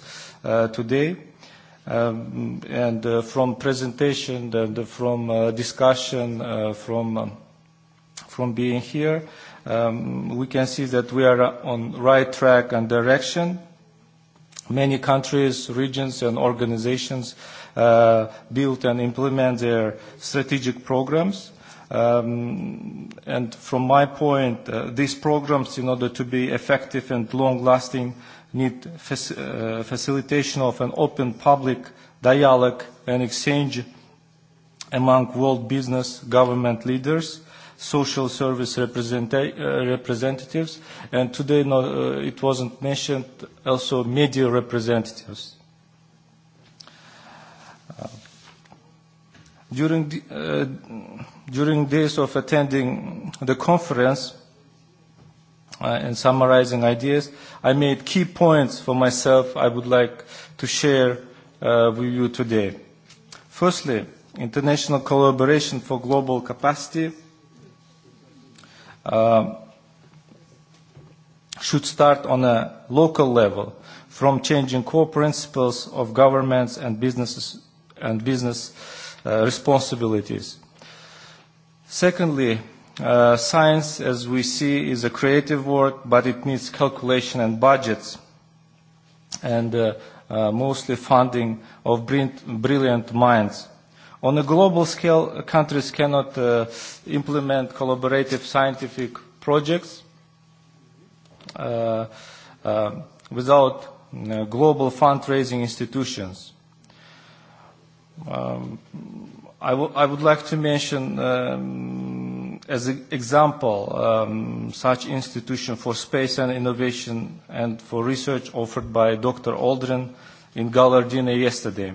today. And from presentation and from discussion, from from being here, we can see that we are on right track and direction Many countries, regions and organizations build and implement their strategic programs. And from my point, these programs, in order to be effective and long-lasting, need facilitation of an open public dialogue and exchange among world business government leaders social service representatives, and today it wasn't mentioned also media representatives. During days of attending the conference and summarizing ideas, I made key points for myself I would like to share with you today. Firstly, international collaboration for global capacity should start on a local level, from changing core principles of governments and businesses and business responsibilities. Secondly, science, as we see, is a creative work, but it needs calculation and budgets, and mostly funding of brilliant minds. On a global scale, countries cannot implement collaborative scientific projects without global fundraising institutions. I would like to mention as an example such institution for space and innovation and for research offered by Dr. Aldrin in Gallardina yesterday.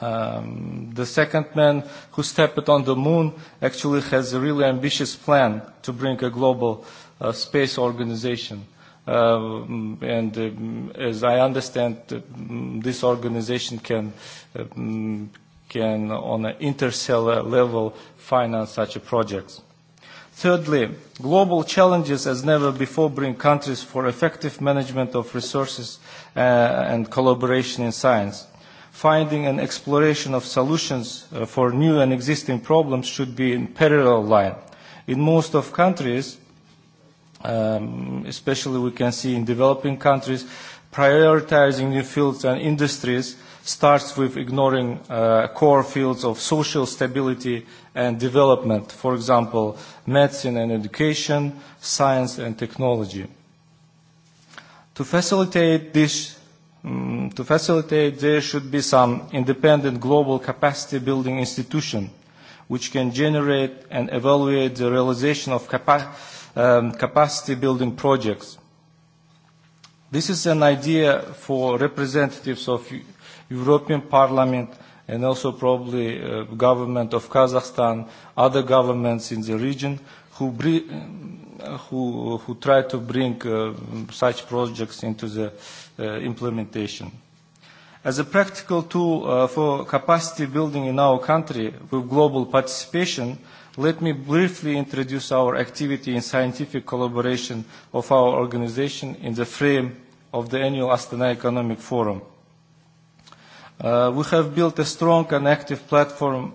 The second man who stepped on the moon actually has a really ambitious plan to bring a global space organization. And as I understand, this organization can can on an intercellular level finance such projects. Thirdly, global challenges as never before bring countries for effective management of resources and collaboration in science finding and exploration of solutions for new and existing problems should be in parallel line. In most of countries, especially we can see in developing countries, prioritizing new fields and industries starts with ignoring core fields of social stability and development, for example, medicine and education, science and technology. To facilitate this to facilitate there should be some independent global capacity building institution which can generate and evaluate the realization of capacity building projects. This is an idea for representatives of European Parliament and also probably government of Kazakhstan, other governments in the region who who try to bring such projects into the implementation. As a practical tool for capacity building in our country with global participation, let me briefly introduce our activity in scientific collaboration of our organization in the frame of the annual Astana Economic Forum. We have built a strong and active platform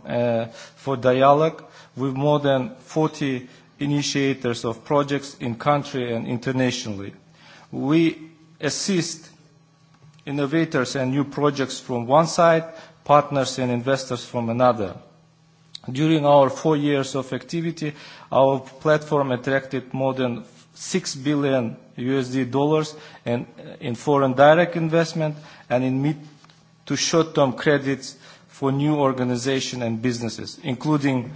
for dialogue with more than 40 initiators of projects in country and internationally. We assist innovators and new projects from one side, partners and investors from another. During our four years of activity, our platform attracted more than 6 billion USD dollars in foreign direct investment and in mid to short-term credits for new organizations and businesses, including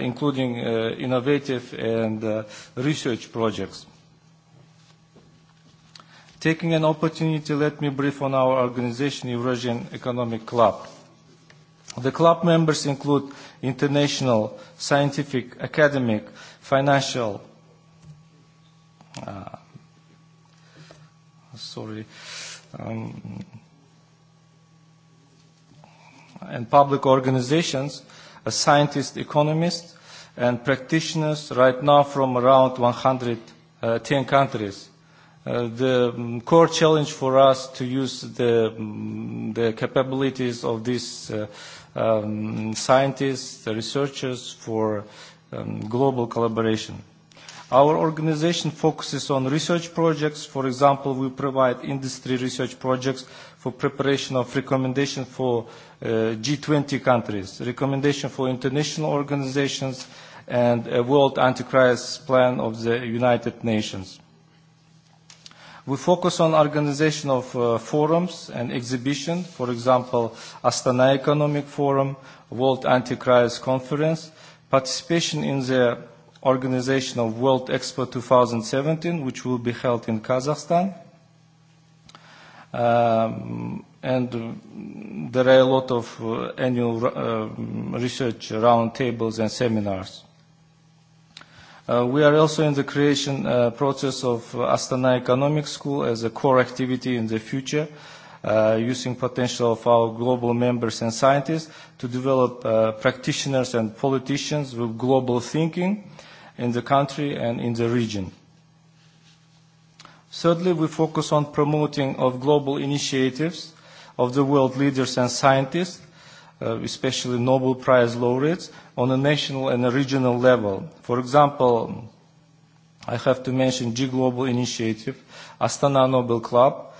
including innovative and research projects. Taking an opportunity, let me brief on our organization, Eurasian Economic Club. The club members include international, scientific, academic, financial, sorry, and public organizations, scientists, economists, and practitioners right now from around 110 countries the core challenge for us to use the capabilities of these scientists, researchers for global collaboration. Our organization focuses on research projects. For example, we provide industry research projects for preparation of recommendation for G20 countries, recommendation for international organizations, and a World Anti-Crisis Plan of the United Nations. We focus on organization of forums and exhibitions, for example, Astana Economic Forum, World Anti-Crisis Conference, participation in the organization of World Expo 2017, which will be held in Kazakhstan. And there are a lot of annual research roundtables and seminars. We are also in the creation process of Astana Economic School as a core activity in the future, using potential of our global members and scientists to develop practitioners and politicians with global thinking in the country and in the region. Thirdly, we focus on promoting of global initiatives of the world leaders and scientists especially Nobel Prize laureates, on a national and a regional level. For example, I have to mention G Global Initiative, Astana Nobel Club,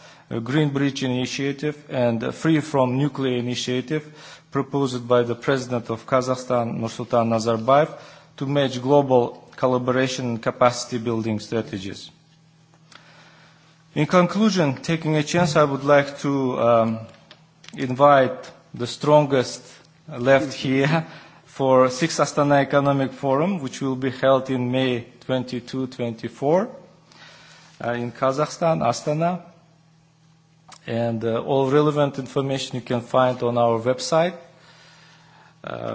Green Bridge Initiative, and Free From Nuclear Initiative, proposed by the President of Kazakhstan, Nursultan Nazarbayev, to match global collaboration and capacity building strategies. In conclusion, taking a chance, I would like to invite the strongest left here for Sixth Astana Economic Forum, which will be held in May 22-24 in Kazakhstan, Astana. And all relevant information you can find on our website.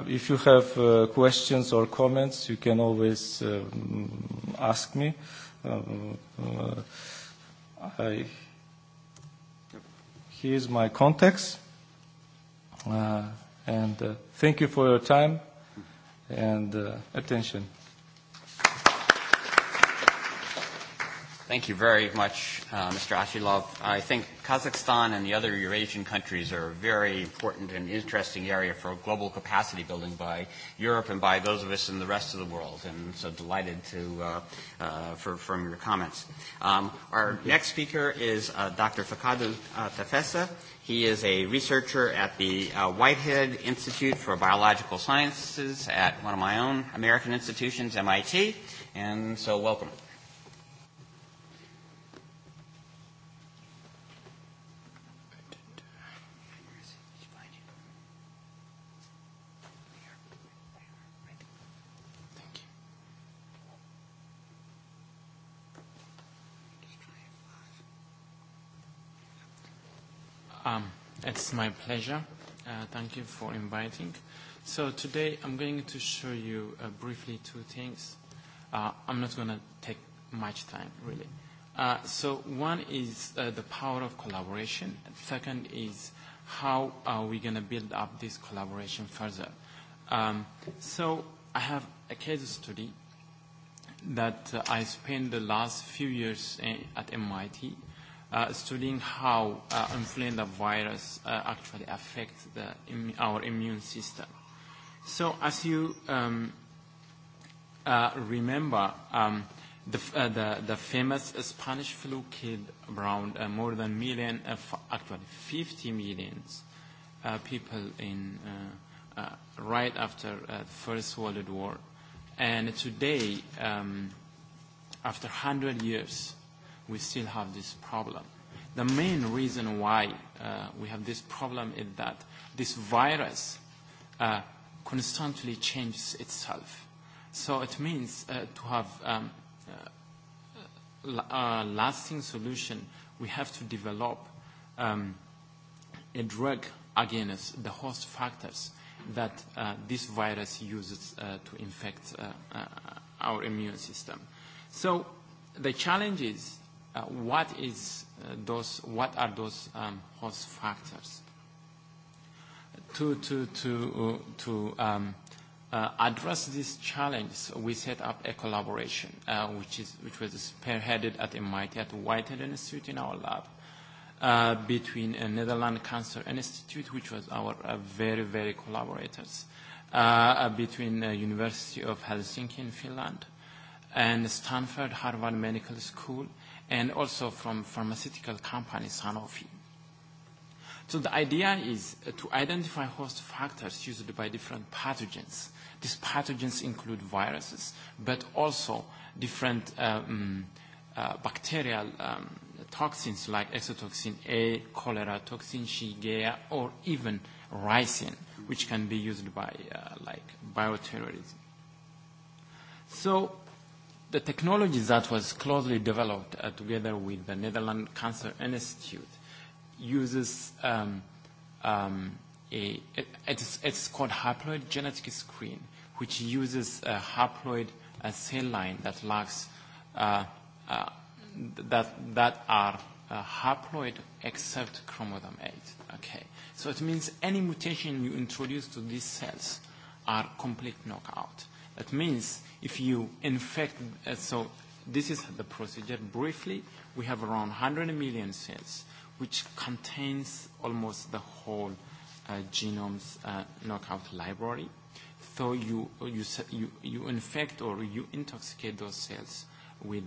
If you have questions or comments, you can always ask me. Here's my contacts and thank you for your time and attention. Thank you very much, Mr. Ashilov. I think Kazakhstan and the other Eurasian countries are a very important and interesting area for global capacity building by Europe and by those of us in the rest of the world. And so delighted to uh, for, from your comments. Um, our next speaker is Dr. Fakadu Tafesa. He is a researcher at the Whitehead Institute for Biological Sciences at one of my own American institutions, MIT. And so welcome. It's my pleasure. Thank you for inviting. So today I'm going to show you briefly two things. I'm not going to take much time, really. So one is the power of collaboration. Second is how are we going to build up this collaboration further. So I have a case study that I spent the last few years at MIT studying how influenza virus actually affects our immune system. So as you remember, the famous Spanish flu killed around more than a million, actually 50 million people in right after the First World War. And today, after 100 years, we still have this problem. The main reason why we have this problem is that this virus constantly changes itself. So it means to have a lasting solution, we have to develop a drug against the host factors that this virus uses to infect our immune system. So the challenge is what is those what are those host factors to to to to um address this challenge we set up a collaboration which is which was spearheaded at MIT at Whitehead Institute in our lab between the Netherlands Cancer Institute which was our very very collaborators between the University of Helsinki in Finland and Stanford Harvard Medical School and also from pharmaceutical company Sanofi. So the idea is to identify host factors used by different pathogens. These pathogens include viruses, but also different bacterial toxins like exotoxin A, cholera toxin, Shigella, or even ricin, which can be used by like bioterrorism. So the technology that was closely developed together with the Netherlands Cancer Institute uses um, um, a, it's, it's called haploid genetic screen, which uses a haploid cell line that lacks uh, that that are haploid except chromosome 8. Okay, so it means any mutation you introduce to these cells are complete knockout. That means if you infect, so this is the procedure. Briefly, we have around 100 million cells, which contains almost the whole genome's knockout library. So you you you you infect or you intoxicate those cells with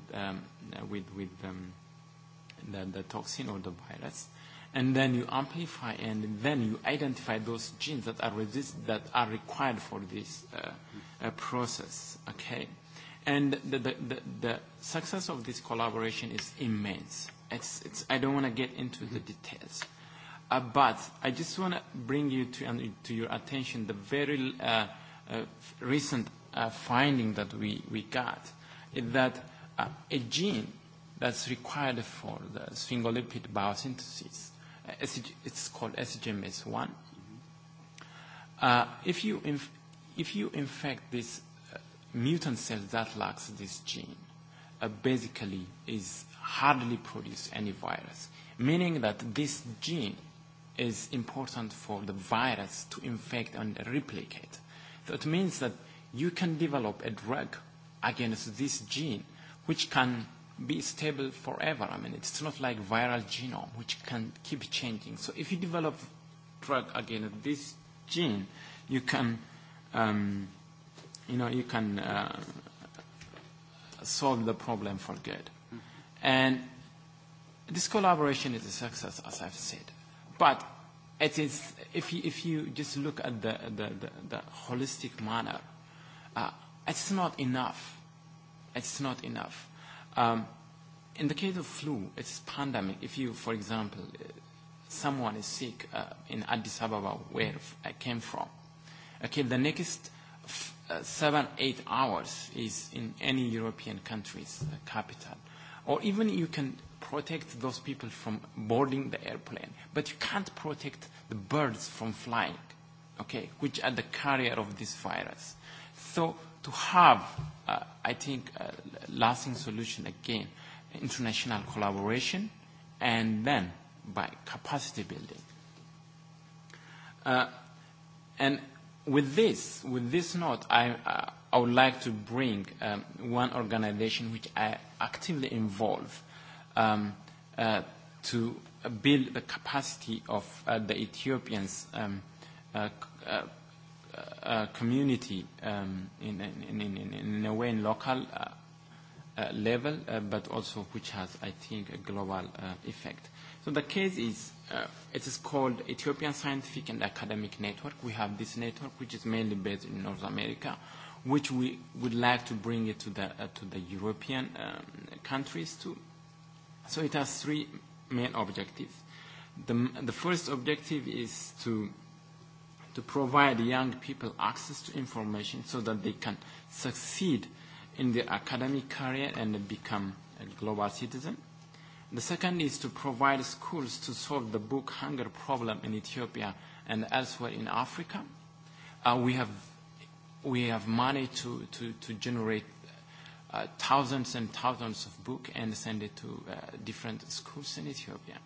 with with the the toxin or the virus and then you amplify and then you identify those genes that are resist that are required for this process okay and the the the success of this collaboration is immense it's it's i don't want to get into the details but i just want to bring you to to your attention the very recent finding that we we got is that a gene that's required for the sphingolipid biosynthesis it's called SGMS1. If you if you infect this mutant cell that lacks this gene, basically is hardly produce any virus, meaning that this gene is important for the virus to infect and replicate. That means that you can develop a drug against this gene, which can be stable forever. I mean, it's not like viral genome, which can keep changing. So if you develop drug again this gene, you can, um, you know, you can uh, solve the problem for good. And this collaboration is a success, as I've said. But it is, if you, if you just look at the, the, the, the holistic manner, uh, it's not enough. It's not enough In the case of flu, it's pandemic. If you, for example, someone is sick in Addis Ababa, where I came from, okay, the next seven, eight hours is in any European country's capital. Or even you can protect those people from boarding the airplane, but you can't protect the birds from flying, okay, which are the carrier of this virus. So to have, I think, a lasting solution again, international collaboration, and then by capacity building. And with this, with this note, I I would like to bring one organization which I actively involve to build the capacity of the Ethiopians community in in a way in local level, but also which has, I think, a global effect. So the case is, it is called Ethiopian Scientific and Academic Network. We have this network, which is mainly based in North America, which we would like to bring it to the to the European countries too. So it has three main objectives. The The first objective is to to provide young people access to information so that they can succeed in their academic career and become a global citizen. The second is to provide schools to solve the book hunger problem in Ethiopia and elsewhere in Africa. We have we have money to to to generate thousands and thousands of books and send it to different schools in Ethiopia.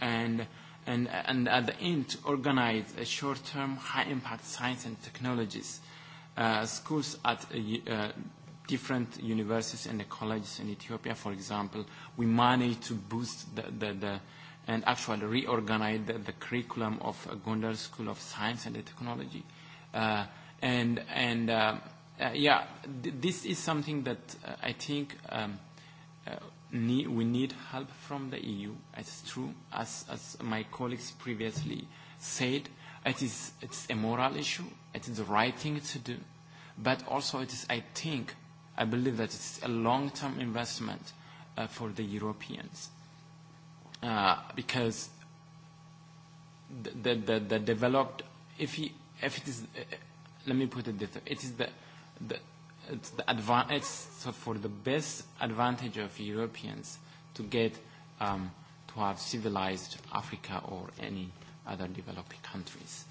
And and, and at the end organize a short-term high-impact science and technologies schools at different universities and colleges in Ethiopia, for example, we managed to boost the, and actually reorganize the, curriculum of Gondar School of Science and Technology. and and yeah, this is something that I think we need help from the EU. It's true, as, as my colleagues previously said, it is it's a moral issue, it is the right thing to do, but also it is, I think, I believe that it's a long-term investment for the Europeans, because the, the, the developed, if, he, if it is, let me put it this way, it is the, the it's, for the best advantage of Europeans to get to have civilized Africa or any other developing countries.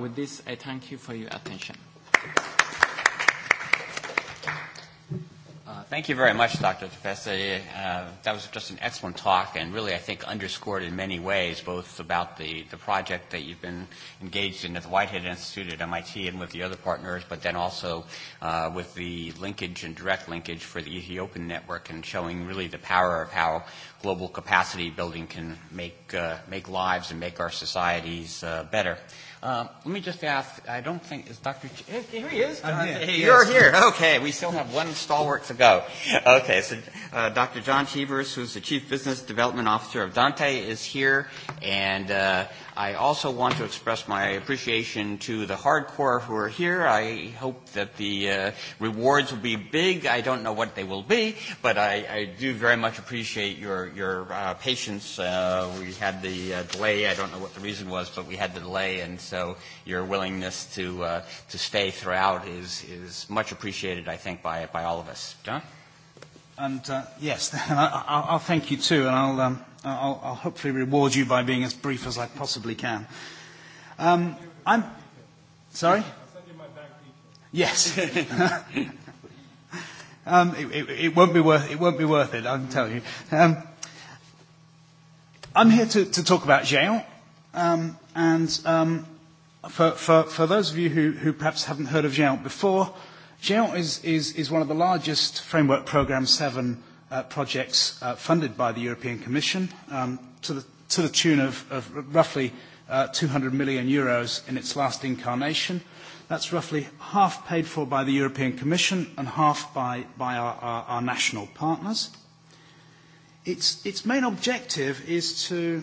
with this, I thank you for your attention. Thank you very much, Dr. Tafesa. That was just an excellent talk and really, I think, underscored in many ways both about the the project that you've been engaged in at the Whitehead Institute at MIT and with the other partners, but then also with the linkage and direct linkage for the Ethiopian network and showing really the power of how global capacity building can make make lives and make our societies better. Let me just ask, I don't think, is Dr. Here he is. You're here. Okay, we still have one stalwart to go. Okay, so Dr. John Chevers, who's the Chief Business Development Officer of Dante, is here, and I also want to express my appreciation to the hardcore who are here. I hope that the rewards will be big. I don't know what they will be, but I do very much appreciate your your patience. We had the delay. I don't know what the reason was, but we had the delay, and so your willingness to to stay throughout is is much appreciated, I think, by by all of us. John? And yes, I'll thank you too, and I'll I'll, I'll hopefully reward you by being as brief as I possibly can. I'm sorry. Yes. um, it, it, it won't be worth it. Won't be worth it. I can tell you. I'm here to, to talk about Géant, um, and um, for, for, for those of you who, who perhaps haven't heard of Géant before, Géant is, is, is one of the largest Framework Programme Seven projects funded by the European Commission to the tune of roughly 200 million euros in its last incarnation. That's roughly half paid for by the European Commission and half by our national partners. Its main objective is to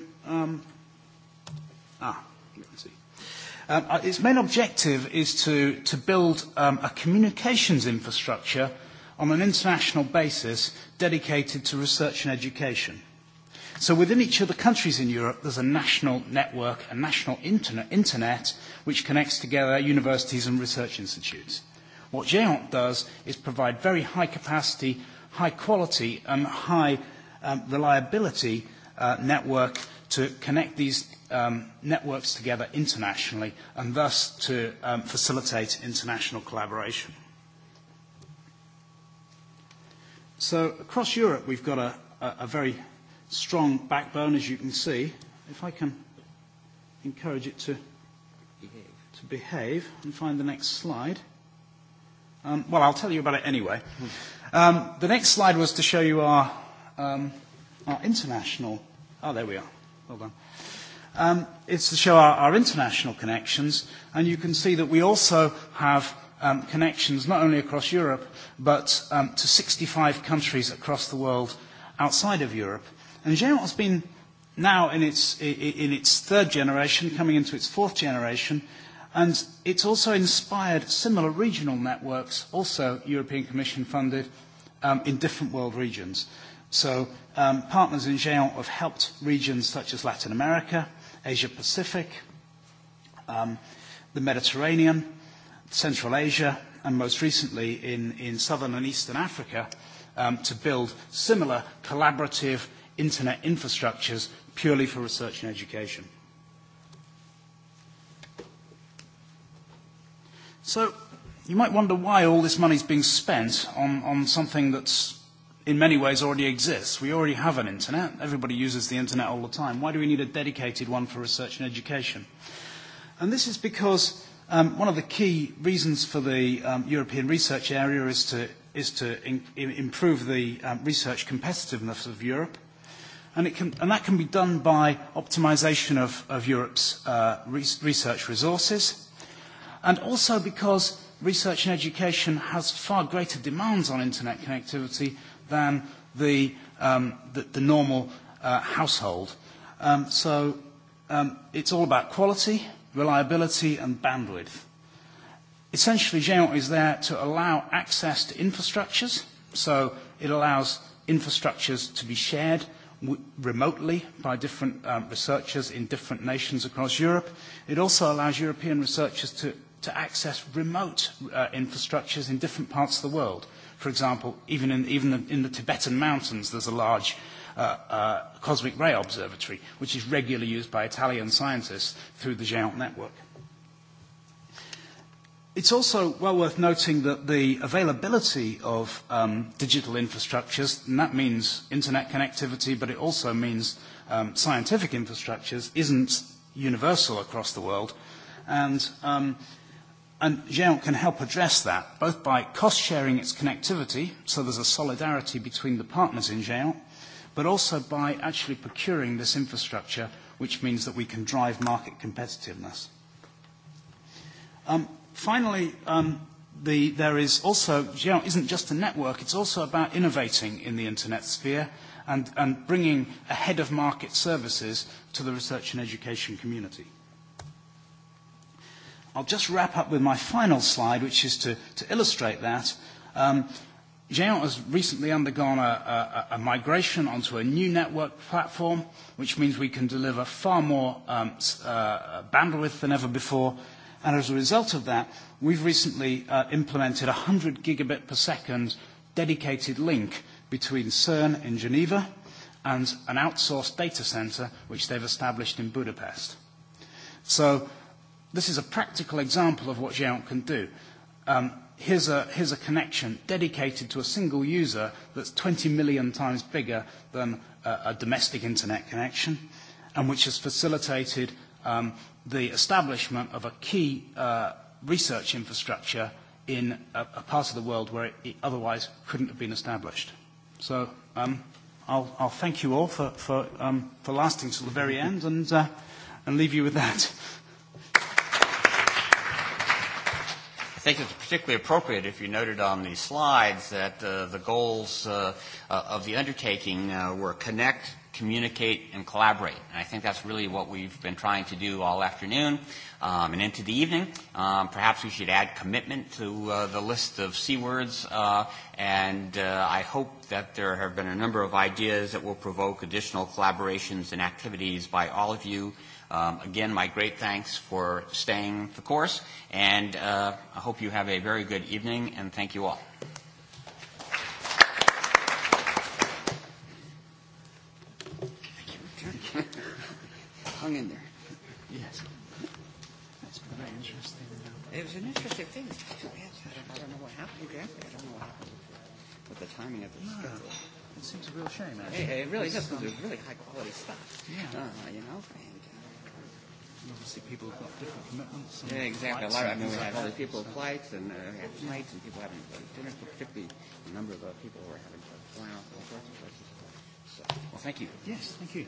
see. its main objective is to build a communications infrastructure on an international basis dedicated to research and education. So within each of the countries in Europe, there's a national network, a national internet, which connects together universities and research institutes. What Géant does is provide very high capacity, high quality, and high reliability network to connect these networks together internationally and thus to facilitate international collaboration. So across Europe, we've got a, very strong backbone, as you can see. If I can encourage it to to behave and find the next slide. well, I'll tell you about it anyway. the next slide was to show you our, international. Oh, there we are. Well done. it's to show our international connections, and you can see that we also have connections not only across Europe, but to 65 countries across the world outside of Europe. And Géant has been now in its in its third generation, coming into its fourth generation, and it's also inspired similar regional networks, also European Commission funded, in different world regions. So partners in Géant have helped regions such as Latin America, Asia Pacific, the Mediterranean, Central Asia, and most recently in Southern and Eastern Africa, to build similar collaborative internet infrastructures purely for research and education. So you might wonder why all this money is being spent on something that's in many ways already exists. We already have an internet. Everybody uses the internet all the time. Why do we need a dedicated one for research and education? And this is because One of the key reasons for the European research area is to is to improve the research competitiveness of Europe, and that can be done by optimization of Europe's research resources, and also because research and education has far greater demands on internet connectivity than the normal household. So it's all about quality reliability and bandwidth. Essentially, Géant is there to allow access to infrastructures, so it allows infrastructures to be shared remotely by different researchers in different nations across Europe. It also allows European researchers to access remote infrastructures in different parts of the world. For example, even even in the Tibetan mountains, there's a large Cosmic Ray Observatory, which is regularly used by Italian scientists through the Géant network. It's also well worth noting that the availability of digital infrastructures, and that means internet connectivity, but it also means scientific infrastructures, isn't universal across the world. And Géant can help address that, both by cost-sharing its connectivity, so there's a solidarity between the partners in Géant, but also by actually procuring this infrastructure, which means that we can drive market competitiveness. Finally, there is also, isn't just a network, it's also about innovating in the internet sphere and bringing ahead of market services to the research and education community. I'll just wrap up with my final slide, which is to illustrate that. Géant has recently undergone a migration onto a new network platform, which means we can deliver far more bandwidth than ever before. And as a result of that, we've recently implemented a 100 gigabit per second dedicated link between CERN in Geneva and an outsourced data center, which they've established in Budapest. So this is a practical example of what Géant can do here's a a connection dedicated to a single user that's 20 million times bigger than a domestic internet connection and which has facilitated the establishment of a key research infrastructure in a part of the world where it otherwise couldn't have been established. So um, I'll, I'll thank you all for, for, um, for lasting till the very end and, uh, and leave you with that. think it's particularly appropriate if you noted on the slides that the goals of the undertaking were connect, communicate, and collaborate. And I think that's really what we've been trying to do all afternoon um, and into the evening. Um, perhaps we should add commitment to uh, the list of C words, uh, and uh, I hope that there have been a number of ideas that will provoke additional collaborations and activities by all of you Um, again, my great thanks for staying the course, and uh, I hope you have a very good evening, and thank you all. Hung in there. Yes. That's very interesting. It was an interesting thing. I don't know what happened. I don't know what happened the timing of the schedule. It seems a real shame, actually. It really does, because it was really high-quality stuff. Yeah. You know? obviously people have got different commitments. Yeah, exactly. A lot. I mean, we other people flights and uh, have flights and people having dinner, particularly the number of people who are having to fly out all sorts of places. So, well, thank you. Yes, thank you.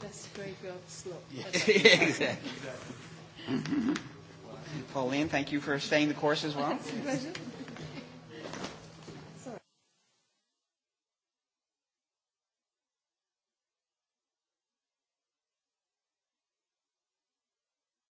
That's a good slot. Yeah. exactly. Pauline, thank you for staying the course as well.